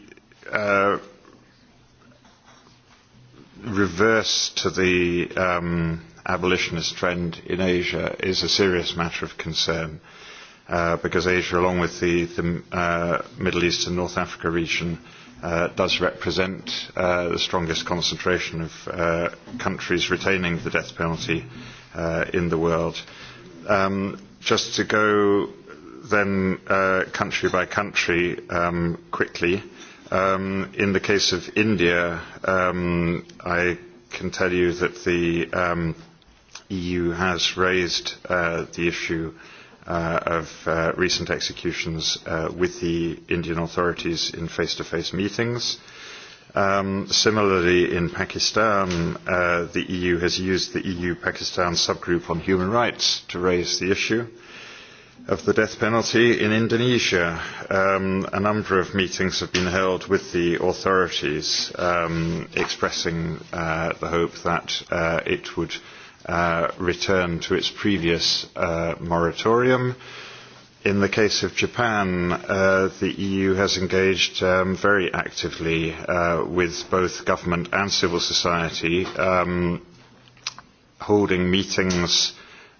reverse to the abolitionist trend in Asia is a serious matter of concern because Asia, along with the Middle East and North Africa region, does represent the strongest concentration of countries retaining the death penalty in the world. Just to go then country by country quickly. In the case of India, I can tell you that the EU has raised the issue of recent executions with the Indian authorities in face-to-face meetings. Similarly, in Pakistan, the EU has used the EU-Pakistan subgroup on human rights to raise the issue of the death penalty. In Indonesia, a number of meetings have been held with the authorities expressing the hope that it would return to its previous moratorium In the case of Japan, the EU has engaged very actively with both government and civil society, holding meetings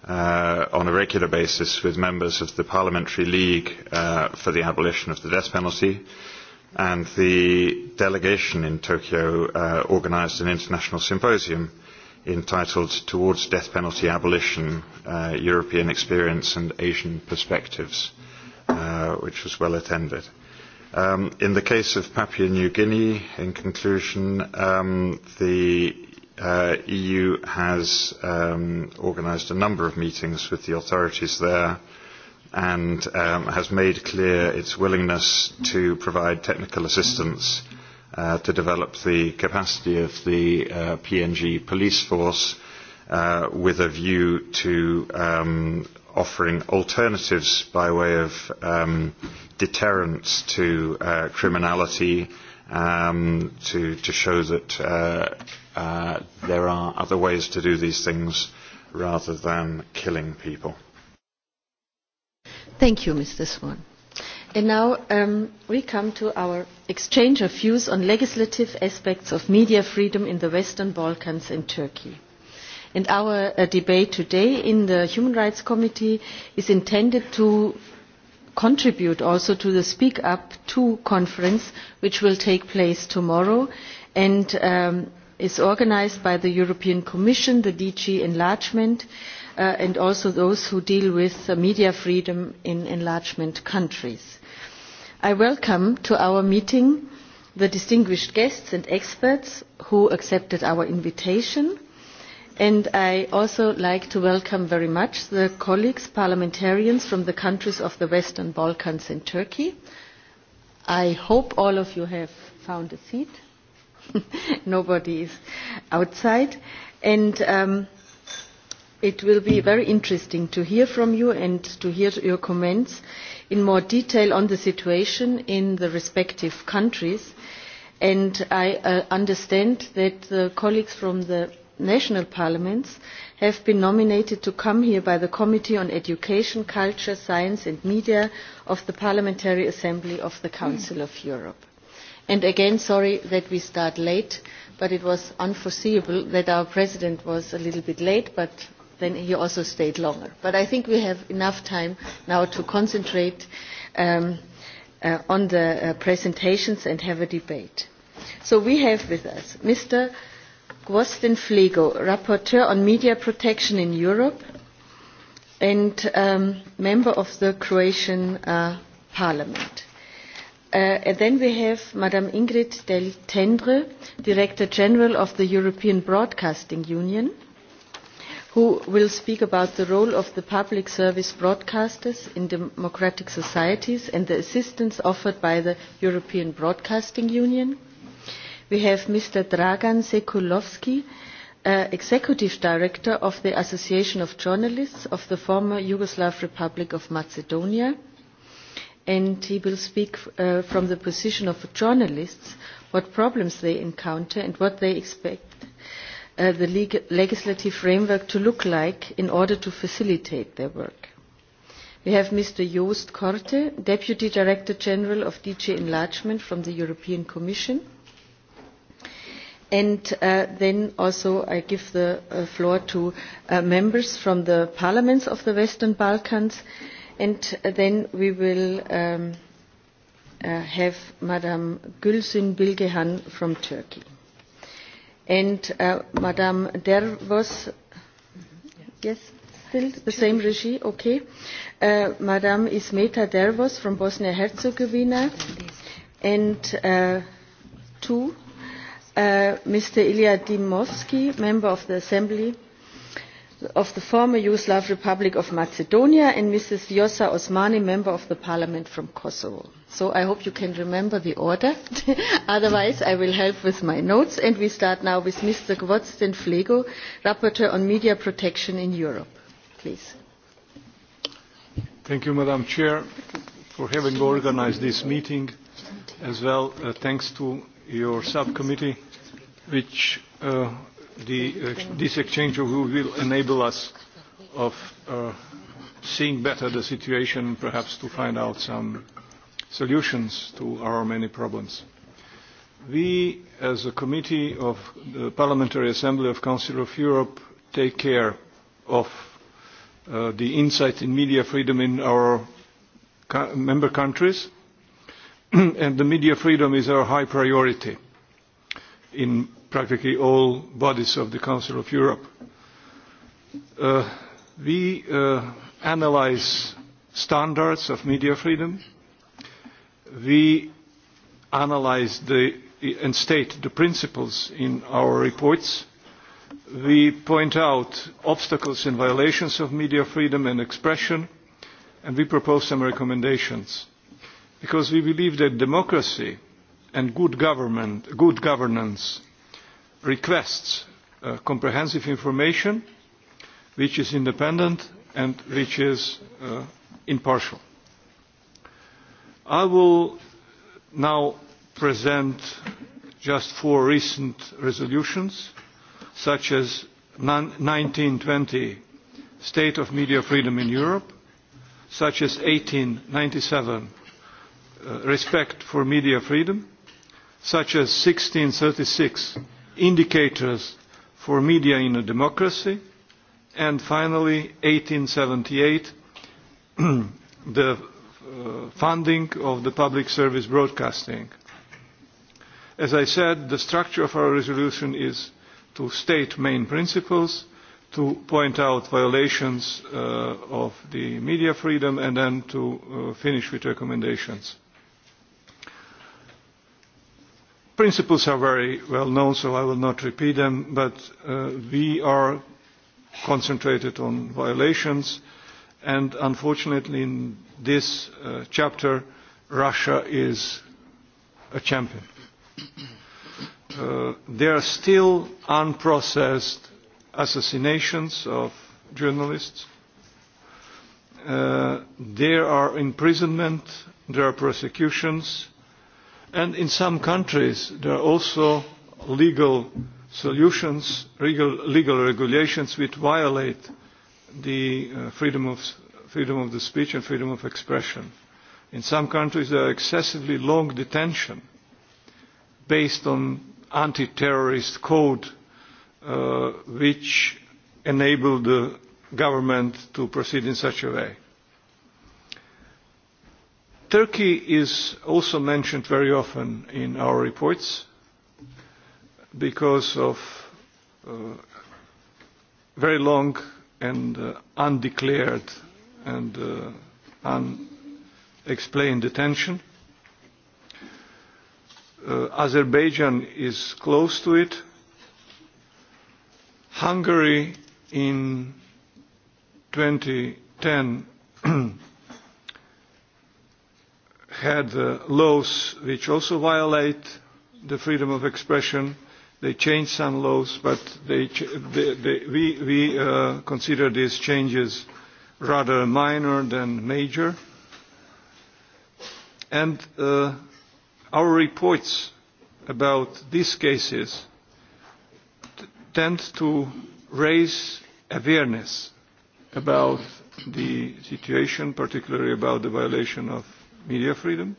on a regular basis with members of the Parliamentary League for the abolition of the death penalty, and the delegation in Tokyo organised an international symposium entitled Towards Death Penalty Abolition, European Experience and Asian Perspectives, which was well attended. In the case of Papua New Guinea, in conclusion, the EU has organised a number of meetings with the authorities there and has made clear its willingness to provide technical assistance to develop the capacity of the PNG police force with a view to offering alternatives by way of deterrence to criminality, to show that there are other ways to do these things rather than killing people. Thank you, Mr. Swan. And now we come to our exchange of views on legislative aspects of media freedom in the Western Balkans and Turkey. And our debate today in the Human Rights Committee is intended to contribute also to the Speak Up 2 conference, which will take place tomorrow and is organized by the European Commission, the DG Enlargement, and also those who deal with media freedom in enlargement countries. I welcome to our meeting the distinguished guests and experts who accepted our invitation and I also like to welcome very much the colleagues, parliamentarians from the countries of the Western Balkans and Turkey. I hope all of you have found a seat. Nobody is outside. And it will be very interesting to hear from you and to hear your comments in more detail on the situation in the respective countries and i understand that the colleagues from the national parliaments have been nominated to come here by the committee on education culture science and media of the parliamentary assembly of the council of europe. and again sorry that we start late but it was unforeseeable that our president was a little bit late but then he also stayed longer. But I think we have enough time now to concentrate on the presentations and have a debate. So we have with us Mr. Gwostin Flego, Rapporteur on Media Protection in Europe and Member of the Croatian Parliament. And then we have Madame Ingrid Del Tendre, Director General of the European Broadcasting Union who will speak about the role of the public service broadcasters in democratic societies and the assistance offered by the European Broadcasting Union. We have Mr. Dragan Sekulovski, Executive Director of the Association of Journalists of the former Yugoslav Republic of Macedonia, and he will speak from the position of journalists what problems they encounter and what they expect the legislative framework to look like in order to facilitate their work. We have Mr. Joost Korte, Deputy Director General of DG Enlargement from the European Commission. And then also I give the floor to members from the parliaments of the Western Balkans. And then we will have Madame Gülsün Bilgehan from Turkey. And Madame Dervos yes, still the same regime, okay. Madame Ismeta Dervos from Bosnia Herzegovina and two, Mr. Ilya Dimovsky, member of the Assembly of the former Yugoslav Republic of Macedonia and Mrs. Yossa Osmani, Member of the Parliament from Kosovo. So I hope you can remember the order. Otherwise, I will help with my notes. And we start now with Mr. gvozden Flego, Rapporteur on Media Protection in Europe. Please. Thank you, Madam Chair, for having organised this meeting. As well, thanks to your subcommittee, which This exchange of will enable us of seeing better the situation, perhaps to find out some solutions to our many problems. We, as a committee of the Parliamentary Assembly of Council of Europe, take care of the insight in media freedom in our member countries, and the media freedom is our high priority in practically all bodies of the Council of Europe. We analyse standards of media freedom. We analyze and state the principles in our reports. We point out obstacles and violations of media freedom and expression, and we propose some recommendations. Because we believe that democracy and good government good governance requests comprehensive information which is independent and which is impartial. I will now present just four recent resolutions, such as 1920 State of Media Freedom in Europe, such as 1897 Respect for Media Freedom, such as 1636 indicators for media in a democracy and finally 1878 the funding of the public service broadcasting as i said the structure of our resolution is to state main principles to point out violations of the media freedom and then to finish with recommendations principles are very well known, so I will not repeat them, but we are concentrated on violations, and unfortunately in this chapter, Russia is a champion. There are still unprocessed assassinations of journalists. There are imprisonment, there are prosecutions and in some countries there are also legal solutions legal regulations which violate the freedom of speech and freedom of expression in some countries there are excessively long detention based on anti terrorist code which enable the government to proceed in such a way Turkey is also mentioned very often in our reports because of very long and undeclared and unexplained detention. Azerbaijan is close to it. Hungary in 2010 had laws which also violate the freedom of expression. They changed some laws, but we consider these changes rather minor than major. And our reports about these cases tend to raise awareness about the situation, particularly about the violation of media freedom.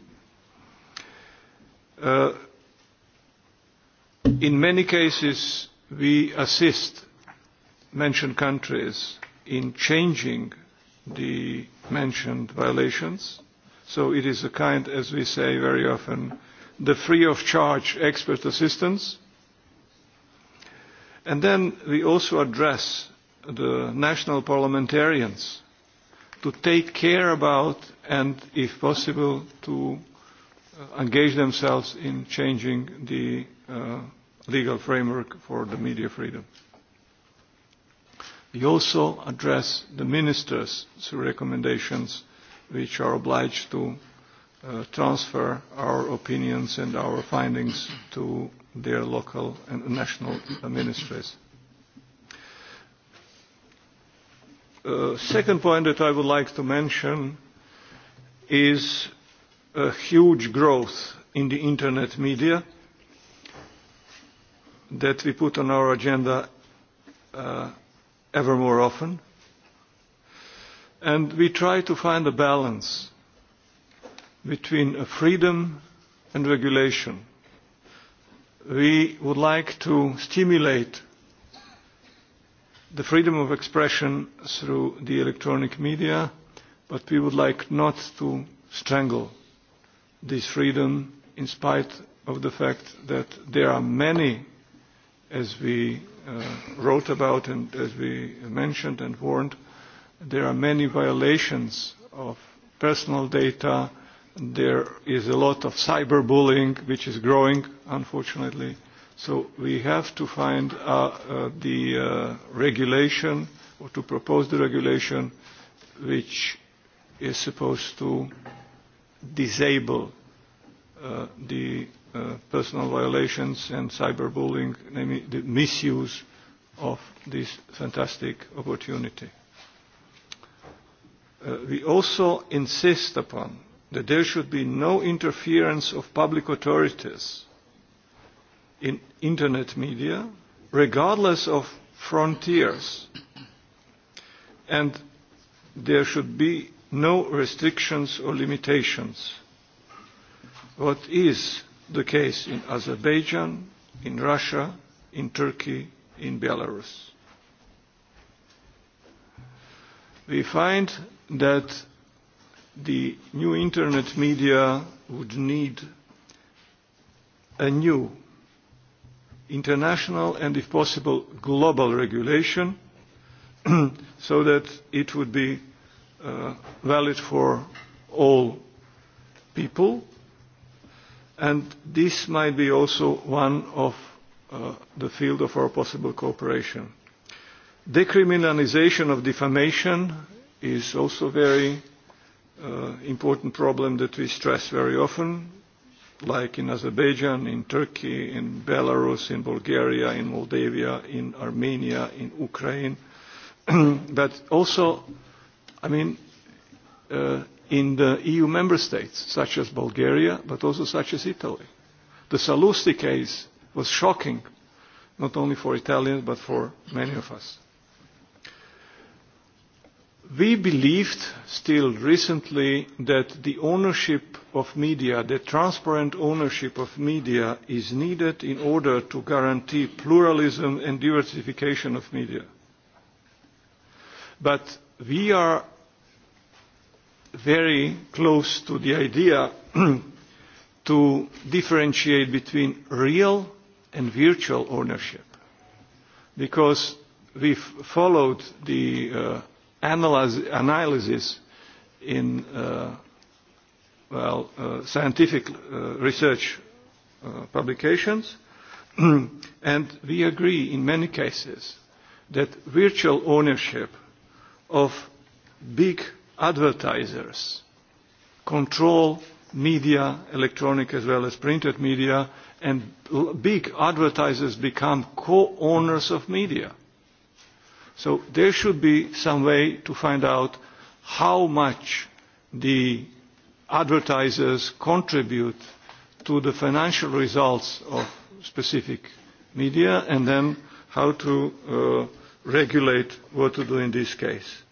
In many cases, we assist mentioned countries in changing the mentioned violations. So it is a kind, as we say very often, the free of charge expert assistance. And then we also address the national parliamentarians to take care about and, if possible, to engage themselves in changing the legal framework for the media freedom. We also address the ministers recommendations which are obliged to transfer our opinions and our findings to their local and national ministries. second point that I would like to mention is a huge growth in the internet media that we put on our agenda ever more often. And we try to find a balance between freedom and regulation. We would like to stimulate the freedom of expression through the electronic media, but we would like not to strangle this freedom in spite of the fact that there are many, as we wrote about and as we mentioned and warned, there are many violations of personal data. There is a lot of cyberbullying, which is growing, unfortunately. So we have to find the regulation or to propose the regulation which is supposed to disable the personal violations and cyberbullying, namely the misuse of this fantastic opportunity. We also insist upon that there should be no interference of public authorities in Internet media, regardless of frontiers. And there should be no restrictions or limitations. What is the case in Azerbaijan, in Russia, in Turkey, in Belarus? We find that the new Internet media would need a new international and, if possible, global regulation so that it would be valid for all people. And this might be also one of the field of our possible cooperation. Decriminalization of defamation is also a very important problem that we stress very often like in Azerbaijan, in Turkey, in Belarus, in Bulgaria, in Moldavia, in Armenia, in Ukraine. But also, I mean, in the EU member states, such as Bulgaria, but also such as Italy. The Salusti case was shocking, not only for Italians, but for many of us. We believed still recently that the ownership of media, the transparent ownership of media is needed in order to guarantee pluralism and diversification of media. But we are very close to the idea to differentiate between real and virtual ownership because we followed the analysis in well scientific research publications and we agree in many cases that virtual ownership of big advertisers control media electronic as well as printed media and big advertisers become co-owners of media So there should be some way to find out how much the advertisers contribute to the financial results of specific media and then how to regulate what to do in this case.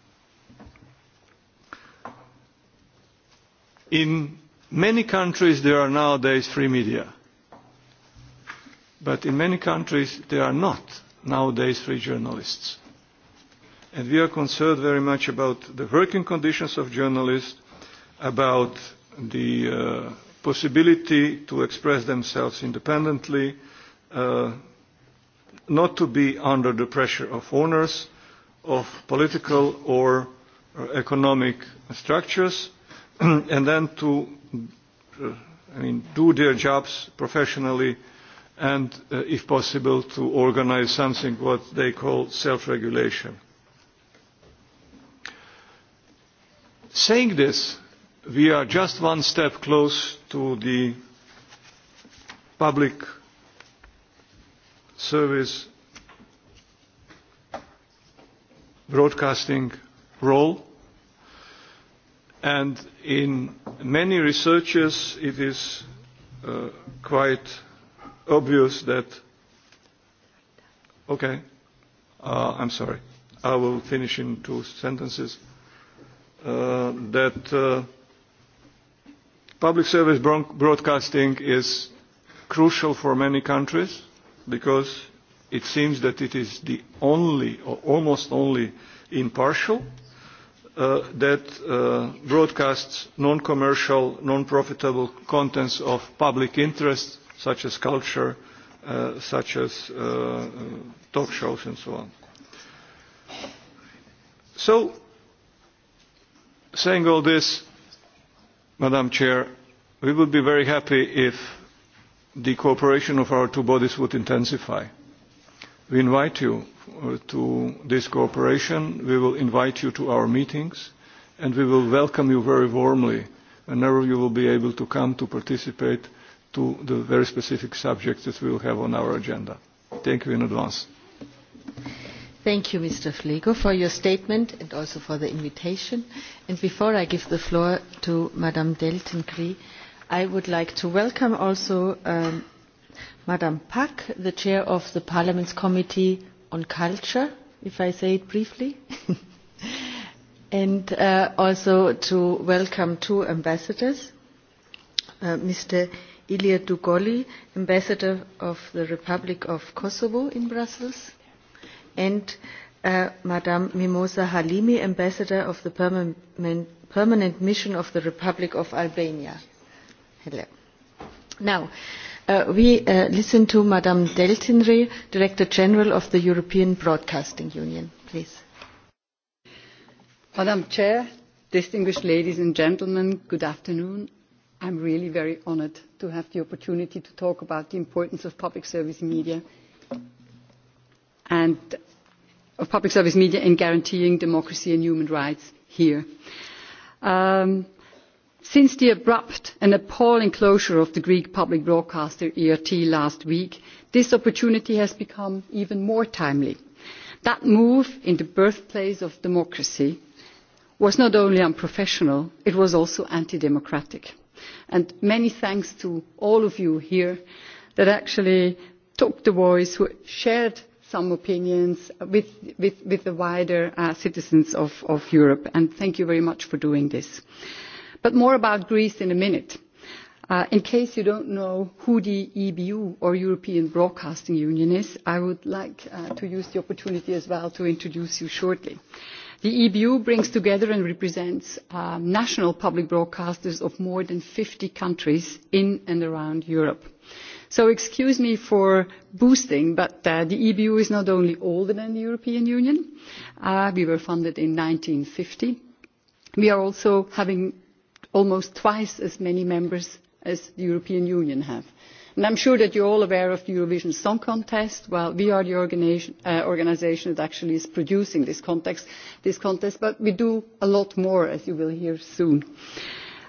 In many countries there are nowadays free media, but in many countries there are not nowadays free journalists and we are concerned very much about the working conditions of journalists, about the possibility to express themselves independently, not to be under the pressure of owners, of political or economic structures, and then to I mean, do their jobs professionally and, if possible, to organize something what they call self-regulation. Saying this, we are just one step close to the public service broadcasting role and in many researchers it is quite obvious that okay i'm sorry i will finish in two sentences that public service broadcasting is crucial for many countries because it seems that it is the only or almost only impartial that broadcasts non-commercial, non-profitable contents of public interest such as culture, such as talk shows and so on. So Saying all this, Madam Chair, we would be very happy if the cooperation of our two bodies would intensify. We invite you to this cooperation, we will invite you to our meetings, and we will welcome you very warmly whenever you will be able to come to participate to the very specific subjects that we will have on our agenda. Thank you in advance. Thank you, Mr. Flego, for your statement and also for the invitation. And before I give the floor to Madame Deltenkri, I would like to welcome also Madam Pack, the chair of the Parliament's Committee on Culture, if I say it briefly, and also to welcome two ambassadors, Mr. Ilya Dugoli, ambassador of the Republic of Kosovo in Brussels, and Madame Mimosa Halimi, Ambassador of the Permanent Mission of the Republic of Albania. Hello. Now, we listen to Madame Deltinri, Director General of the European Broadcasting Union. Please. Madam Chair, distinguished ladies and gentlemen, good afternoon. I'm really very honored to have the opportunity to talk about the importance of public service media and of public service media in guaranteeing democracy and human rights here. Since the abrupt and appalling closure of the Greek public broadcaster ERT last week, this opportunity has become even more timely. That move in the birthplace of democracy was not only unprofessional, it was also anti-democratic. And many thanks to all of you here that actually took the voice, who shared some opinions with the wider citizens of Europe. And thank you very much for doing this. But more about Greece in a minute. In case you don't know who the EBU or European Broadcasting Union is, I would like to use the opportunity as well to introduce you shortly. The EBU brings together and represents national public broadcasters of more than 50 countries in and around Europe. So excuse me for boosting, but the EBU is not only older than the European Union. We were funded in 1950. We are also having almost twice as many members as the European Union have. And I'm sure that you're all aware of the Eurovision Song Contest. Well, we are the organisation that actually is producing this contest, but we do a lot more, as you will hear soon.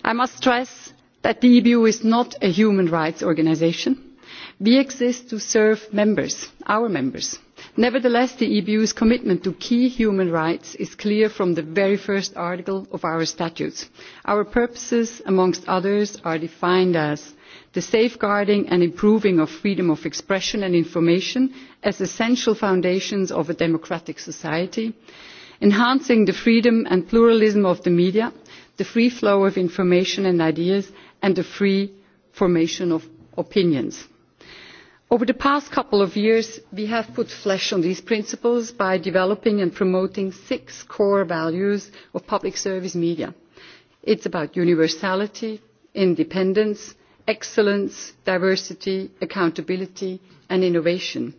I must stress that the EBU is not a human rights organisation we exist to serve members our members. nevertheless the ebu's commitment to key human rights is clear from the very first article of our statutes. our purposes amongst others are defined as the safeguarding and improving of freedom of expression and information as essential foundations of a democratic society enhancing the freedom and pluralism of the media the free flow of information and ideas and the free formation of opinions. Over the past couple of years, we have put flesh on these principles by developing and promoting six core values of public service media. It's about universality, independence, excellence, diversity, accountability and innovation.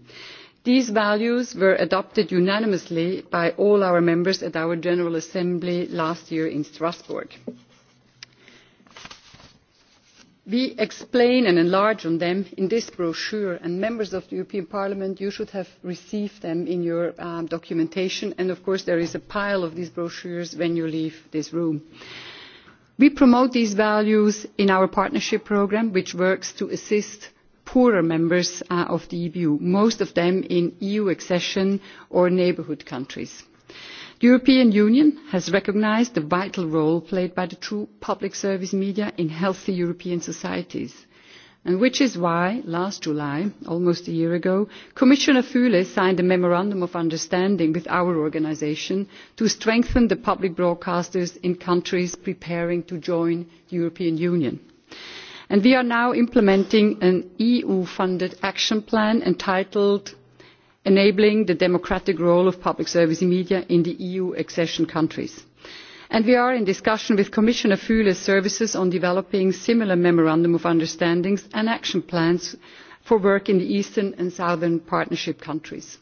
These values were adopted unanimously by all our members at our General Assembly last year in Strasbourg we explain and enlarge on them in this brochure and members of the european parliament you should have received them in your documentation and of course there is a pile of these brochures when you leave this room. we promote these values in our partnership programme which works to assist poorer members of the eu most of them in eu accession or neighbourhood countries the european union has recognised the vital role played by the true public service media in healthy european societies which is why last july almost a year ago commissioner fle signed a memorandum of understanding with our organisation to strengthen the public broadcasters in countries preparing to join the european union. we are now implementing an eu funded action plan entitled enabling the democratic role of public service media in the eu accession countries. we are in discussion with commissioner fle's services on developing similar memorandum of understanding and action plans for work in the eastern and southern partnership countries.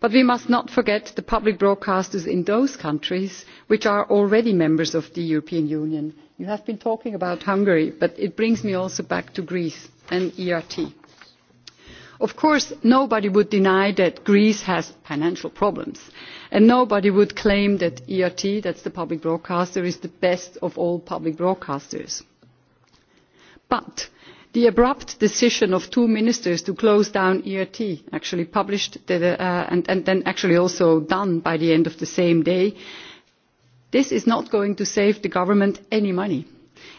but we must not forget the public broadcasters in those countries which are already members of the european union. you have been talking about hungary but it brings me also back to greece and ert Of course, nobody would deny that Greece has financial problems, and nobody would claim that ERT, that's the public broadcaster, is the best of all public broadcasters. But the abrupt decision of two ministers to close down ERT, actually published and then actually also done by the end of the same day, this is not going to save the government any money.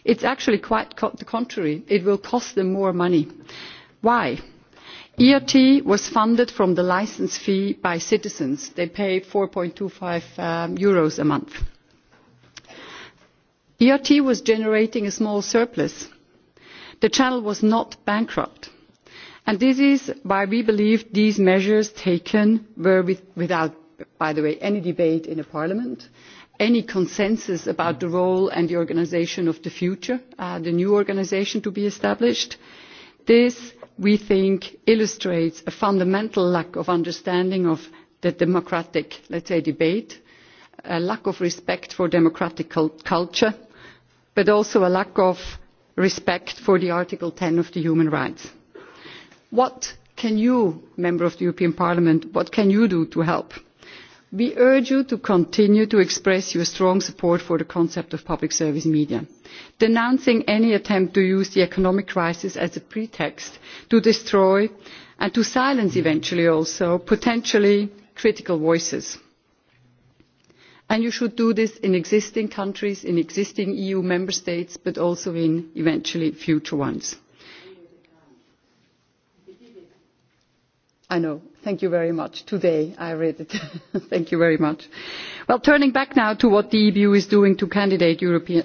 It's actually quite the contrary. It will cost them more money. Why? ERT was funded from the licence fee by citizens. They pay 4.25 euros a month. ERT was generating a small surplus. The channel was not bankrupt. And this is why we believe these measures taken were without, by the way, any debate in Parliament, any consensus about the role and the organisation of the future, the new organisation to be established. This we think illustrates a fundamental lack of understanding of the democratic let's say debate a lack of respect for democratic culture but also a lack of respect for article ten of the human rights. what can you member of the european parliament what can you do to help? we urge you to continue to express your strong support for the concept of public service media denouncing any attempt to use the economic crisis as a pretext to destroy and to silence eventually also potentially critical voices and you should do this in existing countries in existing eu member states but also in eventually future ones i know Thank you very much. Today I read it. Thank you very much. Well, turning back now to what the ebu is doing to candidate European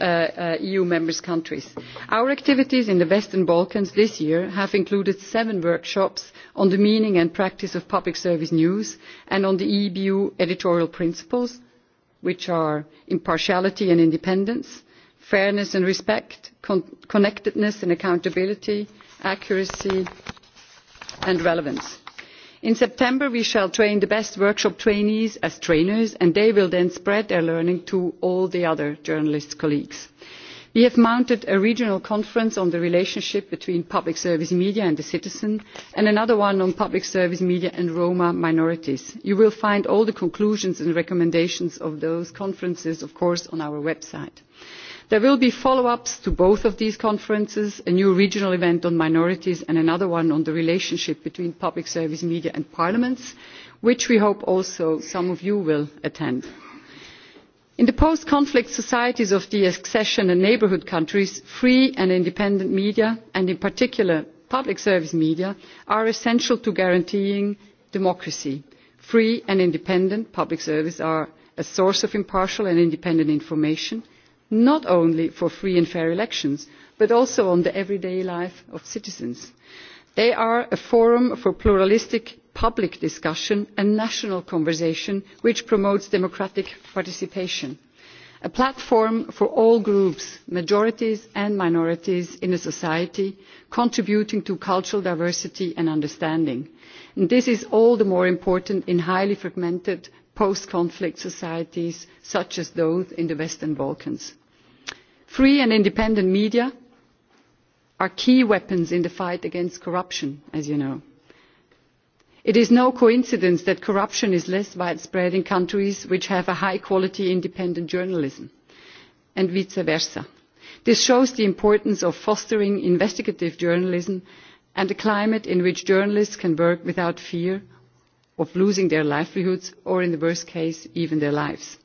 EU member countries. Our activities in the Western Balkans this year have included seven workshops on the meaning and practice of public service news and on the EBU editorial principles, which are impartiality and independence, fairness and respect, connectedness and accountability, accuracy and relevance in september we shall train the best workshop trainees as trainers and they will then spread their learning to all the other journalist colleagues. we have mounted a regional conference on the relationship between public service media and the citizen and another one on public service media and roma minorities. you will find all the conclusions and recommendations of those conferences of course on our website. There will be follow-ups to both of these conferences, a new regional event on minorities and another one on the relationship between public service media and parliaments, which we hope also some of you will attend. In the post-conflict societies of the accession and neighbourhood countries, free and independent media, and in particular public service media, are essential to guaranteeing democracy. Free and independent public service are a source of impartial and independent information not only for free and fair elections but also on the everyday life of citizens. they are a forum for pluralistic public discussion and national conversation which promotes democratic participation a platform for all groups majorities and minorities in a society contributing to cultural diversity and understanding. this is all the more important in highly fragmented post-conflict societies such as those in the Western Balkans. Free and independent media are key weapons in the fight against corruption, as you know. It is no coincidence that corruption is less widespread in countries which have a high-quality independent journalism, and vice versa. This shows the importance of fostering investigative journalism and a climate in which journalists can work without fear of losing their livelihoods or, in the worst case, even their lives.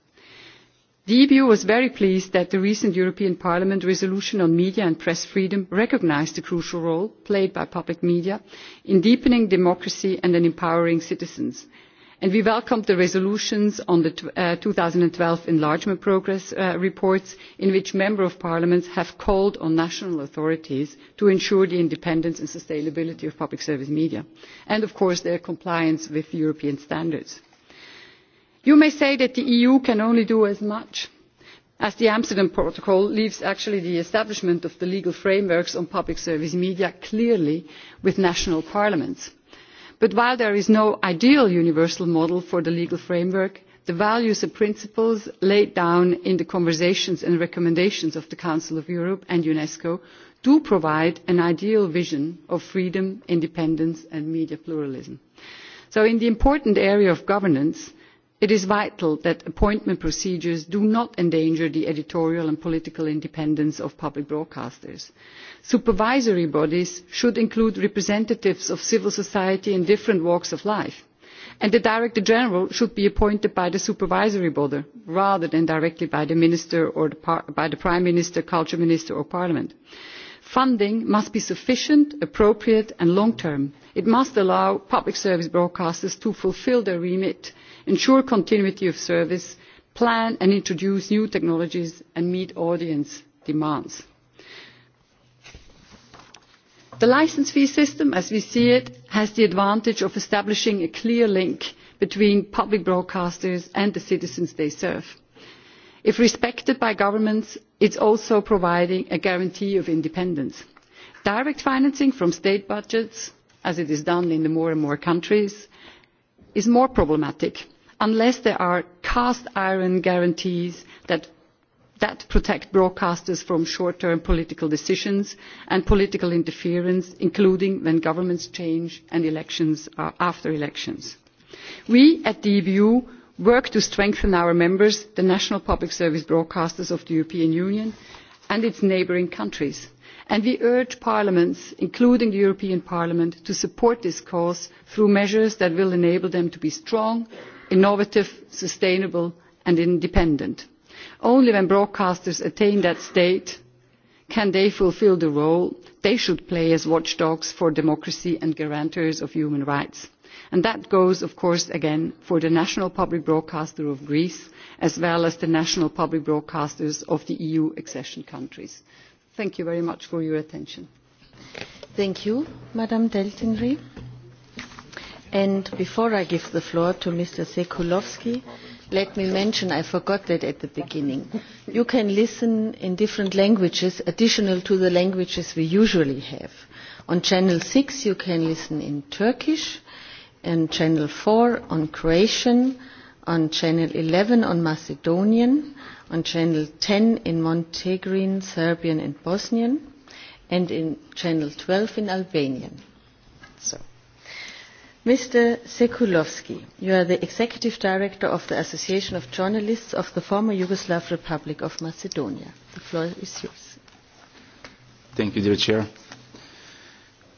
The EU was very pleased that the recent European Parliament resolution on media and press freedom recognised the crucial role played by public media in deepening democracy and in empowering citizens we welcome the resolutions on the two twelve enlargement progress reports in which member of parliaments have called on national authorities to ensure the independence and sustainability of public service media and of course their compliance with european standards. you may say that the eu can only do as much as the amsterdam protocol leaves actually the establishment of the legal frameworks on public service media clearly with national parliaments But while there is no ideal universal model for the legal framework, the values and principles laid down in the conversations and recommendations of the Council of Europe and UNESCO do provide an ideal vision of freedom, independence and media pluralism. So in the important area of governance, It is vital that appointment procedures do not endanger the editorial and political independence of public broadcasters. Supervisory bodies should include representatives of civil society in different walks of life, and the Director General should be appointed by the supervisory body rather than directly by the Minister or by the Prime Minister, Culture Minister or Parliament. Funding must be sufficient, appropriate and long term. It must allow public service broadcasters to fulfil their remit ensure continuity of service, plan and introduce new technologies and meet audience demands. The licence fee system, as we see it, has the advantage of establishing a clear link between public broadcasters and the citizens they serve. If respected by governments, it is also providing a guarantee of independence. Direct financing from state budgets, as it is done in more and more countries, is more problematic unless there are cast iron guarantees that protect broadcasters from short term political decisions and political interference including when governments change and elections are after elections. we at the ebu work to strengthen our members the national public service broadcasters of the european union and its neighbouring countries and we urge parliaments including the european parliament to support this cause through measures that will enable them to be strong innovative sustainable and independent. only when broadcasters attain that state can they fulfil the role they should play as watchdogs for democracy and guarantors of human rights and that goes of course again for the national public broadcaster of greece as well as the national public broadcasters of the eu accession countries. Thank you very much for your attention. Thank you, Madam Deltenry. And before I give the floor to Mr. Sekulovsky, let me mention, I forgot that at the beginning, you can listen in different languages additional to the languages we usually have. On Channel 6 you can listen in Turkish, and Channel 4 on Croatian, on Channel 11 on Macedonian, on Channel 10 in Montenegrin, Serbian and Bosnian, and in Channel 12 in Albanian. So, Mr. Sekulovsky, you are the Executive Director of the Association of Journalists of the former Yugoslav Republic of Macedonia. The floor is yours. Thank you, dear Chair.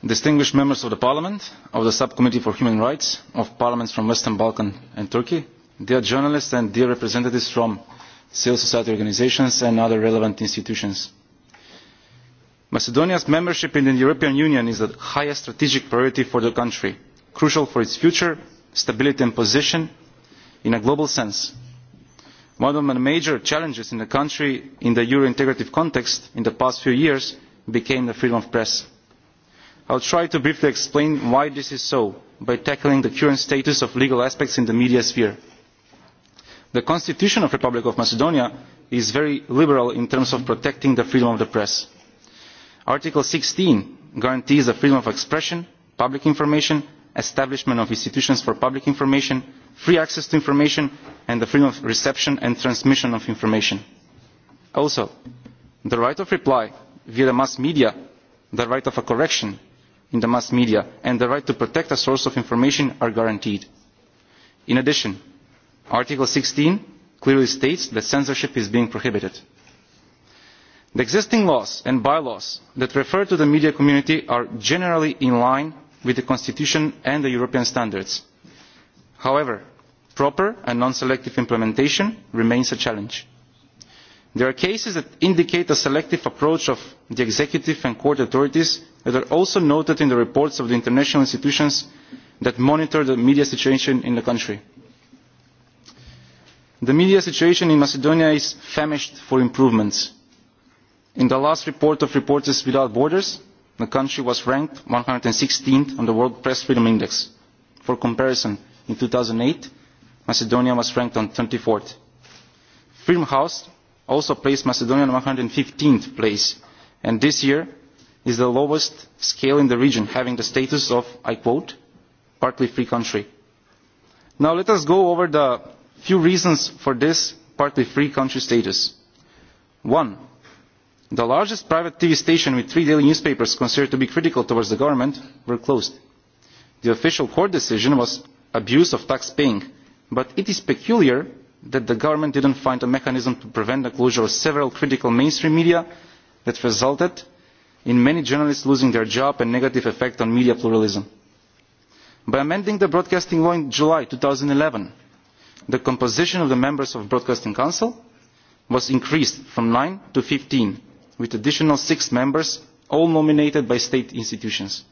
Distinguished members of the Parliament, of the Subcommittee for Human Rights, of Parliaments from Western Balkan and Turkey, dear journalists and dear representatives from civil society organisations and other relevant institutions. Macedonia's membership in the European Union is the highest strategic priority for the country, crucial for its future, stability and position in a global sense. One of the major challenges in the country in the euro integrative context in the past few years became the freedom of press. I will try to briefly explain why this is so by tackling the current status of legal aspects in the media sphere the constitution of the republic of macedonia is very liberal in terms of protecting the freedom of the press. article 16 guarantees the freedom of expression public information establishment of institutions for public information free access to information and the freedom of reception and transmission of information. also the right of reply via the mass media the right of a correction in the mass media and the right to protect a source of information are guaranteed. in addition Article 16 clearly states that censorship is being prohibited. The existing laws and bylaws that refer to the media community are generally in line with the Constitution and the European standards. However, proper and non-selective implementation remains a challenge. There are cases that indicate a selective approach of the executive and court authorities that are also noted in the reports of the international institutions that monitor the media situation in the country. The media situation in Macedonia is famished for improvements. In the last report of Reporters Without Borders, the country was ranked 116th on the World Press Freedom Index. For comparison, in 2008, Macedonia was ranked on 24th. Freedom House also placed Macedonia on 115th place, and this year is the lowest scale in the region, having the status of, I quote, partly free country. Now let us go over the Few reasons for this partly free country status. One, the largest private TV station with three daily newspapers considered to be critical towards the government were closed. The official court decision was abuse of tax paying, but it is peculiar that the government did not find a mechanism to prevent the closure of several critical mainstream media that resulted in many journalists losing their job and negative effect on media pluralism. By amending the broadcasting law in July 2011, the composition of the members of the Broadcasting Council was increased from 9 to 15, with additional six members, all nominated by state institutions.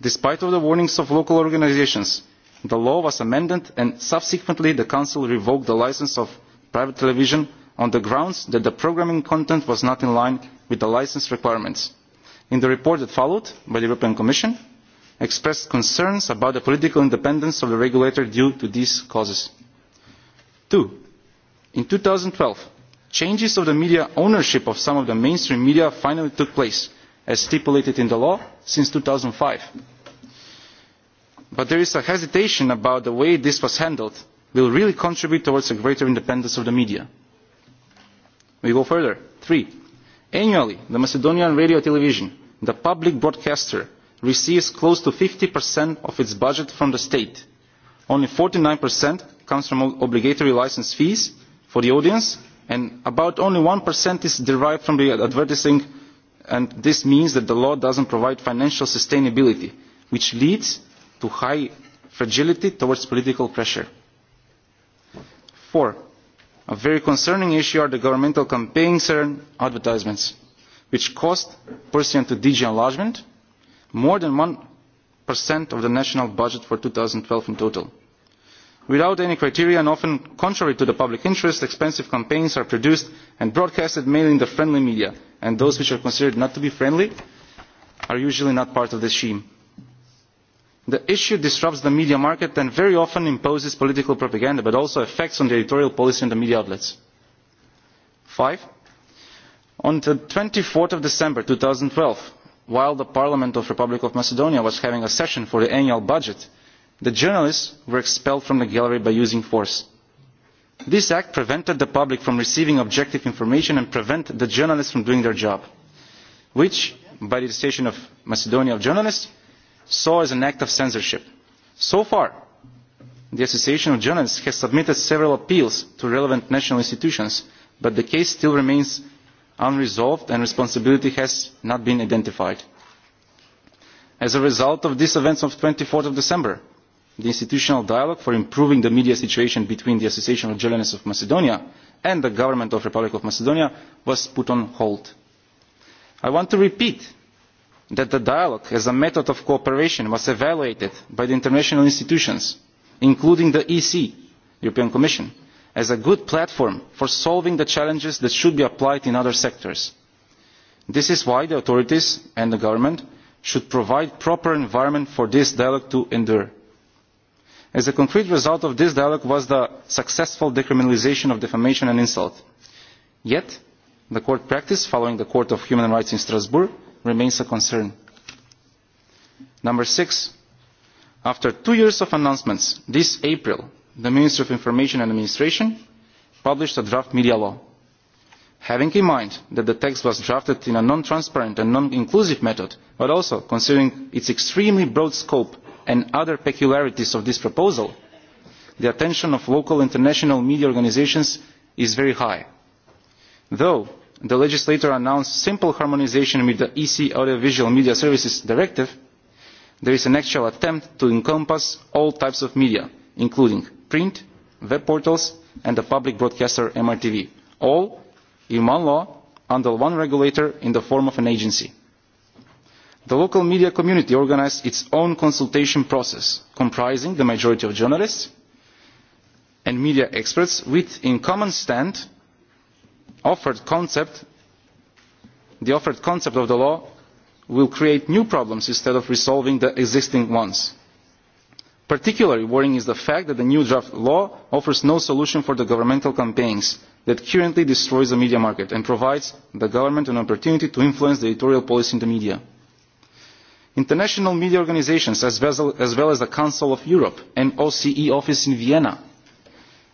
Despite the warnings of local organisations, the law was amended and subsequently the Council revoked the licence of private television on the grounds that the programming content was not in line with the licence requirements. In the report that followed by the European Commission, expressed concerns about the political independence of the regulator due to these causes. Two, in twelve, changes of the media ownership of some of the mainstream media finally took place, as stipulated in the law since two thousand five. But there is a hesitation about the way this was handled will really contribute towards a greater independence of the media. We go further. Three, annually, the Macedonian radio television, the public broadcaster, receives close to 50% of its budget from the state. Only forty 49% comes from obligatory license fees for the audience and about only 1% is derived from the advertising and this means that the law doesn't provide financial sustainability which leads to high fragility towards political pressure. Four, a very concerning issue are the governmental campaigns and advertisements which cost, pursuant to DG enlargement, more than 1% of the national budget for 2012 in total without any criteria and often contrary to the public interest expensive campaigns are produced and broadcasted mainly in the friendly media and those which are considered not to be friendly are usually not part of the scheme. the issue disrupts the media market and very often imposes political propaganda but also effects on the editorial policy in the media outlets. five on twenty four december two thousand and twelve while the parliament of the republic of macedonia was having a session for the annual budget The journalists were expelled from the gallery by using force. This act prevented the public from receiving objective information and prevented the journalists from doing their job, which, by the decision of Macedonia of journalists, saw as an act of censorship. So far, the Association of Journalists has submitted several appeals to relevant national institutions, but the case still remains unresolved and responsibility has not been identified. As a result of these events of 24 December, the institutional dialogue for improving the media situation between the Association of Journalists of Macedonia and the Government of the Republic of Macedonia was put on hold. I want to repeat that the dialogue as a method of cooperation was evaluated by the international institutions, including the EC, European Commission, as a good platform for solving the challenges that should be applied in other sectors. This is why the authorities and the government should provide a proper environment for this dialogue to endure As a concrete result of this dialogue was the successful decriminalisation of defamation and insult. Yet, the court practice following the Court of Human Rights in Strasbourg remains a concern. Number six, after two years of announcements, this April, the Ministry of Information and Administration published a draft media law. Having in mind that the text was drafted in a non-transparent and non-inclusive method, but also considering its extremely broad scope and other peculiarities of this proposal, the attention of local international media organisations is very high. Though the legislator announced simple harmonisation with the EC Audiovisual Media Services Directive, there is an actual attempt to encompass all types of media, including print, web portals and the public broadcaster MRTV, all in one law under one regulator in the form of an agency the local media community organised its own consultation process comprising the majority of journalists and media experts with in common stand the offered concept of the law will create new problems instead of resolving the existing ones. Particularly worrying is the fact that the new draft law offers no solution for the governmental campaigns that currently destroy the media market and provides the government an opportunity to influence the editorial policy in the media. International media organisations as well as the Council of Europe and OCE office in Vienna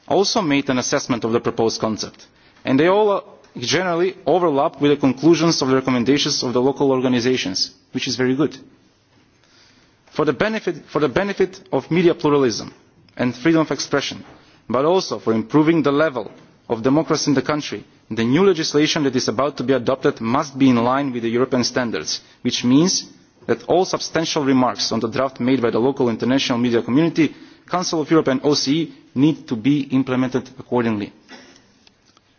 also made an assessment of the proposed concept, and they all generally overlap with the conclusions of the recommendations of the local organisations, which is very good. For the benefit of media pluralism and freedom of expression, but also for improving the level of democracy in the country, the new legislation that is about to be adopted must be in line with the European standards, which means that all substantial remarks on the draft made by the local international media community, Council of Europe and OCE need to be implemented accordingly.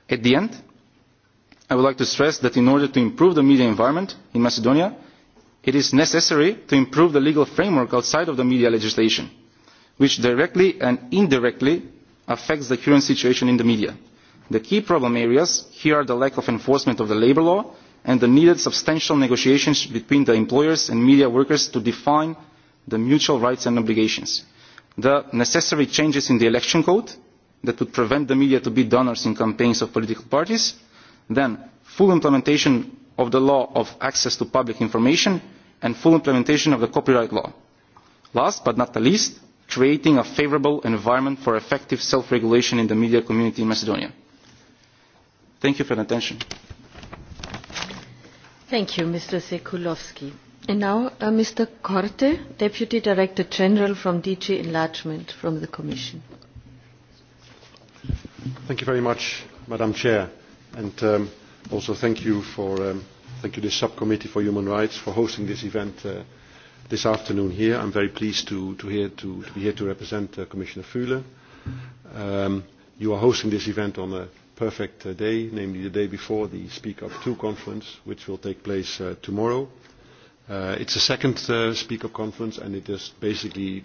At the end, I would like to stress that in order to improve the media environment in Macedonia, it is necessary to improve the legal framework outside of the media legislation, which directly and indirectly affects the current situation in the media. The key problem areas here are the lack of enforcement of the labour law and the needed substantial negotiations between the employers and media workers to define the mutual rights and obligations. The necessary changes in the election code that would prevent the media to be donors in campaigns of political parties. Then, full implementation of the law of access to public information and full implementation of the copyright law. Last but not the least, creating a favourable environment for effective self-regulation in the media community in Macedonia. Thank you for your attention. Thank you, Mr. Sekulovsky. And now, Mr. Korte, Deputy Director General from DG Enlargement from the Commission. Thank you very much, Madam Chair, and also thank you for thank you this subcommittee for human rights for hosting this event this afternoon here. I'm very pleased to to here to be here to represent Commissioner Fuhler. You are hosting this event on a perfect day, namely the day before the Speak Up 2 conference, which will take place tomorrow. It's the second Speak Up conference, and it just basically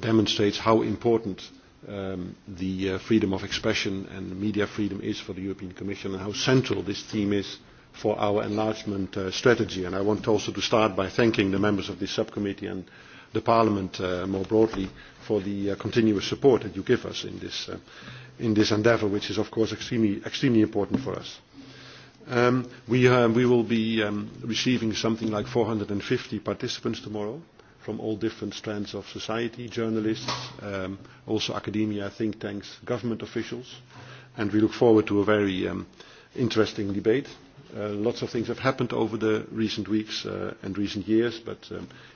demonstrates how important the freedom of expression and media freedom is for the European Commission and how central this theme is for our enlargement strategy. And I want also to start by thanking the members of this subcommittee and the Parliament more broadly for the continuous support that you give us in this in this endeavour, which is of course extremely important for us. We will be receiving something like 450 participants tomorrow from all different strands of society, journalists, also academia, think tanks, government officials, and we look forward to a very interesting debate. Lots of things have happened over the recent weeks and recent years, but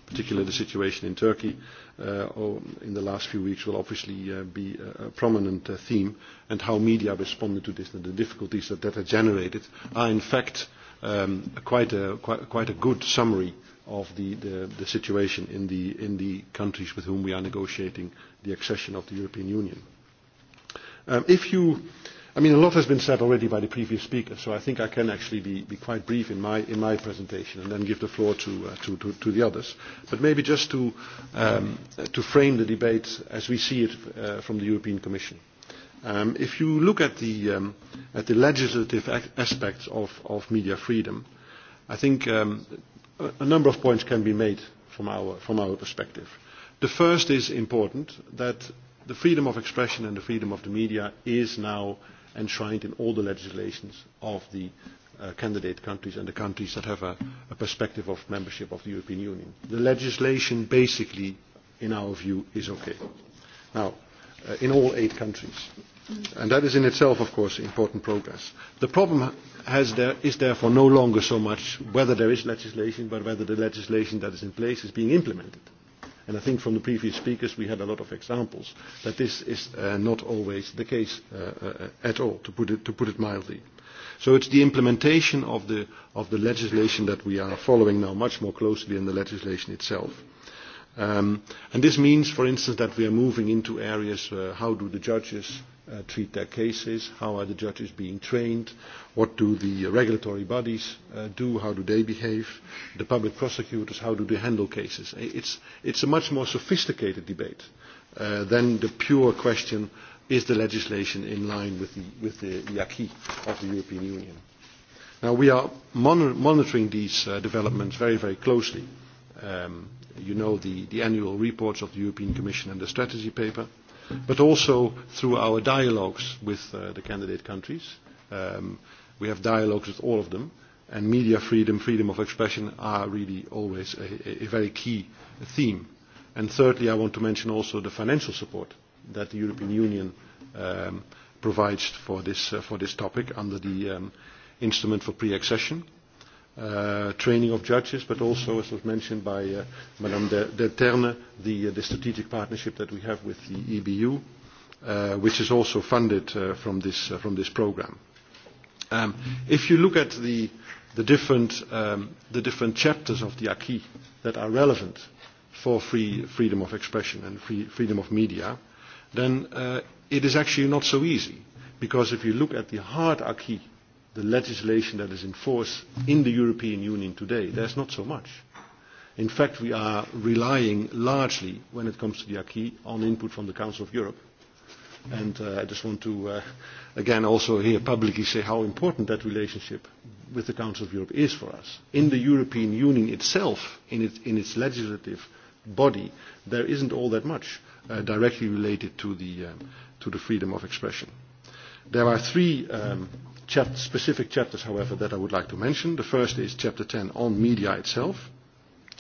particularly the situation in Turkey in the last few weeks will obviously be a prominent theme, and how media responded to this and the difficulties that that has generated are in fact quite a good summary of the situation in the countries with whom we are negotiating the accession of the European Union. If you I mean, a lot has been said already by the previous speaker, so I think I can actually be quite brief in my presentation and then give the floor to the others. But maybe just to frame the debate as we see it from the European Commission. If you look at the legislative aspects of media freedom, I think a number of points can be made from our perspective. The first is important, that the freedom of expression and the freedom of the media is now enshrined in all the legislations of the candidate countries and the countries that have a perspective of membership of the European Union. The legislation basically, in our view, is okay. Now, in all eight countries. And that is in itself, of course, important progress. The problem is therefore no longer so much whether there is legislation, but whether the legislation that is in place is being implemented. And I think from the previous speakers we had a lot of examples that this is not always the case at all, to put it mildly. So it's the implementation of the legislation that we are following now much more closely than the legislation itself. And this means, for instance, that we are moving into areas how do the judges treat their cases, how are the judges being trained, what do the regulatory bodies do, how do they behave, the public prosecutors, how do they handle cases. It's a much more sophisticated debate than the pure question, is the legislation in line with the acquis of the European Union. Now, we are monitoring these developments very, very closely. You know the annual reports of the European Commission and the strategy paper but also through our dialogues with the candidate countries. We have dialogues with all of them, and media freedom, freedom of expression are really always a very key theme. And thirdly, I want to mention also the financial support that the European Union provides for this topic under the Instrument for Pre-Accession training of judges, but also, as was mentioned by Madame de Terne, the strategic partnership that we have with the EBU, which is also funded from this program. If you look at the different chapters of the acquis that are relevant for free freedom of expression and freedom of media, then it is actually not so easy, because if you look at the hard acquis the legislation that is in force in the European Union today, there's not so much. In fact, we are relying largely, when it comes to the acquis, on input from the Council of Europe. And I just want to, again, also here publicly say how important that relationship with the Council of Europe is for us. In the European Union itself, in its legislative body, there isn't all that much directly related to the freedom of expression. There are three specific chapters, however, that I would like to mention. The first is Chapter 10 on media itself,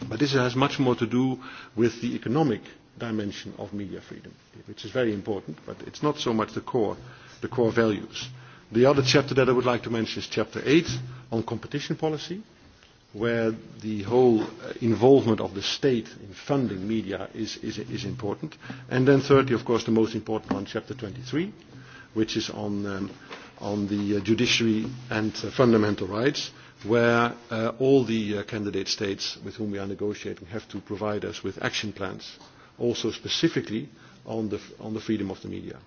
but this has much more to do with the economic dimension of media freedom, which is very important, but it's not so much the core, the core values. The other chapter that I would like to mention is Chapter 8 on competition policy, where the whole involvement of the state in funding media is, is, is important. And then thirdly, of course, the most important one, Chapter 23, which is on on the judiciary and fundamental rights, where all the candidate states with whom we are negotiating have to provide us with action plans, also specifically on the freedom of the media.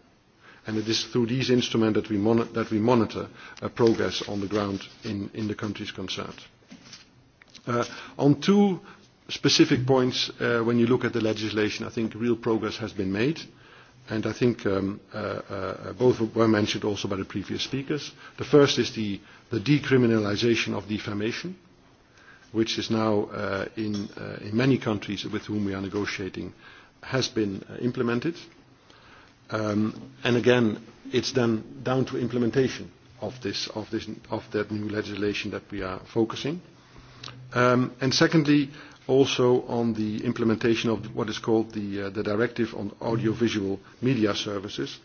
And it is through these instruments that we monitor progress on the ground in the countries concerned. On two specific points, when you look at the legislation, I think real progress has been made and I think both were mentioned also by the previous speakers. The first is the decriminalisation of defamation, which is now in many countries with whom we are negotiating has been implemented. And again, it's then down to implementation of that new legislation that we are focusing. And secondly, also on the implementation of what is called the Directive on Audiovisual Media Services,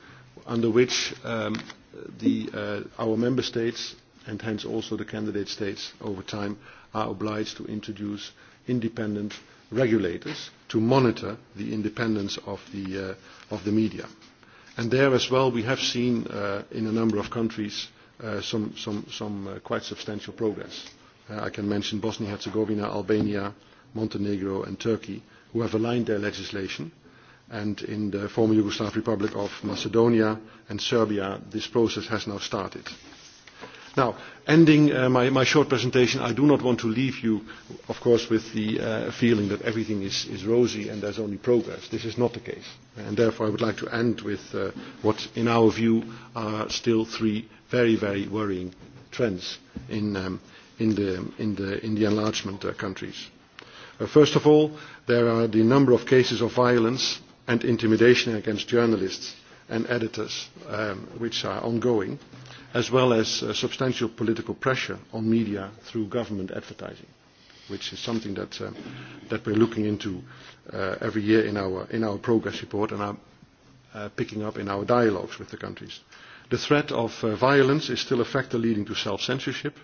under which our member states, and hence also the candidate states over time, are obliged to introduce independent regulators to monitor the independence of the media. And there as well we have seen in a number of countries some quite substantial progress. I can mention Bosnia-Herzegovina, Albania, Montenegro and Turkey, who have aligned their legislation. And in the former Yugoslav Republic of Macedonia and Serbia, this process has now started. Now, ending my short presentation, I do not want to leave you, of course, with the feeling that everything is rosy and there's only progress. This is not the case. And therefore, I would like to end with what, in our view, are still three very, very worrying trends in the enlargement countries. First of all, there are the number of cases of violence and intimidation against journalists and editors, which are ongoing, as well as substantial political pressure on media through government advertising, which is something that we're looking into every year in our progress report and are picking up in our dialogues with the countries. The threat of violence is still a factor leading to self-censorship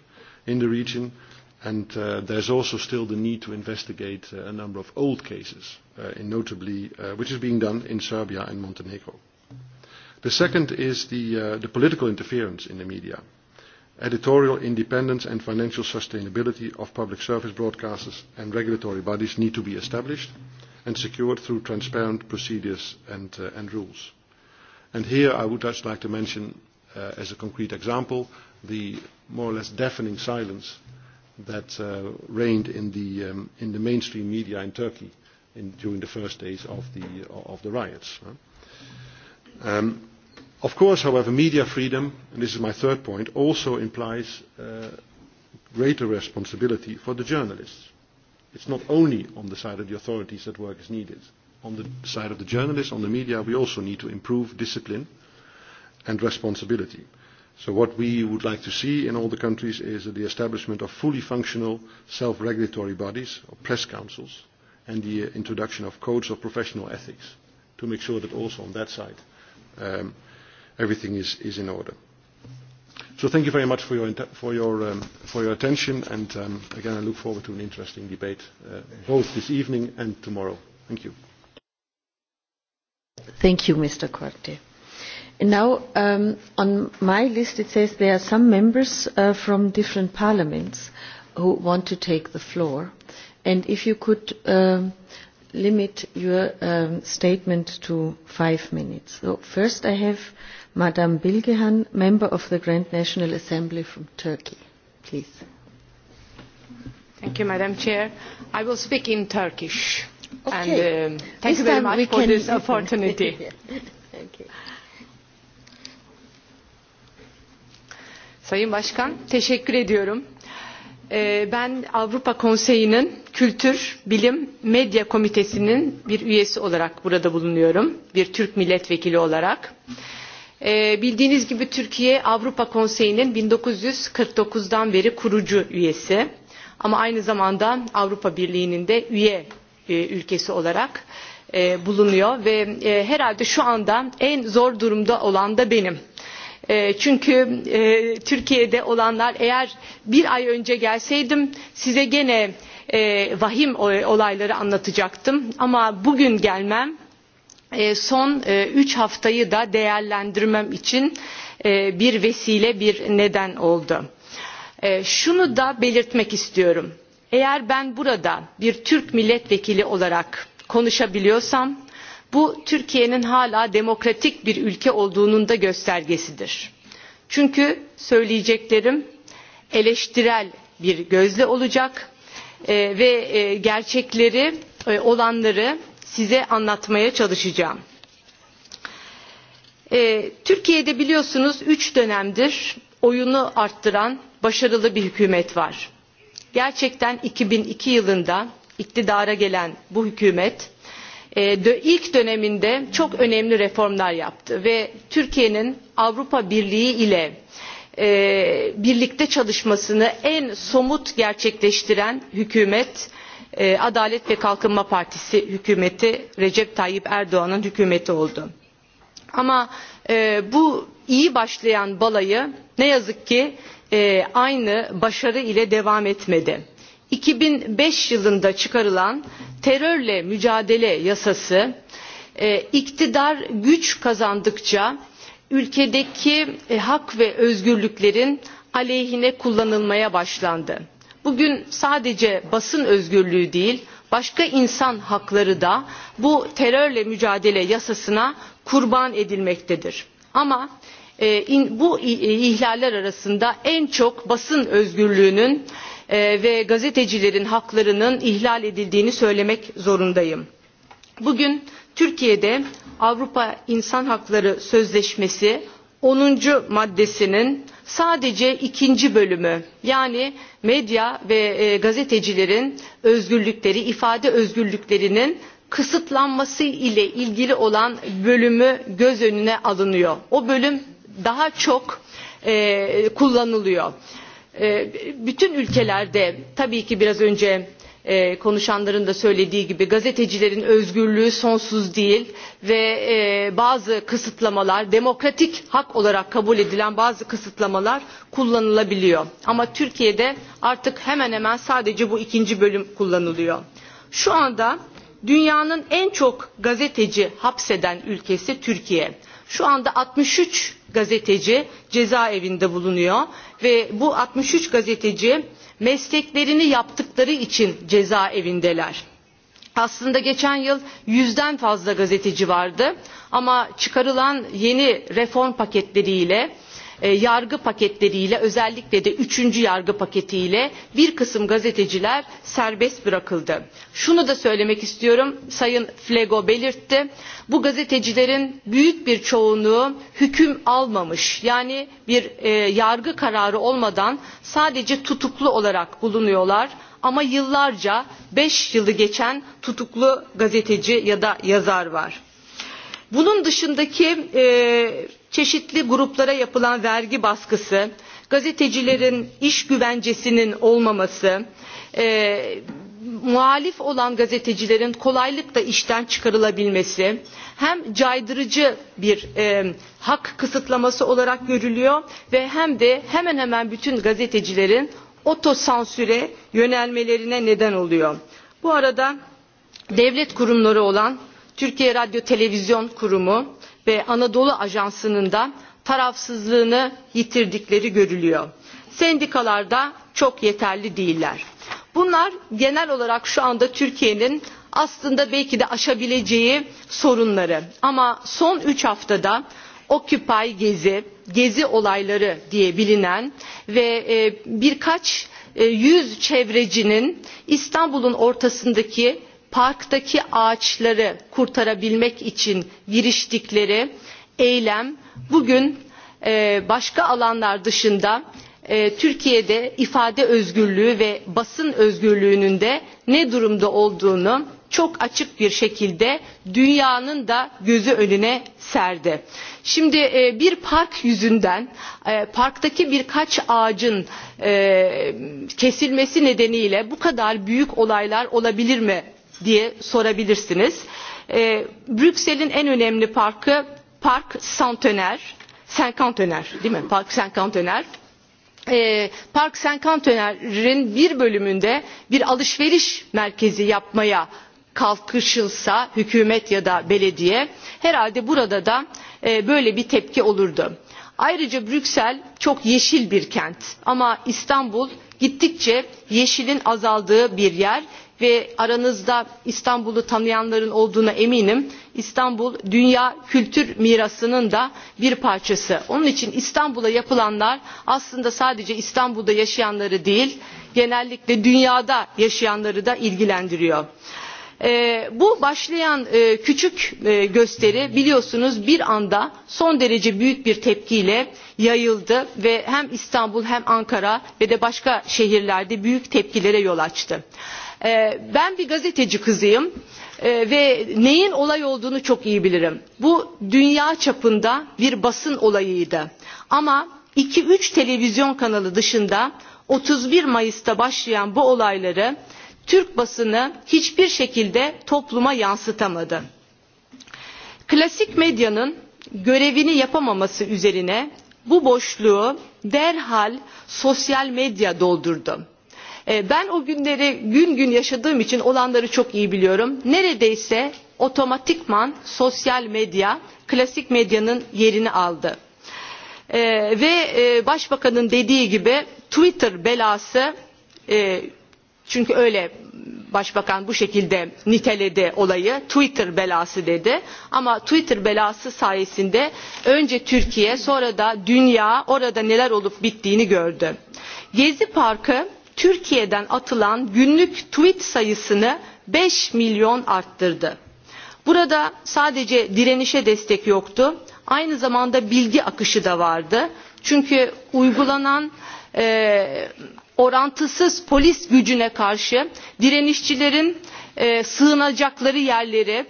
in the region And is also still the need to investigate a number of old cases, notably which is being done in Serbia and Montenegro. The second is the political interference in the media, editorial independence and financial sustainability of public service broadcasters and regulatory bodies need to be established and secured through transparent procedures and rules. And here I would just like to mention, as a concrete example, the more or less deafening silence that reigned in the mainstream media in Turkey during the first days of the riots. Of course, however, media freedom, and this is my third point, also implies greater responsibility for the journalists. It's not only on the side of the authorities that work is needed. On the side of the journalists, on the media, we also need to improve discipline and responsibility. So what we would like to see in all the countries is the establishment of fully functional self-regulatory bodies, or press councils, and the introduction of codes of professional ethics to make sure that also on that side everything is, in order. So thank you very much for your, for your, um, for your attention and um, again I look forward to an interesting debate uh, both this evening and tomorrow. Thank you. Thank you, Mr. Corte. Now, on my list it says there are some members from different parliaments who want to take the floor. And if you could limit your statement to five minutes. So first I have Madame Bilgehan, member of the Grand National Assembly from Turkey. Please. Thank you, Madam Chair. I will speak in Turkish. And thank you very much for this opportunity. Thank Sayın Başkan, teşekkür ediyorum. Ben Avrupa Konseyi'nin Kültür, Bilim, Medya Komitesi'nin bir üyesi olarak burada bulunuyorum. Bir Türk milletvekili olarak. Bildiğiniz gibi Türkiye Avrupa Konseyi'nin 1949'dan beri kurucu üyesi. Ama aynı zamanda Avrupa Birliği'nin de üye ülkesi olarak bulunuyor. Ve herhalde şu anda en zor durumda olan da benim çünkü Türkiye'de olanlar eğer bir ay önce gelseydim size gene vahim olayları anlatacaktım ama bugün gelmem son üç haftayı da değerlendirmem için bir vesile bir neden oldu. Şunu da belirtmek istiyorum. Eğer ben burada bir Türk milletvekili olarak konuşabiliyorsam bu Türkiye'nin hala demokratik bir ülke olduğunun da göstergesidir. Çünkü söyleyeceklerim eleştirel bir gözle olacak ve gerçekleri olanları size anlatmaya çalışacağım. Türkiye'de biliyorsunuz üç dönemdir oyunu arttıran başarılı bir hükümet var. Gerçekten 2002 yılında iktidara gelen bu hükümet de ilk döneminde çok önemli reformlar yaptı ve Türkiye'nin Avrupa Birliği ile birlikte çalışmasını en somut gerçekleştiren hükümet Adalet ve Kalkınma Partisi hükümeti Recep Tayyip Erdoğan'ın hükümeti oldu. Ama bu iyi başlayan balayı ne yazık ki aynı başarı ile devam etmedi 2005 yılında çıkarılan terörle mücadele yasası iktidar güç kazandıkça ülkedeki hak ve özgürlüklerin aleyhine kullanılmaya başlandı. Bugün sadece basın özgürlüğü değil başka insan hakları da bu terörle mücadele yasasına kurban edilmektedir. Ama bu ihlaller arasında en çok basın özgürlüğünün ve gazetecilerin haklarının ihlal edildiğini söylemek zorundayım. Bugün Türkiye'de Avrupa İnsan Hakları Sözleşmesi 10. maddesinin sadece ikinci bölümü yani medya ve gazetecilerin özgürlükleri, ifade özgürlüklerinin kısıtlanması ile ilgili olan bölümü göz önüne alınıyor. O bölüm daha çok kullanılıyor bütün ülkelerde tabii ki biraz önce konuşanların da söylediği gibi gazetecilerin özgürlüğü sonsuz değil ve bazı kısıtlamalar demokratik hak olarak kabul edilen bazı kısıtlamalar kullanılabiliyor. Ama Türkiye'de artık hemen hemen sadece bu ikinci bölüm kullanılıyor. Şu anda dünyanın en çok gazeteci hapseden ülkesi Türkiye. Şu anda 63 gazeteci cezaevinde bulunuyor ve bu 63 gazeteci mesleklerini yaptıkları için cezaevindeler. Aslında geçen yıl yüzden fazla gazeteci vardı ama çıkarılan yeni reform paketleriyle yargı paketleriyle özellikle de üçüncü yargı paketiyle bir kısım gazeteciler serbest bırakıldı. Şunu da söylemek istiyorum Sayın Flego belirtti bu gazetecilerin büyük bir çoğunluğu hüküm almamış yani bir yargı kararı olmadan sadece tutuklu olarak bulunuyorlar ama yıllarca beş yılı geçen tutuklu gazeteci ya da yazar var. Bunun dışındaki çeşitli gruplara yapılan vergi baskısı, gazetecilerin iş güvencesinin olmaması, muhalif olan gazetecilerin kolaylıkla işten çıkarılabilmesi hem caydırıcı bir hak kısıtlaması olarak görülüyor ve hem de hemen hemen bütün gazetecilerin otosansüre yönelmelerine neden oluyor. Bu arada devlet kurumları olan Türkiye Radyo Televizyon Kurumu ve Anadolu Ajansı'nın da tarafsızlığını yitirdikleri görülüyor. Sendikalarda çok yeterli değiller. Bunlar genel olarak şu anda Türkiye'nin aslında belki de aşabileceği sorunları. Ama son üç haftada Occupy Gezi, Gezi olayları diye bilinen ve birkaç yüz çevrecinin İstanbul'un ortasındaki parktaki ağaçları kurtarabilmek için giriştikleri eylem bugün başka alanlar dışında Türkiye'de ifade özgürlüğü ve basın özgürlüğünün de ne durumda olduğunu çok açık bir şekilde dünyanın da gözü önüne serdi. Şimdi bir park yüzünden parktaki birkaç ağacın kesilmesi nedeniyle bu kadar büyük olaylar olabilir mi diye sorabilirsiniz. Brüksel'in en önemli parkı Park Santener, Senkantener değil mi? Park E, Park Cinquantenaire'in bir bölümünde bir alışveriş merkezi yapmaya kalkışılsa hükümet ya da belediye herhalde burada da böyle bir tepki olurdu. Ayrıca Brüksel çok yeşil bir kent ama İstanbul gittikçe yeşilin azaldığı bir yer ve aranızda İstanbul'u tanıyanların olduğuna eminim. İstanbul dünya kültür mirasının da bir parçası. Onun için İstanbul'a yapılanlar aslında sadece İstanbul'da yaşayanları değil, genellikle dünyada yaşayanları da ilgilendiriyor. Bu başlayan küçük gösteri biliyorsunuz bir anda son derece büyük bir tepkiyle yayıldı ve hem İstanbul hem Ankara ve de başka şehirlerde büyük tepkilere yol açtı. Ben bir gazeteci kızıyım ve neyin olay olduğunu çok iyi bilirim. Bu dünya çapında bir basın olayıydı. Ama 2-3 televizyon kanalı dışında 31 Mayıs'ta başlayan bu olayları Türk basını hiçbir şekilde topluma yansıtamadı. Klasik medyanın görevini yapamaması üzerine bu boşluğu derhal sosyal medya doldurdu ben o günleri gün gün yaşadığım için olanları çok iyi biliyorum neredeyse otomatikman sosyal medya klasik medyanın yerini aldı ve başbakanın dediği gibi twitter belası çünkü öyle başbakan bu şekilde niteledi olayı twitter belası dedi ama twitter belası sayesinde önce türkiye sonra da dünya orada neler olup bittiğini gördü. gezi parkı Türkiye'den atılan günlük tweet sayısını 5 milyon arttırdı. Burada sadece direnişe destek yoktu. Aynı zamanda bilgi akışı da vardı. Çünkü uygulanan orantısız polis gücüne karşı direnişçilerin sığınacakları yerleri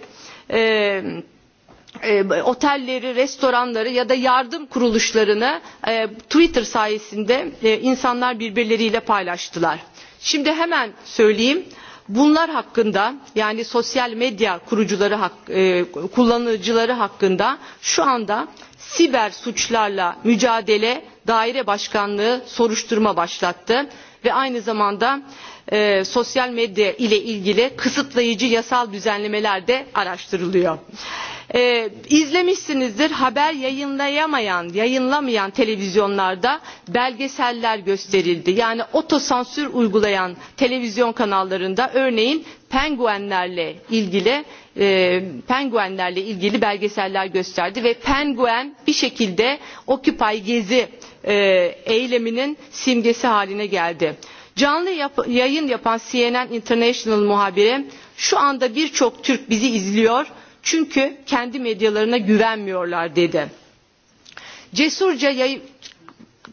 otelleri restoranları ya da yardım kuruluşlarını twitter sayesinde insanlar birbirleriyle paylaştılar. şimdi hemen söyleyeyim bunlar hakkında yani sosyal medya kurucuları kullanıcıları hakkında şu anda siber suçlarla mücadele daire başkanlığı soruşturma başlattı ve aynı zamanda sosyal medya ile ilgili kısıtlayıcı yasal düzenlemeler de araştırılıyor izlemişsinizdir haber yayınlayamayan yayınlamayan televizyonlarda belgeseller gösterildi yani otosansür uygulayan televizyon kanallarında örneğin penguenlerle ilgili penguenlerle ilgili belgeseller gösterdi ve penguen bir şekilde occupy gezi eyleminin simgesi haline geldi. Canlı yayın yapan CNN International muhabiri şu anda birçok Türk bizi izliyor Çünkü kendi medyalarına güvenmiyorlar dedi. Cesurca yayı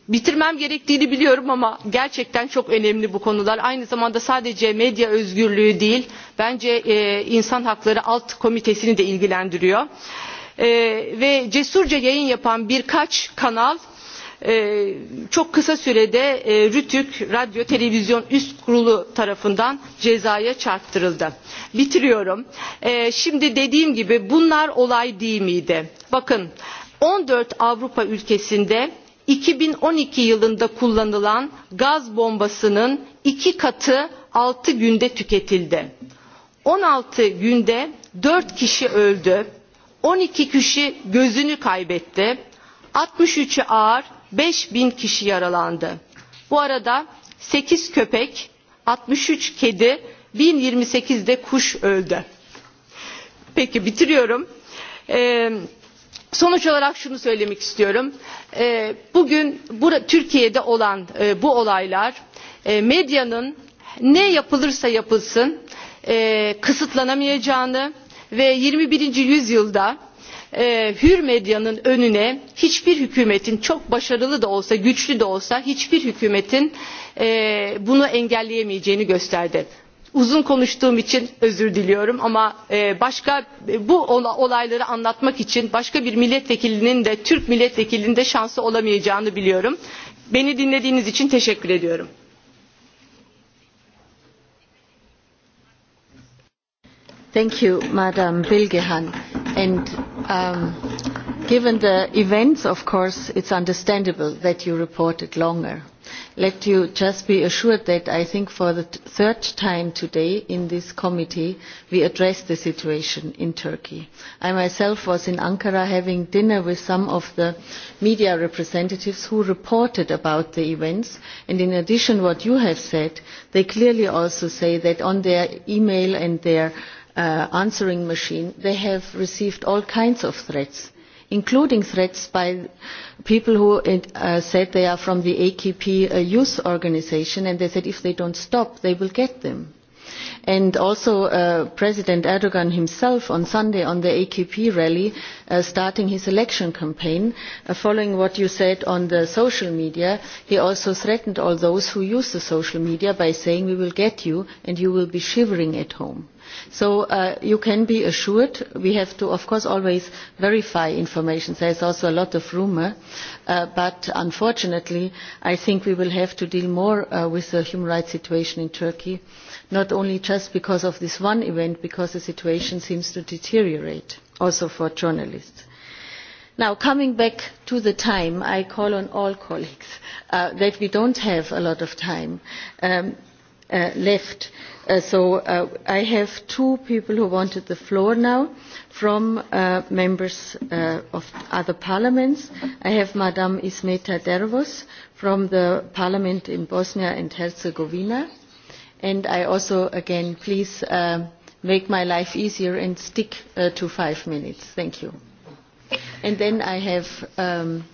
bitirmem gerektiğini biliyorum ama gerçekten çok önemli bu konular. Aynı zamanda sadece medya özgürlüğü değil bence insan hakları alt komitesini de ilgilendiriyor. Ve cesurca yayın yapan birkaç kanal çok kısa sürede rütük radyo televizyon üst kurulu tarafından cezaya çarptırıldı. bitiriyorum. şimdi dediğim gibi bunlar olay değil miydi? bakın 14 avrupa ülkesinde 2012 yılında kullanılan gaz bombasının iki katı 6 günde tüketildi. 16 günde 4 kişi öldü, 12 kişi gözünü kaybetti, 63'ü ağır, bin kişi yaralandı. Bu arada 8 köpek, 63 kedi, 1028 de kuş öldü. Peki bitiriyorum. Sonuç olarak şunu söylemek istiyorum. Bugün Türkiye'de olan bu olaylar medyanın ne yapılırsa yapılsın kısıtlanamayacağını ve 21. yüzyılda hür medyanın önüne hiçbir hükümetin çok başarılı da olsa güçlü de olsa hiçbir hükümetin bunu engelleyemeyeceğini gösterdi. uzun konuştuğum için özür diliyorum ama başka bu olayları anlatmak için başka bir milletvekilinin de türk milletvekilinin de şansı olamayacağını biliyorum. beni dinlediğiniz için teşekkür ediyorum. Thank you, Madam Bilgehan. And given the events, of course, it's understandable that you reported longer. Let you just be assured that I think for the third time today in this committee we addressed the situation in Turkey. I myself was in Ankara having dinner with some of the media representatives who reported about the events and in addition to what you have said, they clearly also say that on their email and their answering machine, they have received all kinds of threats, including threats by people who said they are from the AKP youth organization, and they said if they don't stop, they will get them. And also President Erdogan himself on Sunday on the AKP rally, starting his election campaign, following what you said on the social media, he also threatened all those who use the social media by saying we will get you and you will be shivering at home. So you can be assured we have to of course always verify information. There is also a lot of rumour, but unfortunately I think we will have to deal more with the human rights situation in Turkey, not only just because of this one event, because the situation seems to deteriorate, also for journalists. Now, coming back to the time, I call on all colleagues that we don't have a lot of time left. So I have two people who wanted the floor now from members of other parliaments. I have Madame Ismeta Dervos from the Parliament in Bosnia and Herzegovina. And I also, again, please make my life easier and stick to five minutes. Thank you. And then I have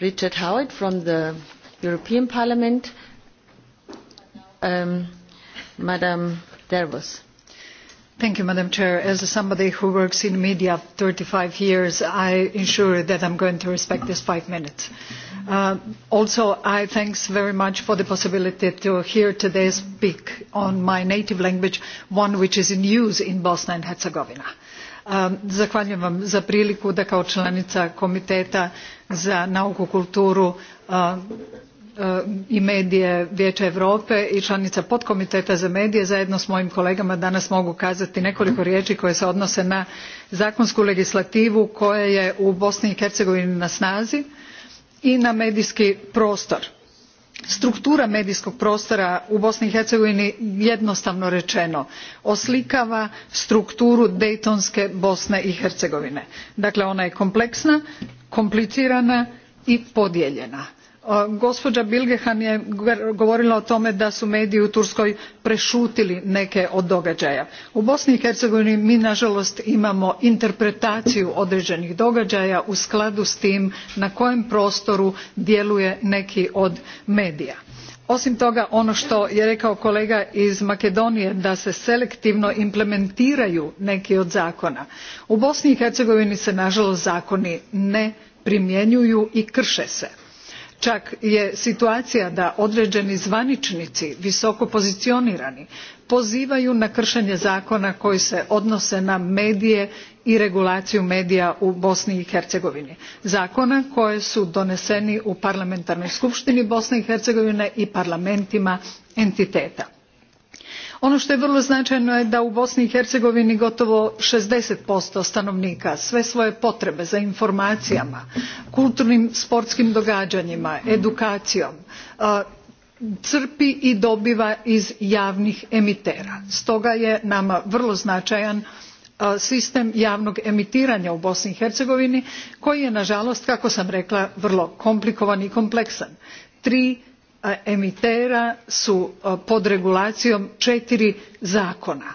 Richard Howard from the European Parliament Madam President, Madam Chair. As somebody who works in media for 35 years, I ensure that I'm going to respect this five minutes. Also, I thanks very much for the possibility to hear today speak on my native language, one which is in use in Bosnia and Herzegovina. Zahvaljujem vam za priliku da kao članica Komiteta za nauku, kulturu i medije Vijeća Europe i članica potkomiteta za medije zajedno s mojim kolegama danas mogu kazati nekoliko riječi koje se odnose na zakonsku legislativu koja je u Bosni i Hercegovini na snazi i na medijski prostor. Struktura medijskog prostora u Bosni i Hercegovini jednostavno rečeno oslikava strukturu Daytonske Bosne i Hercegovine. Dakle, ona je kompleksna, komplicirana i podijeljena gospođa bilgehan je govorila o tome da su mediji u turskoj prešutjeli neke od događaja. u bosni i hercegovini mi nažalost imamo interpretaciju određenih događaja u skladu s tim na kojem prostoru djeluje neki od medija. osim toga ono što je rekao kolega iz makedonije da se selektivno implementiraju neki od zakona u bosni i hercegovini se nažalost zakoni ne primjenjuju i krše se čak je situacija da određeni zvaničnici visoko pozicionirani pozivaju na kršenje zakona koji se odnose na medije i regulaciju medija u bosni i hercegovini zakona koji su doneseni u parlamentarnoj skupštini bosne i hercegovine i parlamentima entiteta ono što je vrlo značajno je da u bosni i hercegovini gotovo sixty stanovnika sve svoje potrebe za informacijama kulturnim sportskim događanjima edukacijom crpi i dobiva iz javnih emitera stoga je nama vrlo značajan sistem javnog emitiranja u bosni i hercegovini koji je nažalost kako sam rekla vrlo komplikovan i kompleksan tri emitera su pod regulacijom četiri zakona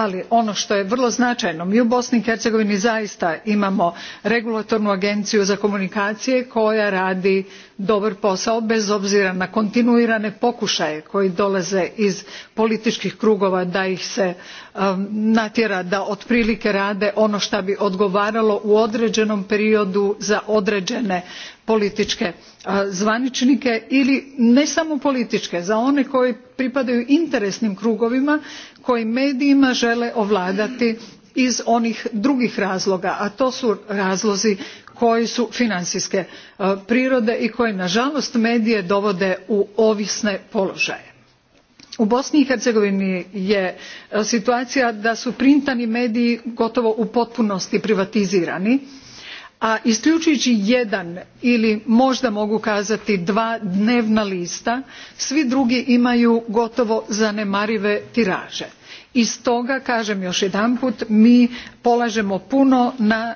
ali ono što je vrlo značajno mi u bosni i hercegovini zaista imamo regulatornu agenciju za komunikacije koja radi dobar posao bez obzira na kontinuirane pokušaje koji dolaze iz političkih krugova da ih se natjera da otprilike rade ono što bi odgovaralo u određenom periodu za određene političke zvaničnike ili ne samo političke za one koji pripadaju interesnim krugovima koji medijima žele ovladati iz onih drugih razloga a to su razlozi koji su financijske prirode i koji nažalost medije dovode u ovisne položaje. U Bosni i Hercegovini je situacija da su printani mediji gotovo u potpunosti privatizirani a isključujući jedan ili možda mogu kazati dva dnevna lista svi drugi imaju gotovo zanemarive tiraže i stoga kažem još jedanput mi polažemo puno na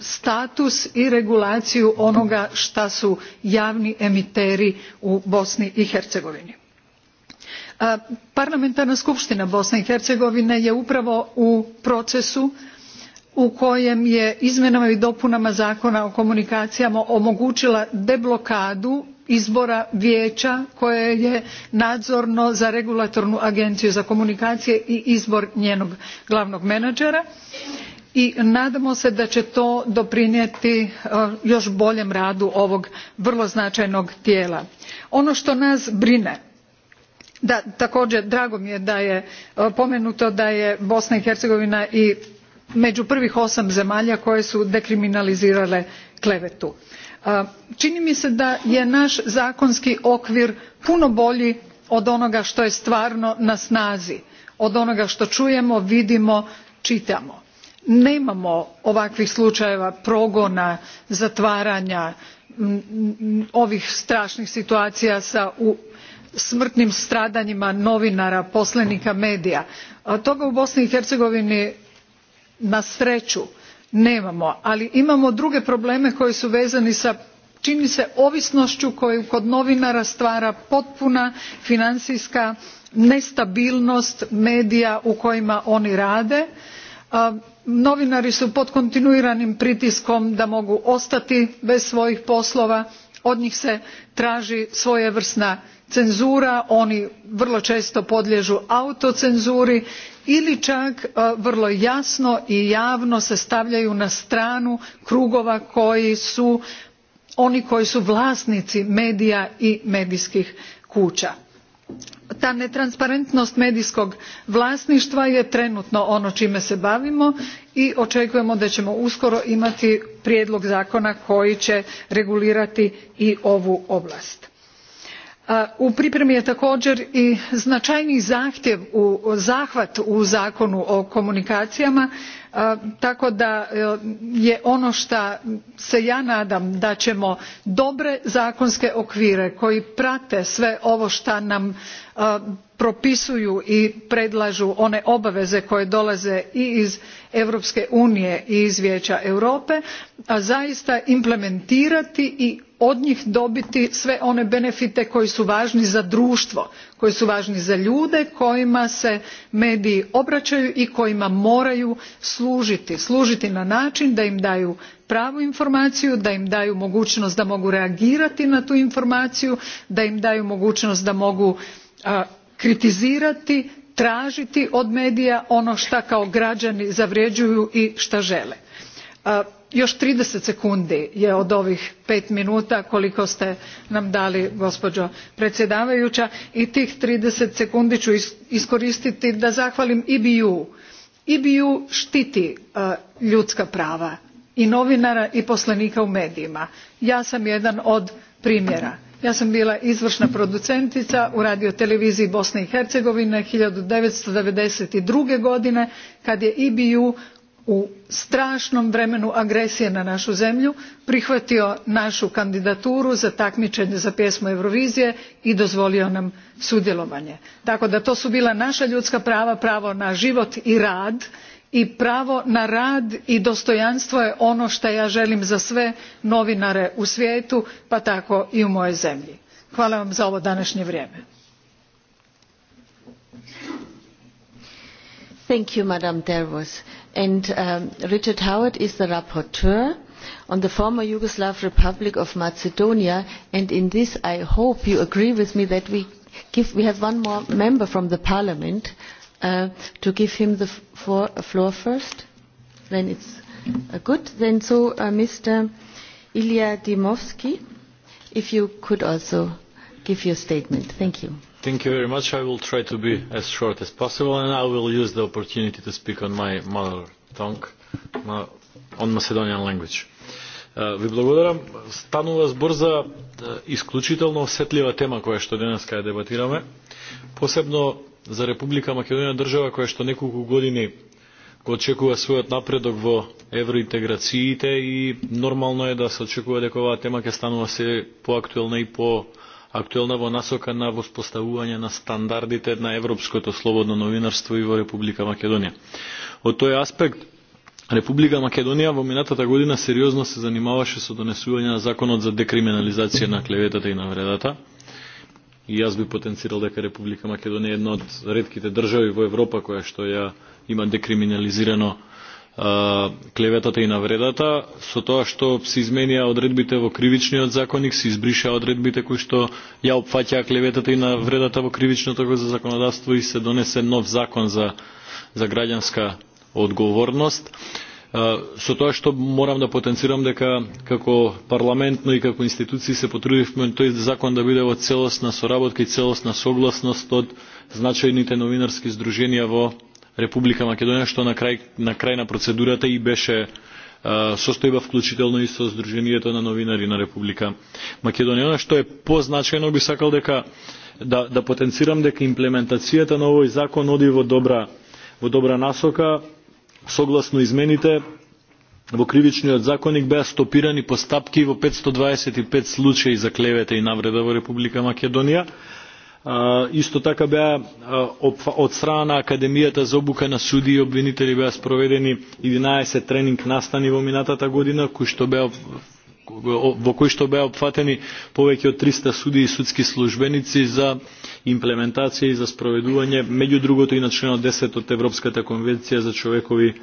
status i regulaciju onoga šta su javni emiteri u bosni i hercegovini. parlamentarna skupština bosne i hercegovine je upravo u procesu u kojem je izmjenama i dopunama zakona o komunikacijama omogućila deblokadu izbora vijeća koje je nadzorno za regulatornu agenciju za komunikacije i izbor njenog glavnog menadžera i nadamo se da će to doprinijeti još boljem radu ovog vrlo značajnog tijela. ono što nas brine da također drago mi je da je pomenuto da je bosna i hercegovina i među prvih osam zemalja koje su dekriminalizirale klevetu. čini mi se da je naš zakonski okvir puno bolji od onoga što je stvarno na snazi od onoga što čujemo vidimo čitamo. nemamo ovakvih slučajeva progona zatvaranja ovih strašnih situacija sa smrtnim stradanjima novinara poslenika medija. toga u bosni i hercegovini na sreću nemamo ali imamo druge probleme koji su vezani sa čini se ovisnošću koju kod novinara stvara potpuna financijska nestabilnost medija u kojima oni rade novinari su pod kontinuiranim pritiskom da mogu ostati bez svojih poslova od njih se traži svojevrsna cenzura oni vrlo često podliježu autocenzuri ili čak vrlo jasno i javno se stavljaju na stranu krugova koji su oni koji su vlasnici medija i medijskih kuća. Ta netransparentnost medijskog vlasništva je trenutno ono čime se bavimo i očekujemo da ćemo uskoro imati prijedlog zakona koji će regulirati i ovu oblast u pripremi je također i značajni zahtjev u zahvat u zakonu o komunikacijama tako da je ono što se ja nadam da ćemo dobre zakonske okvire koji prate sve ovo što nam propisuju i predlažu one obaveze koje dolaze i iz europske unije i iz vijeća europe a zaista implementirati i od njih dobiti sve one benefite koji su važni za društvo koji su važni za ljude kojima se mediji obraćaju i kojima moraju služiti služiti na način da im daju pravu informaciju da im daju mogućnost da mogu reagirati na tu informaciju da im daju mogućnost da mogu kritizirati tražiti od medija ono što kao građani zavređuju i što žele još 30 sekundi je od ovih pet minuta koliko ste nam dali gospođo predsjedavajuća i tih 30 sekundi ću iskoristiti da zahvalim EBU. EBU štiti ljudska prava i novinara i poslanika u medijima. Ja sam jedan od primjera. Ja sam bila izvršna producentica u radioteleviziji Bosne i Hercegovine 1992. godine kad je EBU u strašnom vremenu agresije na našu zemlju prihvatio našu kandidaturu za takmičenje za pjesmu Eurovizije i dozvolio nam sudjelovanje. Tako da to su bila naša ljudska prava, pravo na život i rad i pravo na rad i dostojanstvo je ono što ja želim za sve novinare u svijetu pa tako i u mojoj zemlji. Hvala vam za ovo današnje vrijeme. Thank you, and richard Howard is the rapporteur on the former yugoslav republic of macedonia and in this i hope you agree with me that we give we have one more member from the parliament to give him the floor first then it's good then so mr ilya Dimovski, if you could also give your statement thank you Thank you very much. I will try to be as short as possible, and I will use the opportunity to speak on my mother tongue, on Macedonian language. Ви благодарам. Станува збор за исклучително осетлива тема која што денеска ја дебатираме, посебно за Република Македонија држава која што неколку години го очекува својот напредок во евроинтеграциите и нормално е да се очекува дека оваа тема ќе станува се поактуелна и по Актуелна во насока на воспоставување на стандардите на Европското слободно новинарство и во Република Македонија. Makedonija. Од тој аспект, Република Македонија во минатата година сериозно се занимаваше со донесување на законот за декриминализација на клеветата и на вредата. И јас би потенцирал дека Република Македонија е една од редките држави во Европа која што ја има декриминализирано клеветата и навредата, со тоа што се изменија одредбите во кривичниот законник, се избриша одредбите кои што ја опфаќаа клеветата и навредата во кривичното за законодавство и се донесе нов закон за, за граѓанска одговорност. Со тоа што морам да потенцирам дека како парламентно и како институции се потрудивме тој закон да биде во целосна соработка и целосна согласност од значајните новинарски здруженија во Република Македонија, што на крај на крај на процедурата и беше состојба вклучително и со Сдруженијето на новинари на Република Македонија. Она што е позначајно би сакал дека да, да потенцирам дека имплементацијата на овој закон оди во добра, во добра насока. Согласно измените во кривичниот законник беа стопирани постапки во 525 случаи за клевета и навреда во Република Македонија, така tako од страна на Академијата за обука на суди и обвинители беа спроведени 11 тренинг настани во минатата година, кои што беа во кои што беа опфатени повеќе од 300 суди и судски службеници за имплементација и за спроведување, меѓу другото и на членот 10 од Европската конвенција за човекови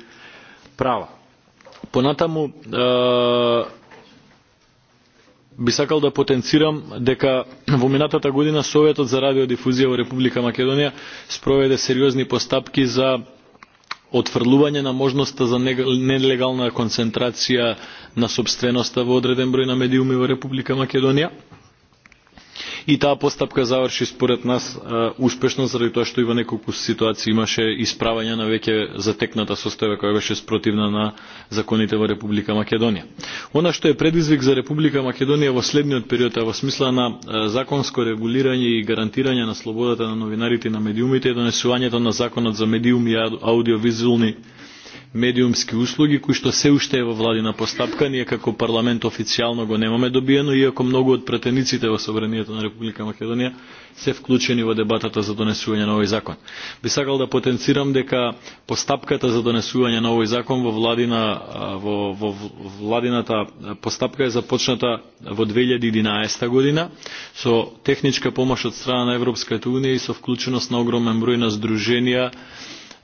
права. Понатаму, Би сакал да потенцирам дека во минатата година Советот за радиодифузија во Република Македонија спроведе сериозни постапки за отфрлување на можноста за нелегална концентрација на собственоста во одреден број на медиуми во Република Македонија И таа постапка заврши според нас успешно заради тоа што и во неколку ситуации имаше исправање на веќе затекната состојба која беше спротивна на законите во Република Македонија. Она што е предизвик за Република Македонија во следниот период е во смисла на законско регулирање и гарантирање на слободата на новинарите и на медиумите е донесувањето на законот за медиуми и аудиовизуелни медиумски услуги, кои што се уште е во владина постапка, ние како парламент официјално го немаме добиено, иако многу од претениците во Собранието на Република Македонија се вклучени во дебатата за донесување на овој закон. Би сакал да потенцирам дека постапката за донесување на овој закон во владина во, во владината постапка е започната во 2011 година со техничка помош од страна на Европската унија и со вклученост на огромен број на здруженија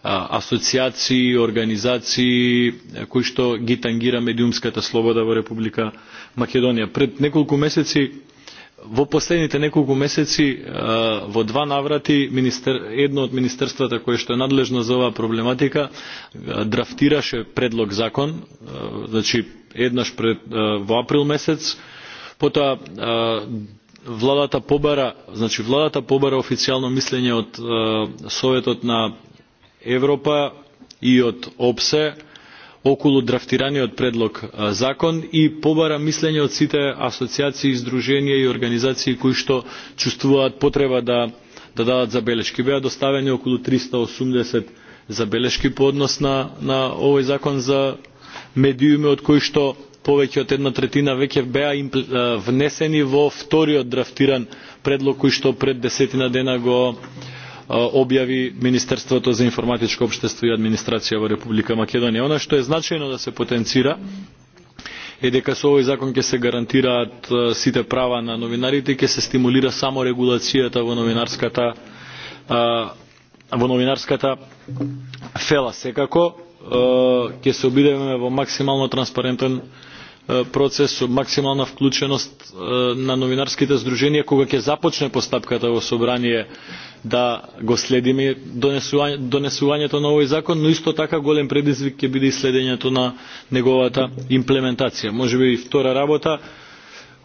асоцијации и организации кои што ги тангира медиумската слобода во Република Македонија. Пред неколку месеци во последните неколку месеци во два наврати едно од министерствата кое што е надлежно за оваа проблематика драфтираше предлог закон, значи еднаш пред во април месец, потоа владата побара, значи владата побара официјално мислење од советот на Европа и од ОПСЕ околу драфтираниот предлог закон и побара мислење од сите асоциации, издруженија и организации кои што чувствуваат потреба да да дадат забелешки. Беа доставени околу 380 забелешки по однос на, на овој закон за медиуми, од кои што повеќе од една третина веќе беа внесени во вториот драфтиран предлог кој што пред десетина дена го објави министерството за информатичко општество и администрација во Република Македонија. Она што е значајно да се потенцира е дека со овој закон ќе се гарантираат сите права на новинарите и ќе се стимулира само регулацијата во новинарската во новинарската фела. Секако ќе се обидеме во максимално транспарентен со максимална вклученост на новинарските здруженија кога ќе започне постапката во собрание да го следиме донесувањето на овој закон, но исто така голем предизвик ќе биде и следењето на неговата имплементација. би и втора работа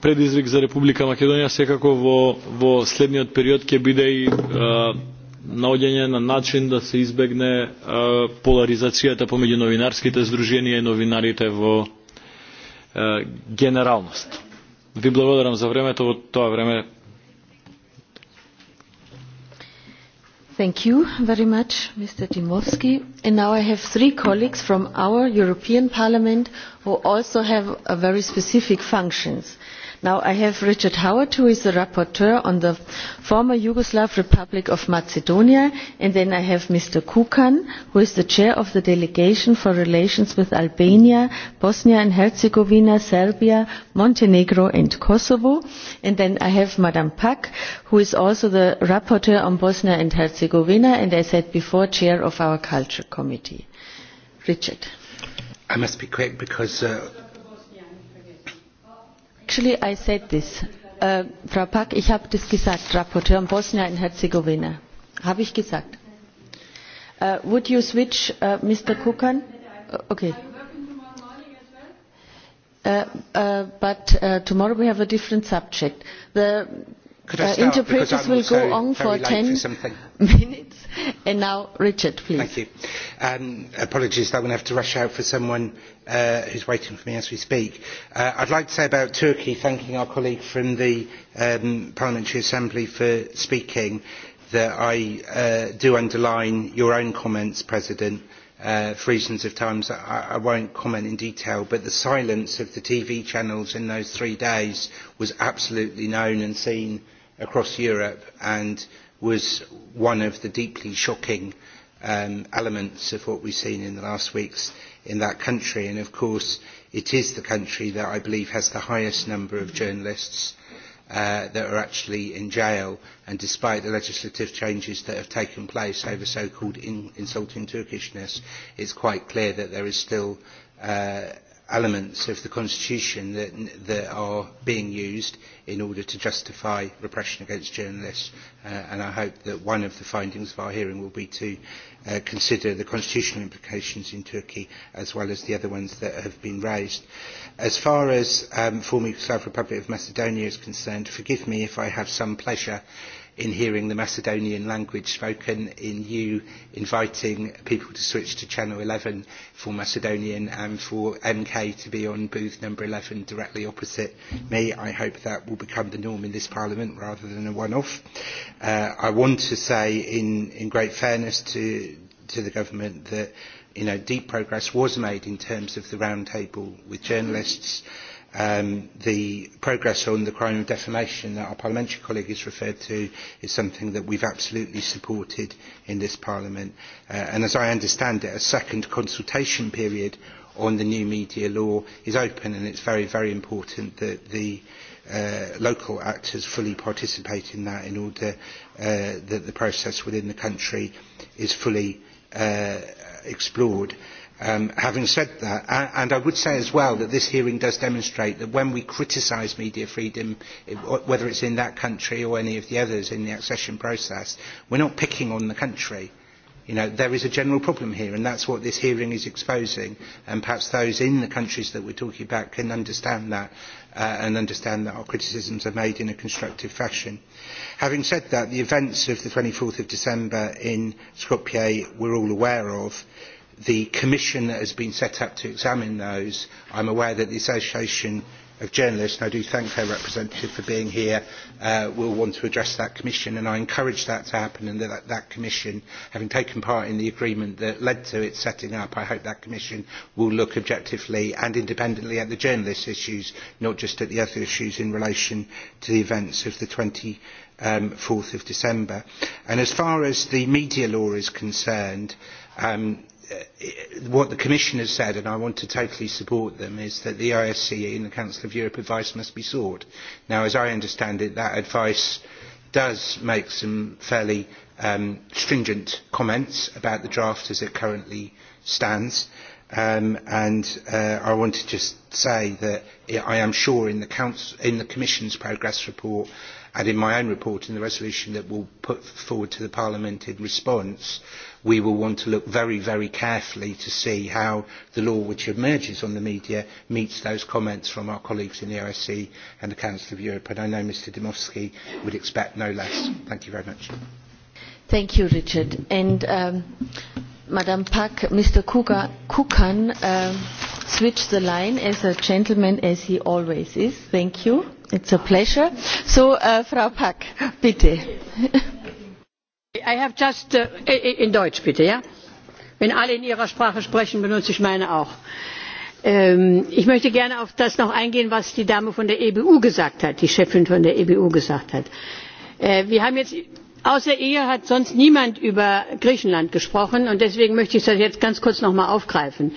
предизвик за Република Македонија секако во во следниот период ќе биде и наоѓање на начин да се избегне поларизацијата помеѓу новинарските здруженија и новинарите во генералност. Ви благодарам за времето. во тоа време Thank you very much, Mr. Dimovski. And now I have three colleagues from our European Parliament who also have a very specific functions. Now I have Richard Howard, who is the rapporteur on the former Yugoslav Republic of Macedonia, and then I have Mr. Kukan, who is the chair of the delegation for relations with Albania, Bosnia and Herzegovina, Serbia, Montenegro and Kosovo, and then I have Madam Pak, who is also the rapporteur on Bosnia and Herzegovina, and I said before, chair of our Culture Committee. Richard. I must be quick because Actually, I said this. Frau Pack, ich habe das gesagt, Rapporteur in Bosnia und Herzegowina. Habe ich gesagt. Would you switch, Mr. Kukan? Okay. But tomorrow we have a different subject. The interpreters will go on for 10 minutes. And now, Richard, please. Thank you. Apologies, I'm going to have to rush out for someone who is waiting for me as we speak. I would like to say about Turkey, thanking our colleague from the Parliamentary Assembly for speaking, that I do underline your own comments, President, for reasons of time, I I won't comment in detail, but the silence of the TV channels in those three days was absolutely known and seen across Europe and was one of the deeply shocking elements of what we've seen in the last weeks in that country. And of course, it is the country that I believe has the highest number of journalists that are actually in jail. And despite the legislative changes that have taken place over so-called insulting Turkishness, it's quite clear that there is still elements of the Constitution that, are being used in order to justify repression against journalists. and I hope that one of the findings of our hearing will be to consider the constitutional implications in Turkey as well as the other ones that have been raised. As far as the former Yugoslav Republic of Macedonia is concerned, forgive me if I have some pleasure in hearing the Macedonian language spoken, in you inviting people to switch to Channel 11 for Macedonian and for MK to be on booth number 11 directly opposite me. I hope that will become the norm in this Parliament rather than a one-off. I want to say in great fairness to the government that deep progress was made in terms of the roundtable with journalists the progress on the crime of defamation that our parliamentary colleague has referred to is something that we have absolutely supported in this parliament and as i understand it a second consultation period on the new media law is open and it is very very important that the local actors fully participate in that in order that the process within the country is fully explored. Having said that, and I would say as well that this hearing does demonstrate that when we criticise media freedom, whether it is in that country or any of the others in the accession process, we are not picking on the country. There is a general problem here, and that's what this hearing is exposing, and perhaps those in the countries that we're talking about can understand that and understand that our criticisms are made in a constructive fashion. Having said that, the events of the 24th of December in Skopje we're all aware of the commission that has been set up to examine those. I'm aware that the Association of Journalists, and I do thank her representative for being here, will want to address that commission, and I encourage that to happen, and that that commission, having taken part in the agreement that led to its setting up, I hope that commission will look objectively and independently at the journalists' issues, not just at the other issues in relation to the events of the 24 th of December. And as far as the media law is concerned, what the Commission has said, and I want to totally support them, is that the ISCE and the Council of Europe advice must be sought. Now, as I understand it, that advice does make some fairly stringent comments about the draft as it currently stands, and I want to just say that I am sure in the Commission's progress report and in my own report in the resolution that will put forward to the Parliament in response we will want to look very, very carefully to see how the law which emerges on the media meets those comments from our colleagues in the OSCE and the Council of Europe. And I know Mr. Dimowski would expect no less. Thank you very much. Thank you, Richard. And Madam pack Mr. Kukan switched the line as a gentleman as he always is. Thank you. It's a pleasure. So, Frau Pack, bitte. I have just, in Deutsch bitte, ja? Wenn alle in ihrer Sprache sprechen, benutze ich meine auch. Ich möchte gerne auf das noch eingehen, was die Dame von der EBU gesagt hat, die Chefin von der EBU gesagt hat. Wir haben jetzt, außer Ehe hat sonst niemand über Griechenland gesprochen und deswegen möchte ich das jetzt ganz kurz noch mal aufgreifen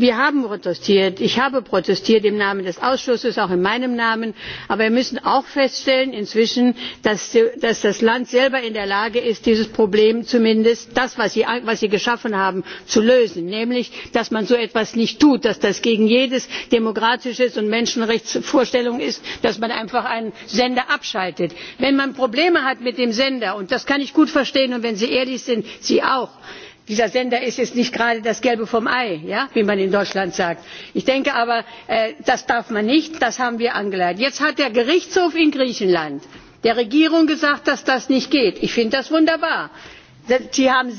wir haben protestiert ich habe protestiert im namen des ausschusses auch in meinem namen aber wir müssen auch feststellen inzwischen dass das land selber in der lage ist dieses problem zumindest das was sie geschaffen haben zu lösen nämlich dass man so etwas nicht tut dass das gegen jede demokratische und menschenrechtsvorstellung ist dass man einfach einen sender abschaltet. wenn man probleme hat mit dem sender und das kann ich gut verstehen und wenn sie ehrlich sind sie auch dieser sender ist jetzt nicht gerade das gelbe vom ei wie man in deutschland sagt. ich denke aber das darf man nicht das haben wir angeleiert. jetzt hat der gerichtshof in griechenland der regierung gesagt dass das nicht geht. ich finde das wunderbar sie haben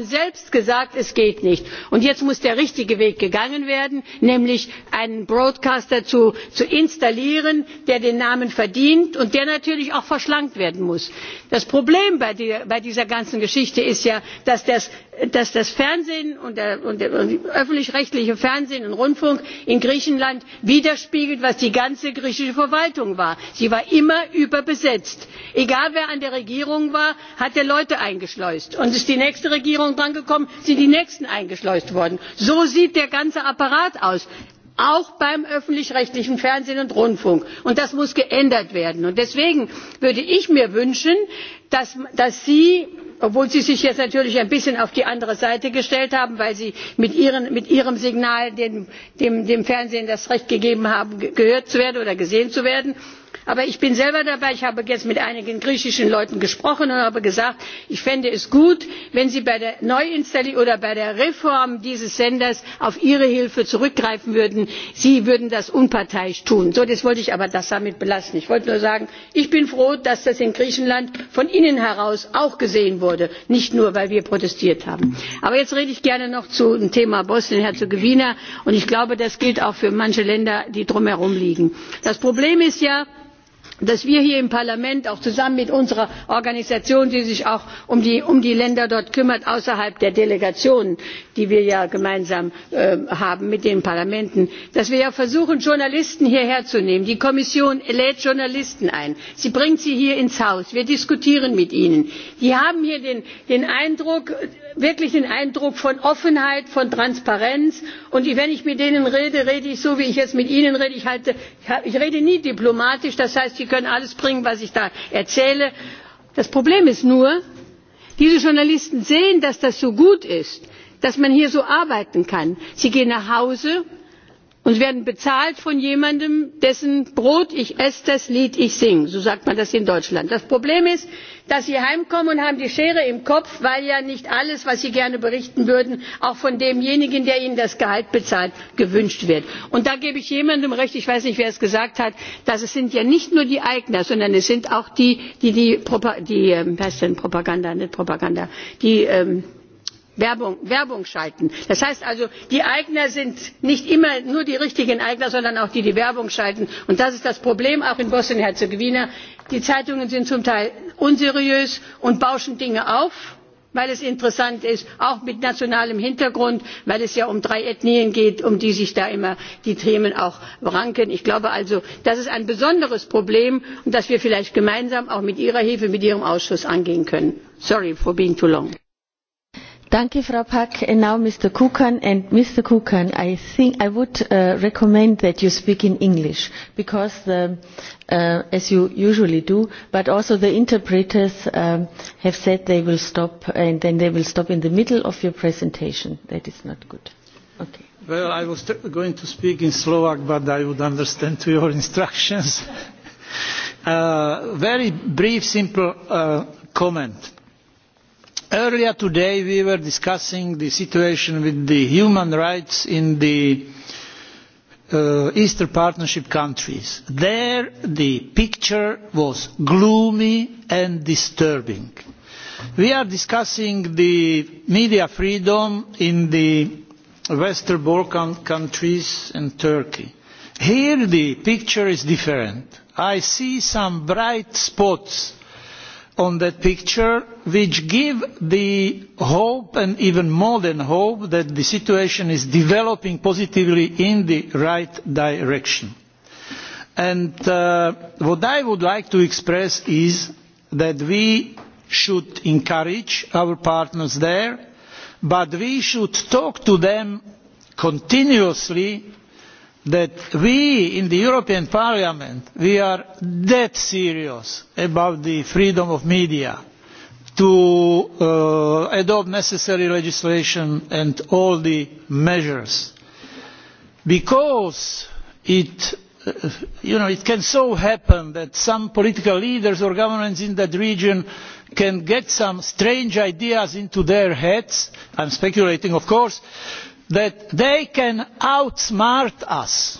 selbst gesagt es geht nicht. und jetzt muss der richtige weg gegangen werden nämlich einen broadcaster zu installieren der den namen verdient und der natürlich auch verschlankt werden muss. das problem bei dieser ganzen geschichte ist ja dass dass das fernsehen und der öffentlich rechtliche fernsehen und rundfunk in griechenland widerspiegelt was die ganze griechische verwaltung war sie war immer überbesetzt. egal wer an der regierung war hat er leute eingeschleust und ist die nächste regierung gekommen, sind die nächsten eingeschleust worden. so sieht der ganze apparat aus auch beim öffentlich rechtlichen fernsehen und rundfunk und das muss geändert werden. deswegen würde ich mir wünschen dass sie obwohl sie sich jetzt natürlich ein bisschen auf die andere seite gestellt haben weil sie mit ihrem signal dem fernsehen das recht gegeben haben gehört zu werden oder gesehen zu werden aber ich bin selber dabei ich habe jetzt mit einigen griechischen leuten gesprochen und habe gesagt ich fände es gut wenn sie bei der neuinstallierung oder bei der reform dieses senders auf ihre hilfe zurückgreifen würden sie würden das unparteiisch tun. das wollte ich aber damit belassen. ich wollte nur sagen ich bin froh dass das in griechenland von innen heraus auch gesehen wurde nicht nur weil wir protestiert haben. aber jetzt rede ich gerne noch zum thema bosnien herzegowina und ich glaube das gilt auch für manche länder die drumherum liegen. das problem ist ja dass wir hier im parlament auch zusammen mit unserer organisation die sich auch um die länder dort kümmert außerhalb der delegationen die wir ja gemeinsam haben mit den parlamenten dass wir versuchen journalisten hierherzunehmen. die kommission lädt journalisten ein sie bringt sie hier ins haus wir diskutieren mit ihnen. die haben hier den eindruck wirklich den eindruck von offenheit von transparenz und wenn ich mit denen rede rede ich so wie ich jetzt mit ihnen rede ich rede nie diplomatisch das heißt sie können alles bringen was ich da erzähle. das problem ist nur diese journalisten sehen dass das so gut ist dass man hier so arbeiten kann. sie gehen nach hause und werden bezahlt von jemandem dessen brot ich esse das lied ich sing so sagt man das in deutschland. das problem ist dass sie heimkommen und haben die schere im kopf weil ja nicht alles was sie gerne berichten würden auch von demjenigen der ihnen das gehalt bezahlt gewünscht wird. und da gebe ich jemandem recht ich weiß nicht wer es gesagt hat es sind ja nicht nur die eigner sondern es sind auch die die die propaganda nicht propaganda die Werbung schalten. Das heißt also, die Eigner sind nicht immer nur die richtigen Eigner, sondern auch die, die Werbung schalten. Und das ist das Problem auch in Bosnien-Herzegowina. Die Zeitungen sind zum Teil unseriös und bauschen Dinge auf, weil es interessant ist, auch mit nationalem Hintergrund, weil es ja um drei Ethnien geht, um die sich da immer die Themen auch ranken. Ich glaube also, das ist ein besonderes Problem und das wir vielleicht gemeinsam auch mit Ihrer Hilfe, mit Ihrem Ausschuss angehen können. Sorry for being too long. Thank you, Frau Pack. And now Mr. Kukan. And Mr. Kukan, I think I would recommend that you speak in English, because as you usually do, but also the interpreters have said they will stop, and then they will stop in the middle of your presentation. That is not good. Okay. Well, I was going to speak in Slovak, but I would understand to your instructions. Very brief, simple comment Earlier today we were discussing the situation with the human rights in the Eastern Partnership countries. There the picture was gloomy and disturbing. We are discussing the media freedom in the Western Balkan countries and Turkey. Here the picture is different. I see some bright spots on that picture which give the hope and even more than hope that the situation is developing positively in the right direction. what I would like to express is that we should encourage our partners there, but we should talk to them continuously that we in the European Parliament are that serious about the freedom of media to adopt necessary legislation and all the measures because it can so happen that some political leaders or governments in that region can get some strange ideas into their heads i am speculating of course that they can outsmart us.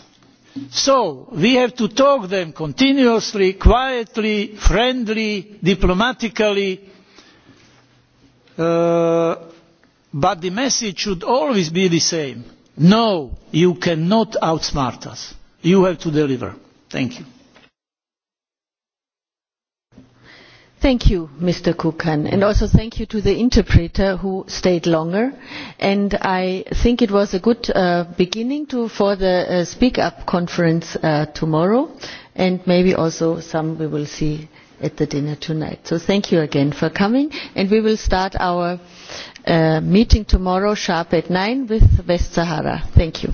So we have to talk to them continuously, quietly, friendly, diplomatically, but the message should always be the same. No, you cannot outsmart us. You have to deliver. Thank you. Thank you, Mr. Kukan, and also thank you to the interpreter who stayed longer. And I think it was a good beginning for the Speak Up conference tomorrow, and maybe also some we will see at the dinner tonight. So thank you again for coming, and we will start our meeting tomorrow sharp at 9 with West Sahara. Thank you.